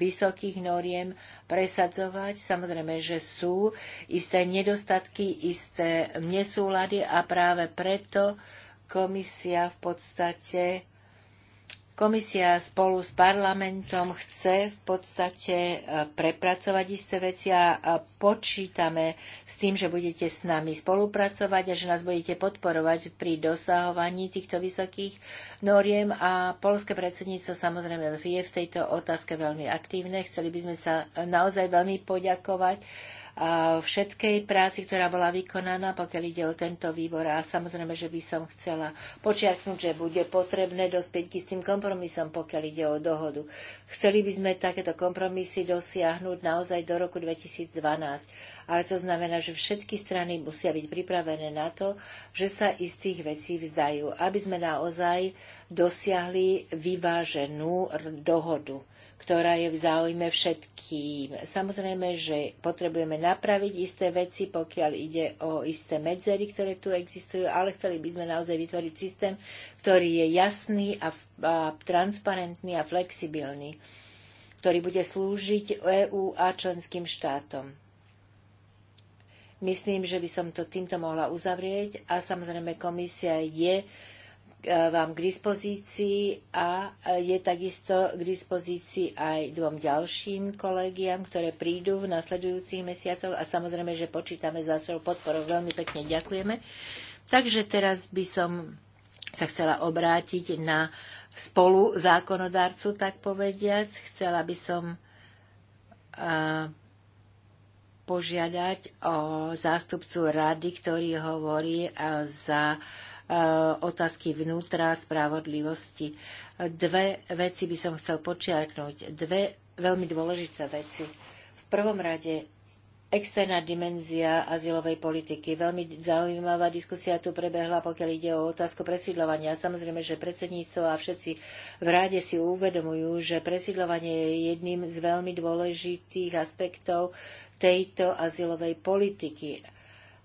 vysokých noriem presadzovať. Samozrejme, že sú isté nedostatky, isté nesúlady a práve preto komisia v podstate Komisia spolu s parlamentom chce v podstate e, prepracovať isté veci a počítame s tým, že budete s nami spolupracovať a že nás budete podporovať pri dosahovaní týchto vysokých noriem a polské predsedníctvo samozrejme je v tejto otázke veľmi aktívne. Chceli by sme sa naozaj veľmi poďakovať všetkej práci, ktorá bola vykonaná, pokiaľ ide o tento výbor. A samozrejme, že by som chcela počiarknúť, že bude potrebné dospieť k istým kompromisom, pokiaľ ide o dohodu. Chceli by sme takéto kompromisy dosiahnuť naozaj do roku 2012. Ale to znamená, že všetky strany musia byť pripravené na to, že sa istých vecí vzdajú, aby sme naozaj dosiahli vyváženú dohodu ktorá je v záujme všetkým. Samozrejme, že potrebujeme napraviť isté veci, pokiaľ ide o isté medzery, ktoré tu existujú, ale chceli by sme naozaj vytvoriť systém, ktorý je jasný a, a transparentný a flexibilný, ktorý bude slúžiť EÚ a členským štátom. Myslím, že by som to týmto mohla uzavrieť a samozrejme komisia je Eh, vám k dispozícii a eh, je takisto k dispozícii aj dvom ďalším kolegiam, ktoré prídu v nasledujúcich mesiacoch a samozrejme, že počítame s vašou podporou. Veľmi pekne ďakujeme. Takže teraz by som sa chcela obrátiť na spolu zákonodárcu, tak povediac. Chcela by som eh, požiadať o zástupcu rady, ktorý hovorí za Eh, otázky vnútra, spravodlivosti. Dve veci by som chcel počiarknúť. Dve veľmi dôležité veci. V prvom rade externá dimenzia azylovej politiky. Veľmi zaujímavá diskusia tu prebehla, pokiaľ ide o otázku presídľovania. Samozrejme, že predsedníctvo a všetci v ráde si uvedomujú, že presídľovanie je jedným z veľmi dôležitých aspektov tejto azylovej politiky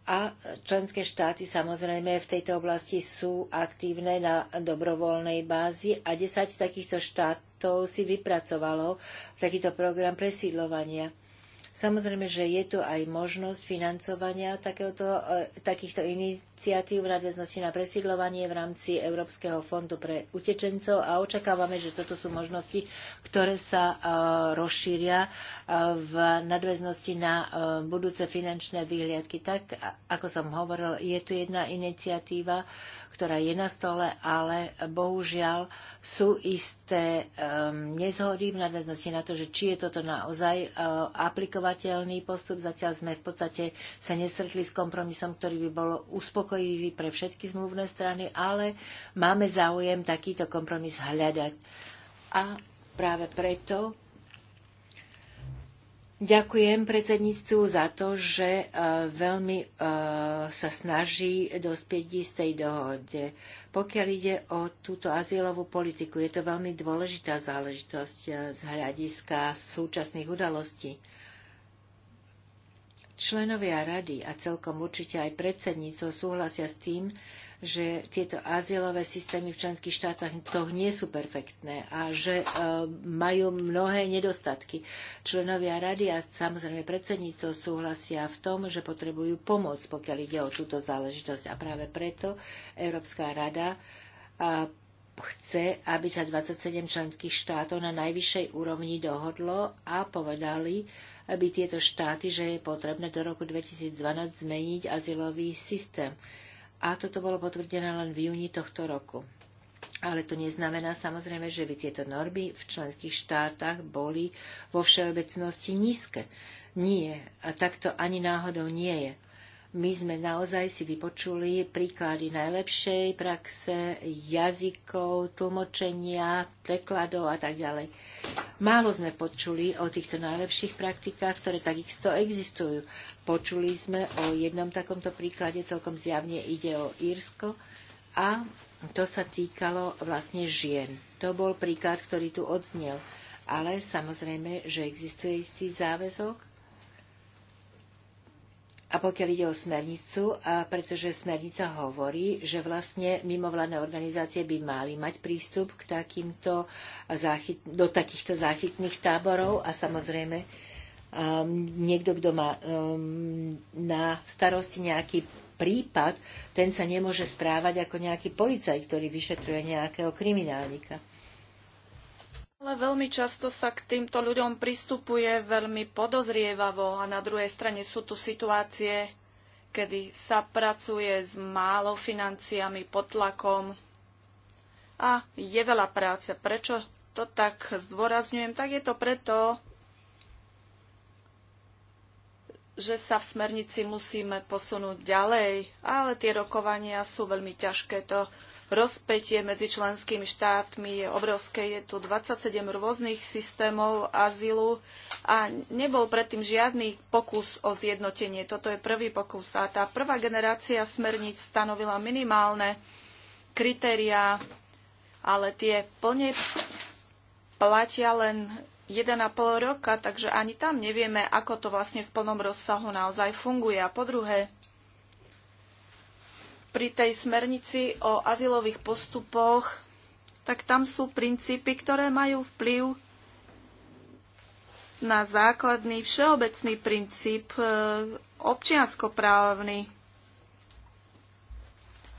a členské štáty samozrejme v tejto oblasti sú aktívne na dobrovoľnej bázi a 10 takýchto štátov si vypracovalo takýto program presídlovania. Samozrejme, že je tu aj možnosť financovania takéhoto, e, takýchto iniciatív v nadväznosti na presídlovanie v rámci Európskeho fondu pre utečencov a očakávame, že toto sú možnosti, ktoré sa e, rozšíria e, v nadväznosti na budúce finančné výhliadky. Tak, ako som hovoril, je tu jedna iniciatíva, ktorá je na stole, ale bohužiaľ sú isté um, nezhody v nadväznosti na to, že či je toto naozaj uh, aplikovateľný postup. Zatiaľ sme v podstate sa nesretli s kompromisom, ktorý by bol uspokojivý pre všetky zmluvné strany, ale máme záujem takýto kompromis hľadať. A práve preto Ďakujem predsedníctvu za to, že e, veľmi e, sa snaží dospieť z istej dohode. Pokiaľ ide o túto azylovú politiku, je to veľmi dôležitá záležitosť e, z hľadiska súčasných udalostí. Členovia rady a celkom určite aj predsedníctvo súhlasia s tým, že tieto azylové systémy v členských štátoch to nie sú perfektné a že e, majú mnohé nedostatky. Členovia rady a samozrejme predsedníctvo súhlasia v tom, že potrebujú pomoc, pokiaľ ide o túto záležitosť. A práve preto Európska rada e, chce, aby sa 27 členských štátov na najvyššej úrovni dohodlo a povedali, aby tieto štáty, že je potrebné do roku 2012 zmeniť azylový systém a toto bolo potvrdené len v júni tohto roku. Ale to neznamená samozrejme, že by tieto normy v členských štátach boli vo všeobecnosti nízke. Nie. A takto ani náhodou nie je. My sme naozaj si vypočuli príklady najlepšej praxe, jazykov, tlmočenia, prekladov a tak ďalej. Málo sme počuli o týchto najlepších praktikách, ktoré takisto existujú. Počuli sme o jednom takomto príklade, celkom zjavne ide o Írsko a to sa týkalo vlastne žien. To bol príklad, ktorý tu odznel. Ale samozrejme, že existuje istý záväzok a pokiaľ ide o smernicu, a pretože smernica hovorí, že vlastne mimovládne organizácie by mali mať prístup k takýmto záchyt, do takýchto záchytných táborov a samozrejme um, niekto, kto má um, na starosti nejaký prípad, ten sa nemôže správať ako nejaký policajt, ktorý vyšetruje nejakého kriminálnika. Ale veľmi často sa k týmto ľuďom pristupuje veľmi podozrievavo a na druhej strane sú tu situácie, kedy sa pracuje s málo financiami, pod tlakom a je veľa práce. Prečo to tak zdôrazňujem? Tak je to preto, že sa v smernici musíme posunúť ďalej, ale tie rokovania sú veľmi ťažké. To Rozpätie medzi členskými štátmi je obrovské, je tu 27 rôznych systémov azylu a nebol predtým žiadny pokus o zjednotenie. Toto je prvý pokus a tá prvá generácia smerníc stanovila minimálne kritériá, ale tie plne platia len 1,5 roka, takže ani tam nevieme, ako to vlastne v plnom rozsahu naozaj funguje. A po druhé, pri tej smernici o azylových postupoch, tak tam sú princípy, ktoré majú vplyv na základný všeobecný princíp e, občianskoprávny.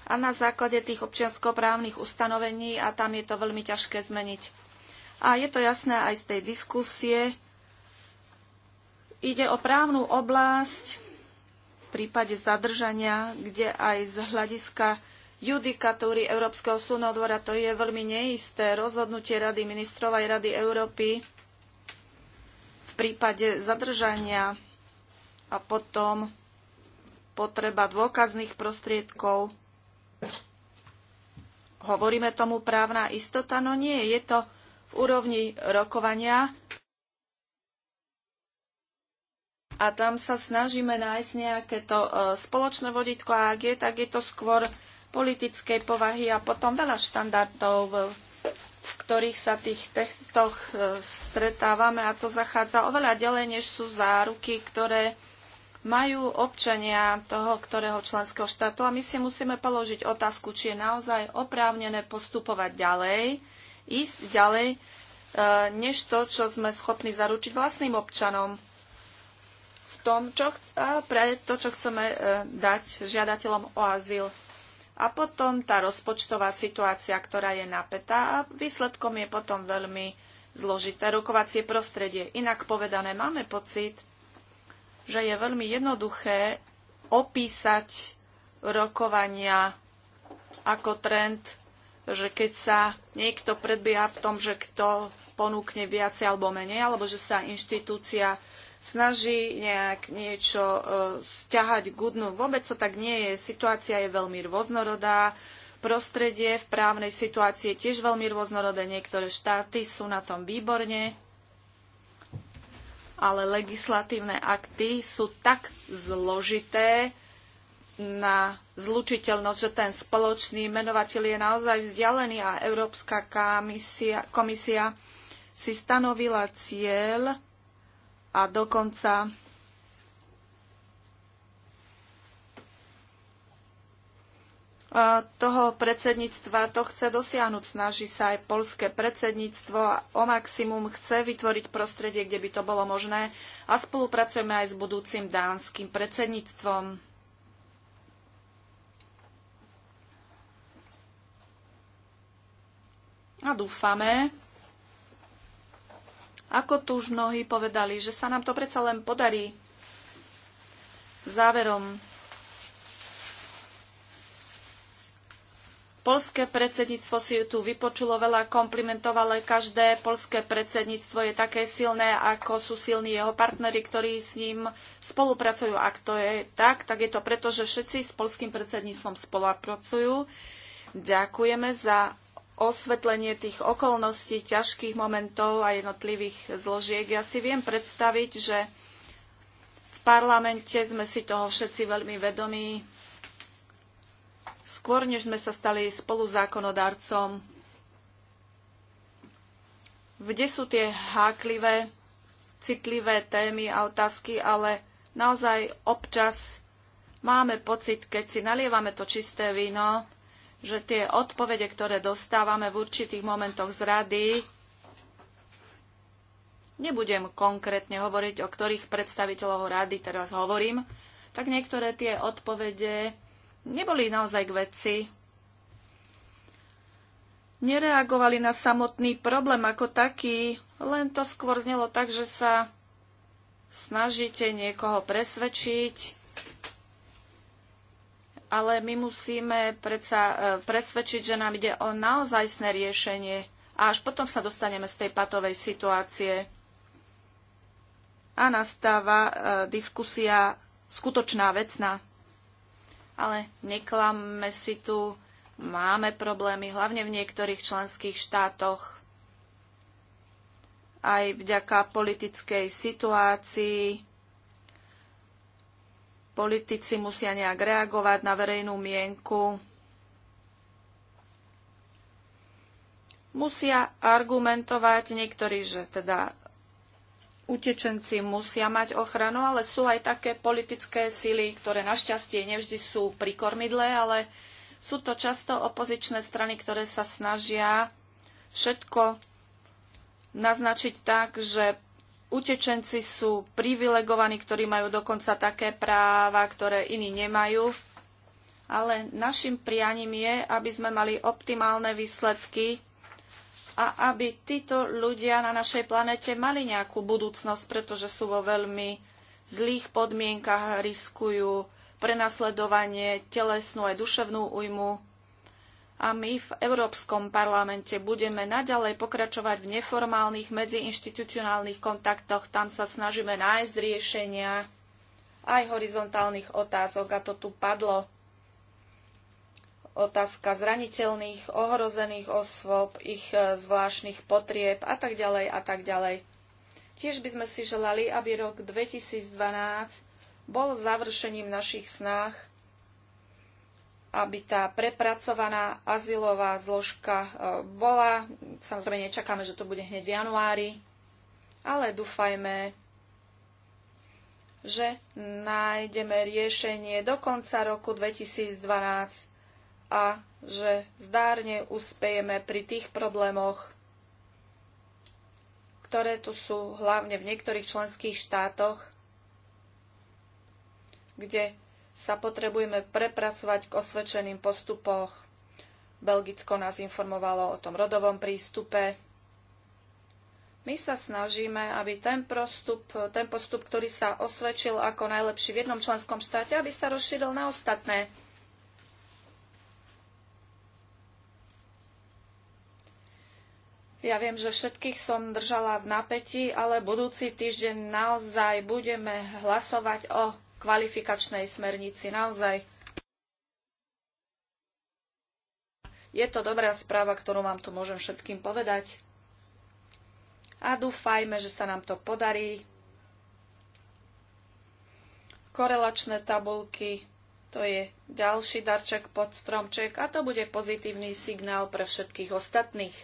A na základe tých občianskoprávnych ustanovení, a tam je to veľmi ťažké zmeniť. A je to jasné aj z tej diskusie. Ide o právnu oblasť, prípade zadržania, kde aj z hľadiska judikatúry Európskeho súdneho dvora to je veľmi neisté rozhodnutie Rady ministrov aj Rady Európy v prípade zadržania a potom potreba dôkazných prostriedkov. Hovoríme tomu právna istota, no nie, je to v úrovni rokovania a tam sa snažíme nájsť nejaké to e, spoločné vodítko a ak je, tak je to skôr politickej povahy a potom veľa štandardov, v ktorých sa tých textoch e, stretávame a to zachádza oveľa ďalej, než sú záruky, ktoré majú občania toho, ktorého členského štátu a my si musíme položiť otázku, či je naozaj oprávnené postupovať ďalej, ísť ďalej, e, než to, čo sme schopní zaručiť vlastným občanom tom, čo, pre to, čo chceme e, dať žiadateľom o azyl. A potom tá rozpočtová situácia, ktorá je napätá a výsledkom je potom veľmi zložité rokovacie prostredie. Inak povedané, máme pocit, že je veľmi jednoduché opísať rokovania ako trend, že keď sa niekto predbieha v tom, že kto ponúkne viacej alebo menej, alebo že sa inštitúcia snaží nejak niečo e, stiahať k dnu. Vôbec to tak nie je. Situácia je veľmi rôznorodá. Prostredie v právnej situácii je tiež veľmi rôznorodé. Niektoré štáty sú na tom výborne, ale legislatívne akty sú tak zložité, na zlučiteľnosť, že ten spoločný menovateľ je naozaj vzdialený a Európska komisia, komisia si stanovila cieľ a dokonca toho predsedníctva to chce dosiahnuť. Snaží sa aj polské predsedníctvo a o maximum chce vytvoriť prostredie, kde by to bolo možné a spolupracujeme aj s budúcim dánskym predsedníctvom. A dúfame, ako tu už mnohí povedali, že sa nám to predsa len podarí. Záverom. Polské predsedníctvo si ju tu vypočulo veľa komplimentov, ale každé polské predsedníctvo je také silné, ako sú silní jeho partnery, ktorí s ním spolupracujú. Ak to je tak, tak je to preto, že všetci s polským predsedníctvom spolupracujú. Ďakujeme za osvetlenie tých okolností, ťažkých momentov a jednotlivých zložiek. Ja si viem predstaviť, že v parlamente sme si toho všetci veľmi vedomí. Skôr, než sme sa stali spoluzákonodarcom, kde sú tie háklivé, citlivé témy a otázky, ale naozaj občas máme pocit, keď si nalievame to čisté víno, že tie odpovede, ktoré dostávame v určitých momentoch z rady, nebudem konkrétne hovoriť, o ktorých predstaviteľov rady teraz hovorím, tak niektoré tie odpovede neboli naozaj k veci. Nereagovali na samotný problém ako taký, len to skôr znelo tak, že sa snažíte niekoho presvedčiť, ale my musíme predsa e, presvedčiť, že nám ide o naozajstné riešenie a až potom sa dostaneme z tej patovej situácie a nastáva e, diskusia skutočná, vecná. Ale neklamme si tu, máme problémy, hlavne v niektorých členských štátoch. Aj vďaka politickej situácii Politici musia nejak reagovať na verejnú mienku. Musia argumentovať niektorí, že teda utečenci musia mať ochranu, ale sú aj také politické sily, ktoré našťastie nevždy sú pri kormidle, ale sú to často opozičné strany, ktoré sa snažia všetko naznačiť tak, že Utečenci sú privilegovaní, ktorí majú dokonca také práva, ktoré iní nemajú. Ale našim prianím je, aby sme mali optimálne výsledky a aby títo ľudia na našej planete mali nejakú budúcnosť, pretože sú vo veľmi zlých podmienkach, riskujú prenasledovanie, telesnú aj duševnú újmu a my v Európskom parlamente budeme naďalej pokračovať v neformálnych medziinštitucionálnych kontaktoch. Tam sa snažíme nájsť riešenia aj horizontálnych otázok, a to tu padlo. Otázka zraniteľných, ohrozených osôb, ich e, zvláštnych potrieb a tak ďalej a tak ďalej. Tiež by sme si želali, aby rok 2012 bol završením našich snách aby tá prepracovaná azylová zložka e, bola. Samozrejme, nečakáme, že to bude hneď v januári, ale dúfajme, že nájdeme riešenie do konca roku 2012 a že zdárne uspejeme pri tých problémoch, ktoré tu sú hlavne v niektorých členských štátoch, kde sa potrebujeme prepracovať k osvedčeným postupoch. Belgicko nás informovalo o tom rodovom prístupe. My sa snažíme, aby ten postup, ten postup, ktorý sa osvedčil ako najlepší v jednom členskom štáte, aby sa rozšíril na ostatné. Ja viem, že všetkých som držala v napätí, ale budúci týždeň naozaj budeme hlasovať o kvalifikačnej smernici. Naozaj je to dobrá správa, ktorú vám tu môžem všetkým povedať. A dúfajme, že sa nám to podarí. Korelačné tabulky, to je ďalší darček pod stromček a to bude pozitívny signál pre všetkých ostatných.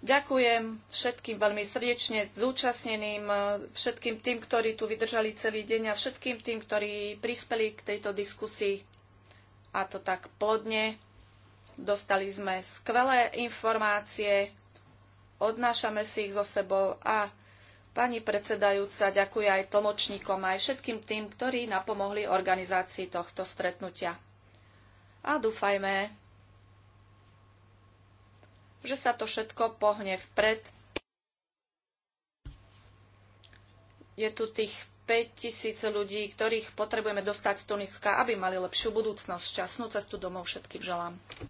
Ďakujem všetkým veľmi srdečne zúčastneným, e, všetkým tým, ktorí tu vydržali celý deň a všetkým tým, ktorí prispeli k tejto diskusii. A to tak plodne. Dostali sme skvelé informácie, odnášame si ich zo sebou a pani predsedajúca ďakuje aj tlmočníkom, aj všetkým tým, ktorí napomohli organizácii tohto stretnutia. A dúfajme, že sa to všetko pohne vpred. Je tu tých 5000 ľudí, ktorých potrebujeme dostať z Tuniska, aby mali lepšiu budúcnosť. Šťastnú cestu domov všetkým želám.